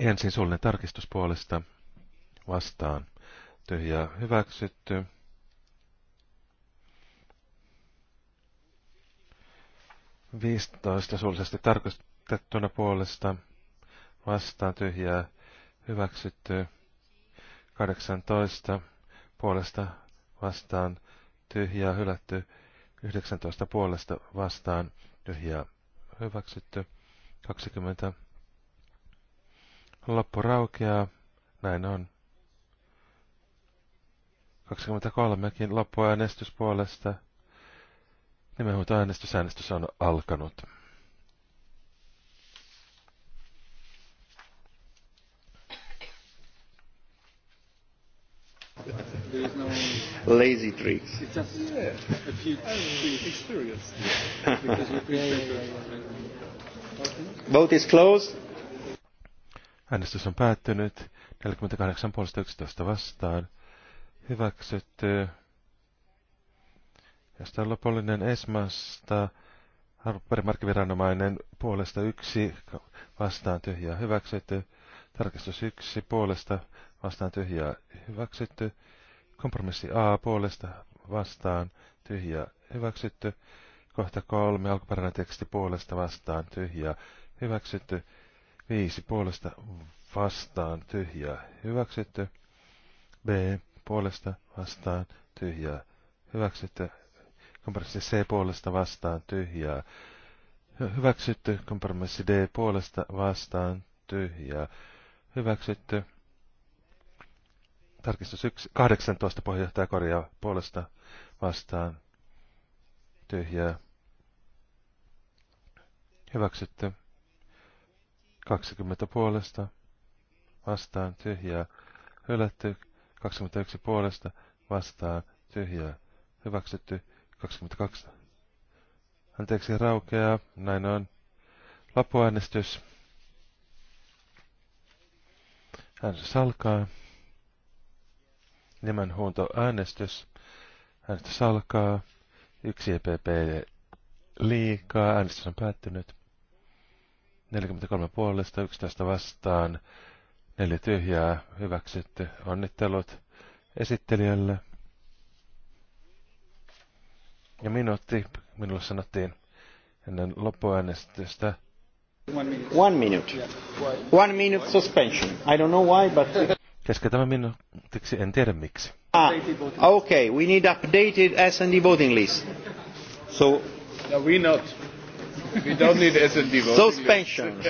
Ensin suullinen tarkistus puolesta vastaan. Tyhjää hyväksytty. Viisitoista suullisesti tarkistettuna puolesta vastaan tyhjää hyväksytty. 18 puolesta vastaan tyhjää hylätty. 19 puolesta vastaan tyhjää hyväksytty. 20 Loppu raukeaa. Näin on. 23kin loppuäänestys puolesta. Nimenhuuto Äänestys on alkanut. Lazy tricks. It's just a few experience. Vote is closed. Äänestys on päättynyt. 48 puolesta 11 vastaan. Hyväksytty. Ja sitten on lopullinen Esmasta. Arvoperimarkkiviranomainen puolesta yksi vastaan tyhjää hyväksytty. Tarkistus yksi puolesta vastaan tyhjää hyväksytty. Kompromissi A puolesta vastaan tyhjää hyväksytty. Kohta kolme alkuperäinen teksti puolesta vastaan tyhjää hyväksytty. 5 puolesta vastaan tyhjää hyväksytty. B puolesta vastaan tyhjää hyväksytty. Kompromissi C puolesta vastaan tyhjää hyväksytty. Kompromissi D puolesta vastaan tyhjää hyväksytty. Tarkistus 1, 18 Pohjohtaja korjaa puolesta vastaan tyhjää hyväksytty. 20 puolesta vastaan tyhjää hylätty. 21 puolesta vastaan tyhjää hyväksytty. 22. Anteeksi raukeaa. Näin on. Loppuäänestys. Äänestys alkaa. Nimen huunto äänestys. Äänestys alkaa. Yksi EPP liikaa. Äänestys on päättynyt. 43 puolesta, 11 vastaan, neljä tyhjää, hyväksytty. Onnittelut esittelijälle. Ja minuutti, minulle sanottiin ennen loppuäänestystä. One minute. One minute suspension. I don't know why, but... Keskeytämme minuutiksi, en tiedä miksi. Ah, okay, we need updated S&D voting list. So... No, we not. We don't need S&D voting. Suspension.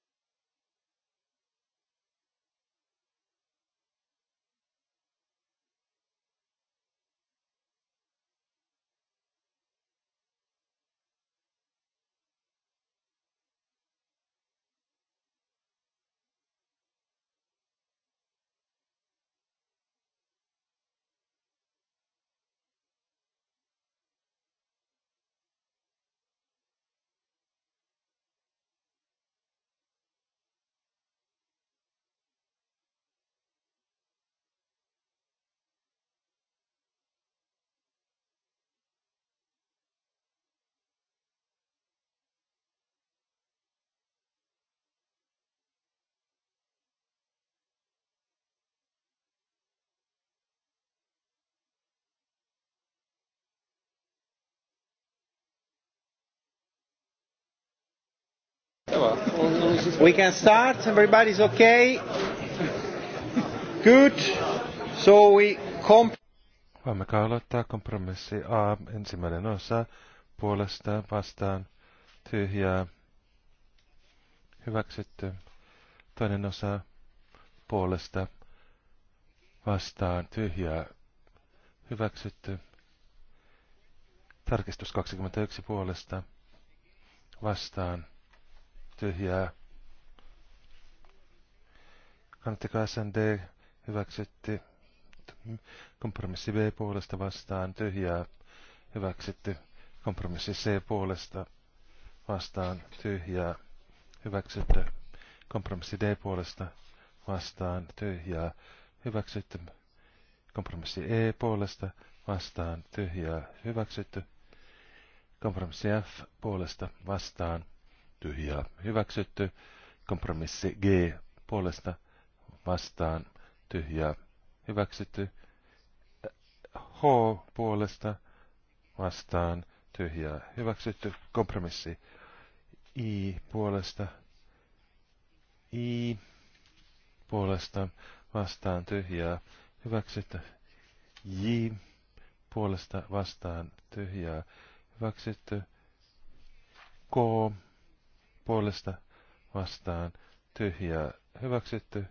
We can start. Everybody's okay. Good. So we comp- Voimme aloittaa kompromissi A, ensimmäinen osa, puolesta vastaan, tyhjää, hyväksytty, toinen osa, puolesta vastaan, tyhjää, hyväksytty, tarkistus 21 puolesta, vastaan, tyhjää. Kannattakaa SND hyväksytti? Kompromissi B puolesta vastaan tyhjää hyväksytty. Kompromissi C puolesta vastaan tyhjää hyväksytty. Kompromissi D puolesta vastaan tyhjää hyväksytty. Kompromissi E puolesta vastaan tyhjää hyväksytty. Kompromissi F puolesta vastaan tyhjää hyväksytty. Kompromissi G puolesta vastaan tyhjää hyväksytty. H puolesta vastaan tyhjää hyväksytty. Kompromissi I puolesta I puolesta vastaan tyhjää hyväksytty. J puolesta vastaan tyhjää hyväksytty. K puolesta vastaan tyhjää hyväksytty.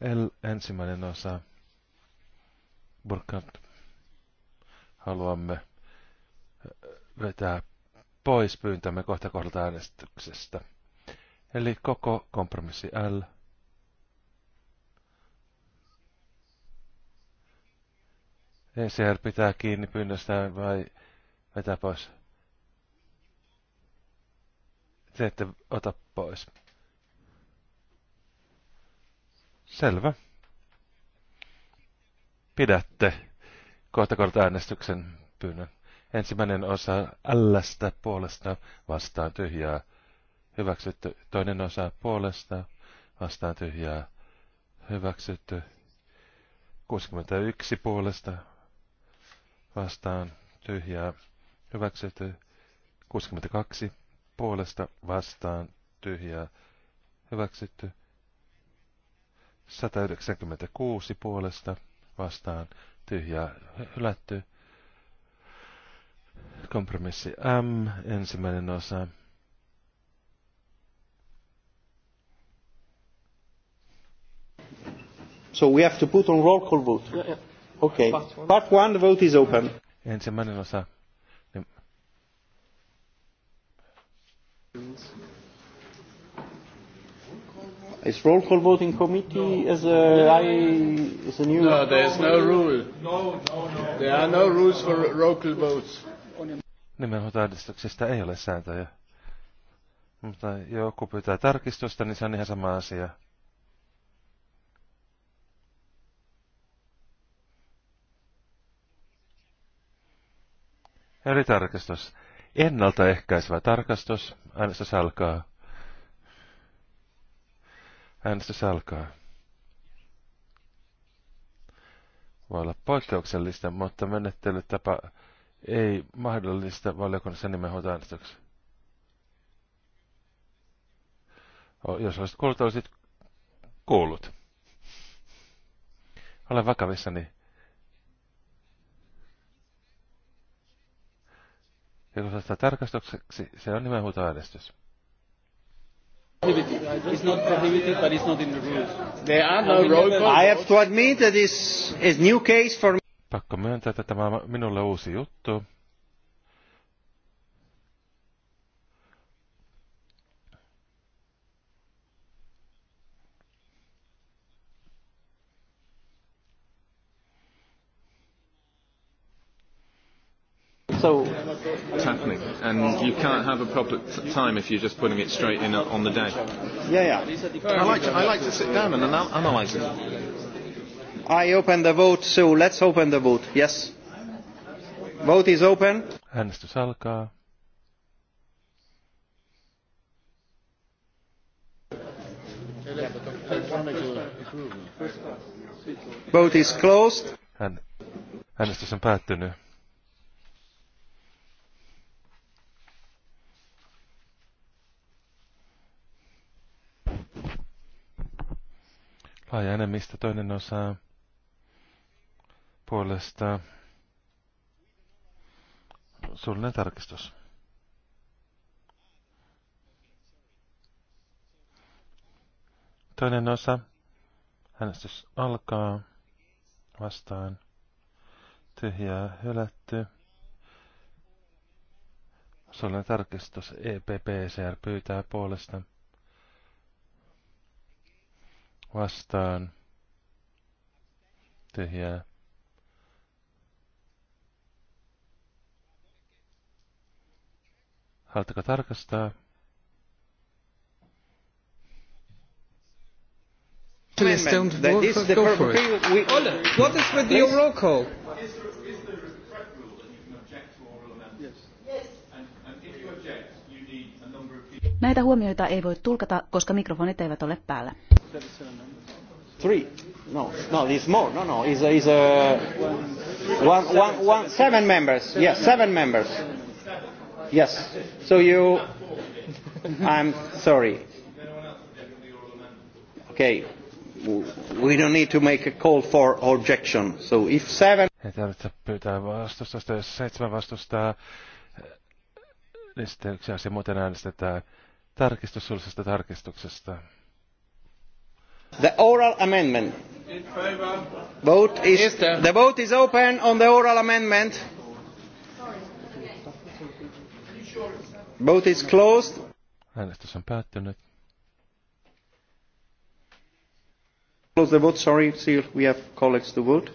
El ensimmäinen osa. Burkant Haluamme äh, vetää pois pyyntämme kohta kohdalta äänestyksestä. Eli koko kompromissi L. ECR pitää kiinni pyynnöstään vai vetää pois? te ette ota pois. Selvä. Pidätte kohtakorta äänestyksen pyynnön. Ensimmäinen osa ällästä puolesta vastaan tyhjää. Hyväksytty. Toinen osa puolesta vastaan tyhjää. Hyväksytty. 61 puolesta vastaan tyhjää. Hyväksytty. 62 puolesta vastaan tyhjää hyväksytty. 196 puolesta vastaan tyhjää hylätty. Kompromissi M, ensimmäinen osa. So we have to put on roll call vote. Yeah, yeah. Okay. Part one, the vote is open. Ensimmäinen osa. Is roll call vote in committee no. as a, no. I, as a new? No, there is no rule. No, no, no. There are no rules for roll call votes. Nimenhoitoäänestyksestä ei ole sääntöjä. Mutta joku pyytää tarkistusta, niin se on ihan sama asia. Eli tarkistus. Ennaltaehkäisevä tarkastus. Äänestys alkaa. Äänestys alkaa. Voi olla poikkeuksellista, mutta menettelytapa ei mahdollista valiokunnassa äänestyksessä Jos olisit kuullut, olisit kuullut. Olen vakavissani. Ja kun saa tarkastukseksi, se on nimenhuutoäänestys. It's not prohibited, but it's not in the rules. There are no roll calls. I have to admit that this is new case for me. Pakko myöntää, että tämä on minulle uusi juttu. So can't have a proper t- time if you're just putting it straight in on the day. Yeah, yeah. I like to, I like to sit down and anal- analyse it. I open the vote, so let's open the vote. Yes. Vote is open. Äänestys alkaa. Vote is closed. Hän, äänestys on päättynyt. laaja enemmistö, toinen osa puolesta suullinen tarkistus. Toinen osa. Äänestys alkaa. Vastaan. Tyhjää hylätty. Suullinen tarkistus EPPCR pyytää puolesta vastaan tyhjää. Haluatteko tarkastaa? Please don't vote for, go for it. We, Ole, what is with your roll call? Näitä huomioita ei voi tulkata, koska mikrofonit eivät ole päällä. Three. No, no, it's more. No, no, it's, it's a one, one, one, seven members. Yes, seven members. Yes. So you, I'm sorry. Okay, we don't need to make a call for objection. So if seven... Ei tarvitse pyytää vastustusta. Jos seitsemän vastustaa, niin sitten yksi asia muuten äänestetään tarkistussuullisesta tarkistuksesta. The oral amendment. Vote is, the vote is open on the oral amendment. Vote is closed. Äänestys on päättynyt. Close the vote. Sorry, still we have colleagues to vote.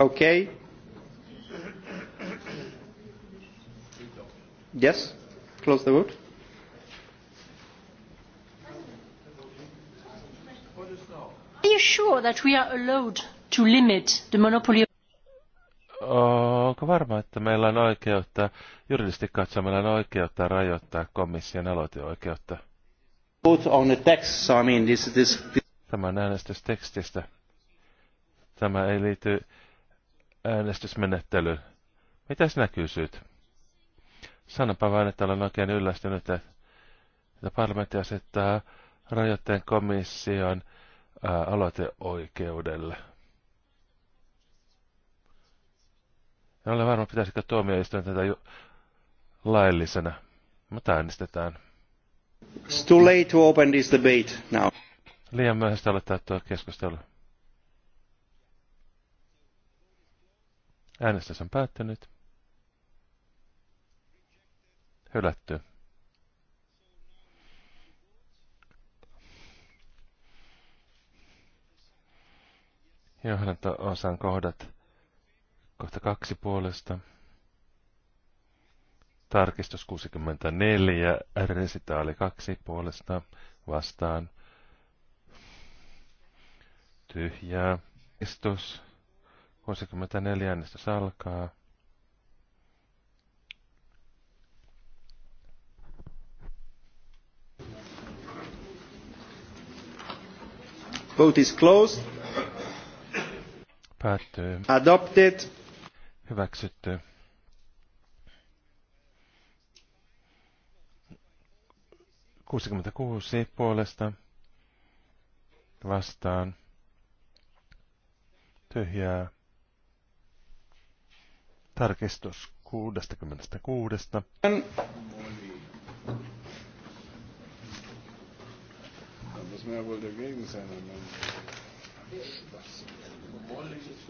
Okay. Yes. Close the vote. Are you sure that we are allowed to limit the monopoly Onko varma, että meillä on oikeutta, juridisesti katsoen meillä on oikeutta rajoittaa komission aloiteoikeutta? On the text, so I mean this, this, this. Tämä on äänestys tekstistä. Tämä ei liity äänestysmenettelyyn. Mitäs sinä kysyt? Sanonpa vain, että olen oikein yllästynyt, että, parlamentti asettaa rajoitteen komission aloiteoikeudelle. En ole varma, pitäisikö tuomioistuin tätä laillisena, mutta äänestetään. It's too late to open this debate now. Liian myöhäistä aloittaa tuo keskustelu. Äänestys on päättynyt. Hylätty. Johdanto-osan kohdat. Kohta kaksi puolesta. Tarkistus 64, resitaali kaksi puolesta vastaan. Tyhjää. Tarkistus 64 äänestys alkaa. Vote is closed. Päättyy. Adopted. Hyväksytty. Kuusikymmentäkuusi puolesta vastaan tyhjää tarkistus kuudesta. mehr wohl dagegen sein.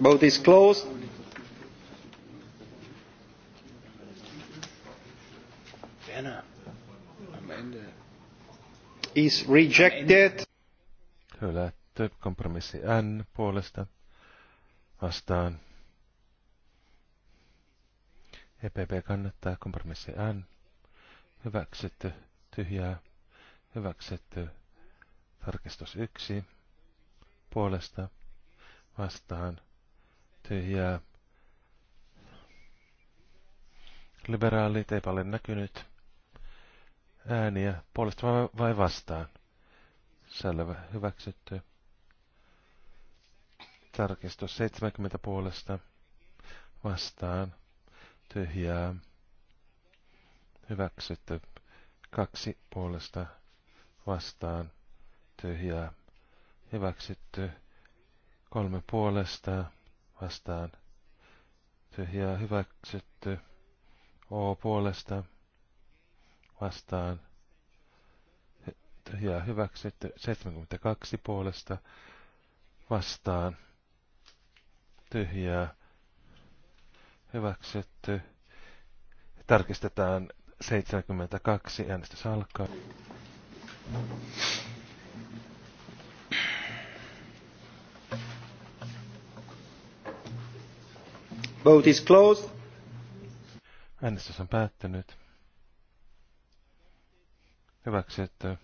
Vote is closed. Werner, am Ende. Is rejected. Hylätty. Kompromissi N puolesta. Vastaan. EPP kannattaa kompromissi N. Hyväksytty. Tyhjää. Hyväksytty. Tarkistus yksi puolesta vastaan tyhjää. Liberaalit ei paljon näkynyt. Ääniä puolesta vai vastaan? Selvä, hyväksytty. Tarkistus 70 puolesta vastaan tyhjää. Hyväksytty kaksi puolesta vastaan tyhjää hyväksytty. Kolme puolesta vastaan tyhjää hyväksytty. O puolesta vastaan tyhjää hyväksytty. 72 puolesta vastaan tyhjää hyväksytty. Tarkistetaan 72 äänestys alkaa. Vote is closed. Äänestys on päättynyt. Hyväksytty.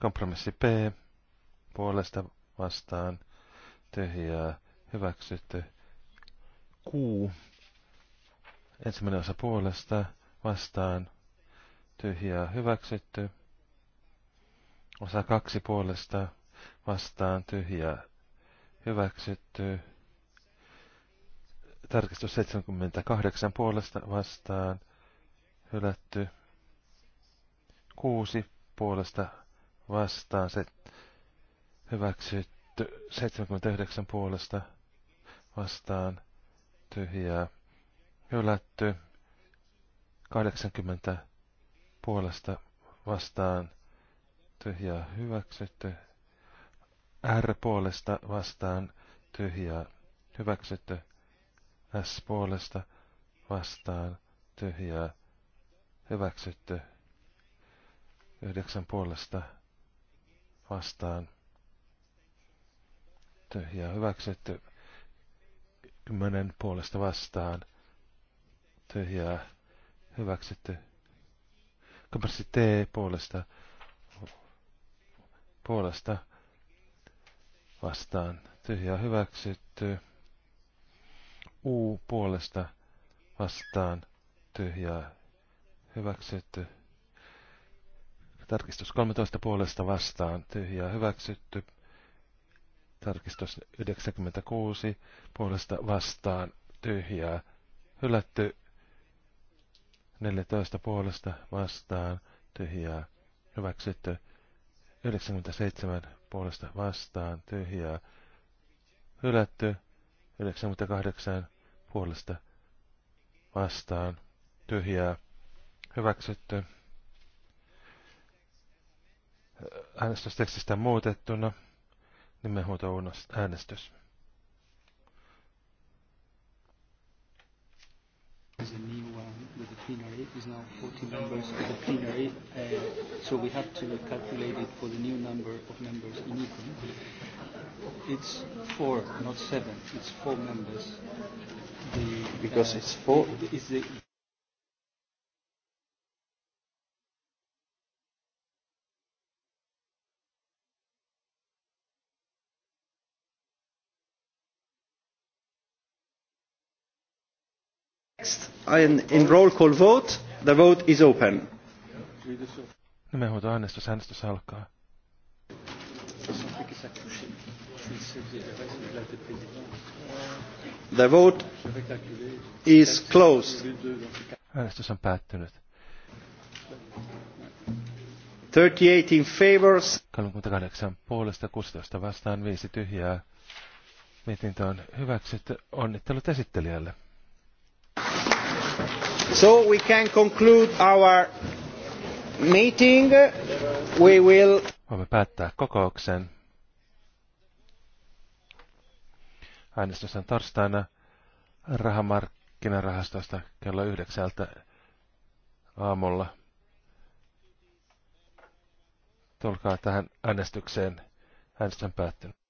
Kompromissi P. Puolesta vastaan. Tyhjää. Hyväksytty. Q. Ensimmäinen osa puolesta vastaan. Tyhjää. Hyväksytty. Osa kaksi puolesta vastaan tyhjää hyväksytty. Tarkistus 78 puolesta vastaan hylätty. Kuusi puolesta vastaan se hyväksytty. 79 puolesta vastaan tyhjää hylätty. 80 puolesta vastaan tyhjää hyväksytty. R puolesta vastaan tyhjää hyväksytty. S puolesta vastaan tyhjää hyväksytty. Yhdeksän puolesta vastaan tyhjää hyväksytty. Kymmenen puolesta vastaan tyhjää hyväksytty. Kompressi T puolesta puolesta vastaan tyhjää hyväksytty. U puolesta vastaan tyhjää hyväksytty. Tarkistus 13 puolesta vastaan tyhjää hyväksytty. Tarkistus 96 puolesta vastaan tyhjää hylätty. 14 puolesta vastaan tyhjää hyväksytty. 97 puolesta vastaan tyhjää hylätty. 98 puolesta vastaan tyhjää hyväksytty. Äänestystekstistä muutettuna nimenhuuto äänestys. Sen plenary is now 40 members of the plenary, uh, so we have to calculate it for the new number of members in Ukraine. It's four, not seven. It's four members. The, because uh, it's four. It's the in roll call vote. The vote is open. Nimenhuuto äänestys. Äänestys alkaa. The vote is closed. Äänestys on päättynyt. 38 in favor. 38 puolesta 16 vastaan 5 tyhjää. Mietintö on hyväksytty. Onnittelut esittelijälle. So we can conclude our meeting. We will... Voimme päättää kokouksen. Äänestys on torstaina rahamarkkinarahastosta kello yhdeksältä aamulla. Tulkaa tähän äänestykseen. Äänestys on päättynyt.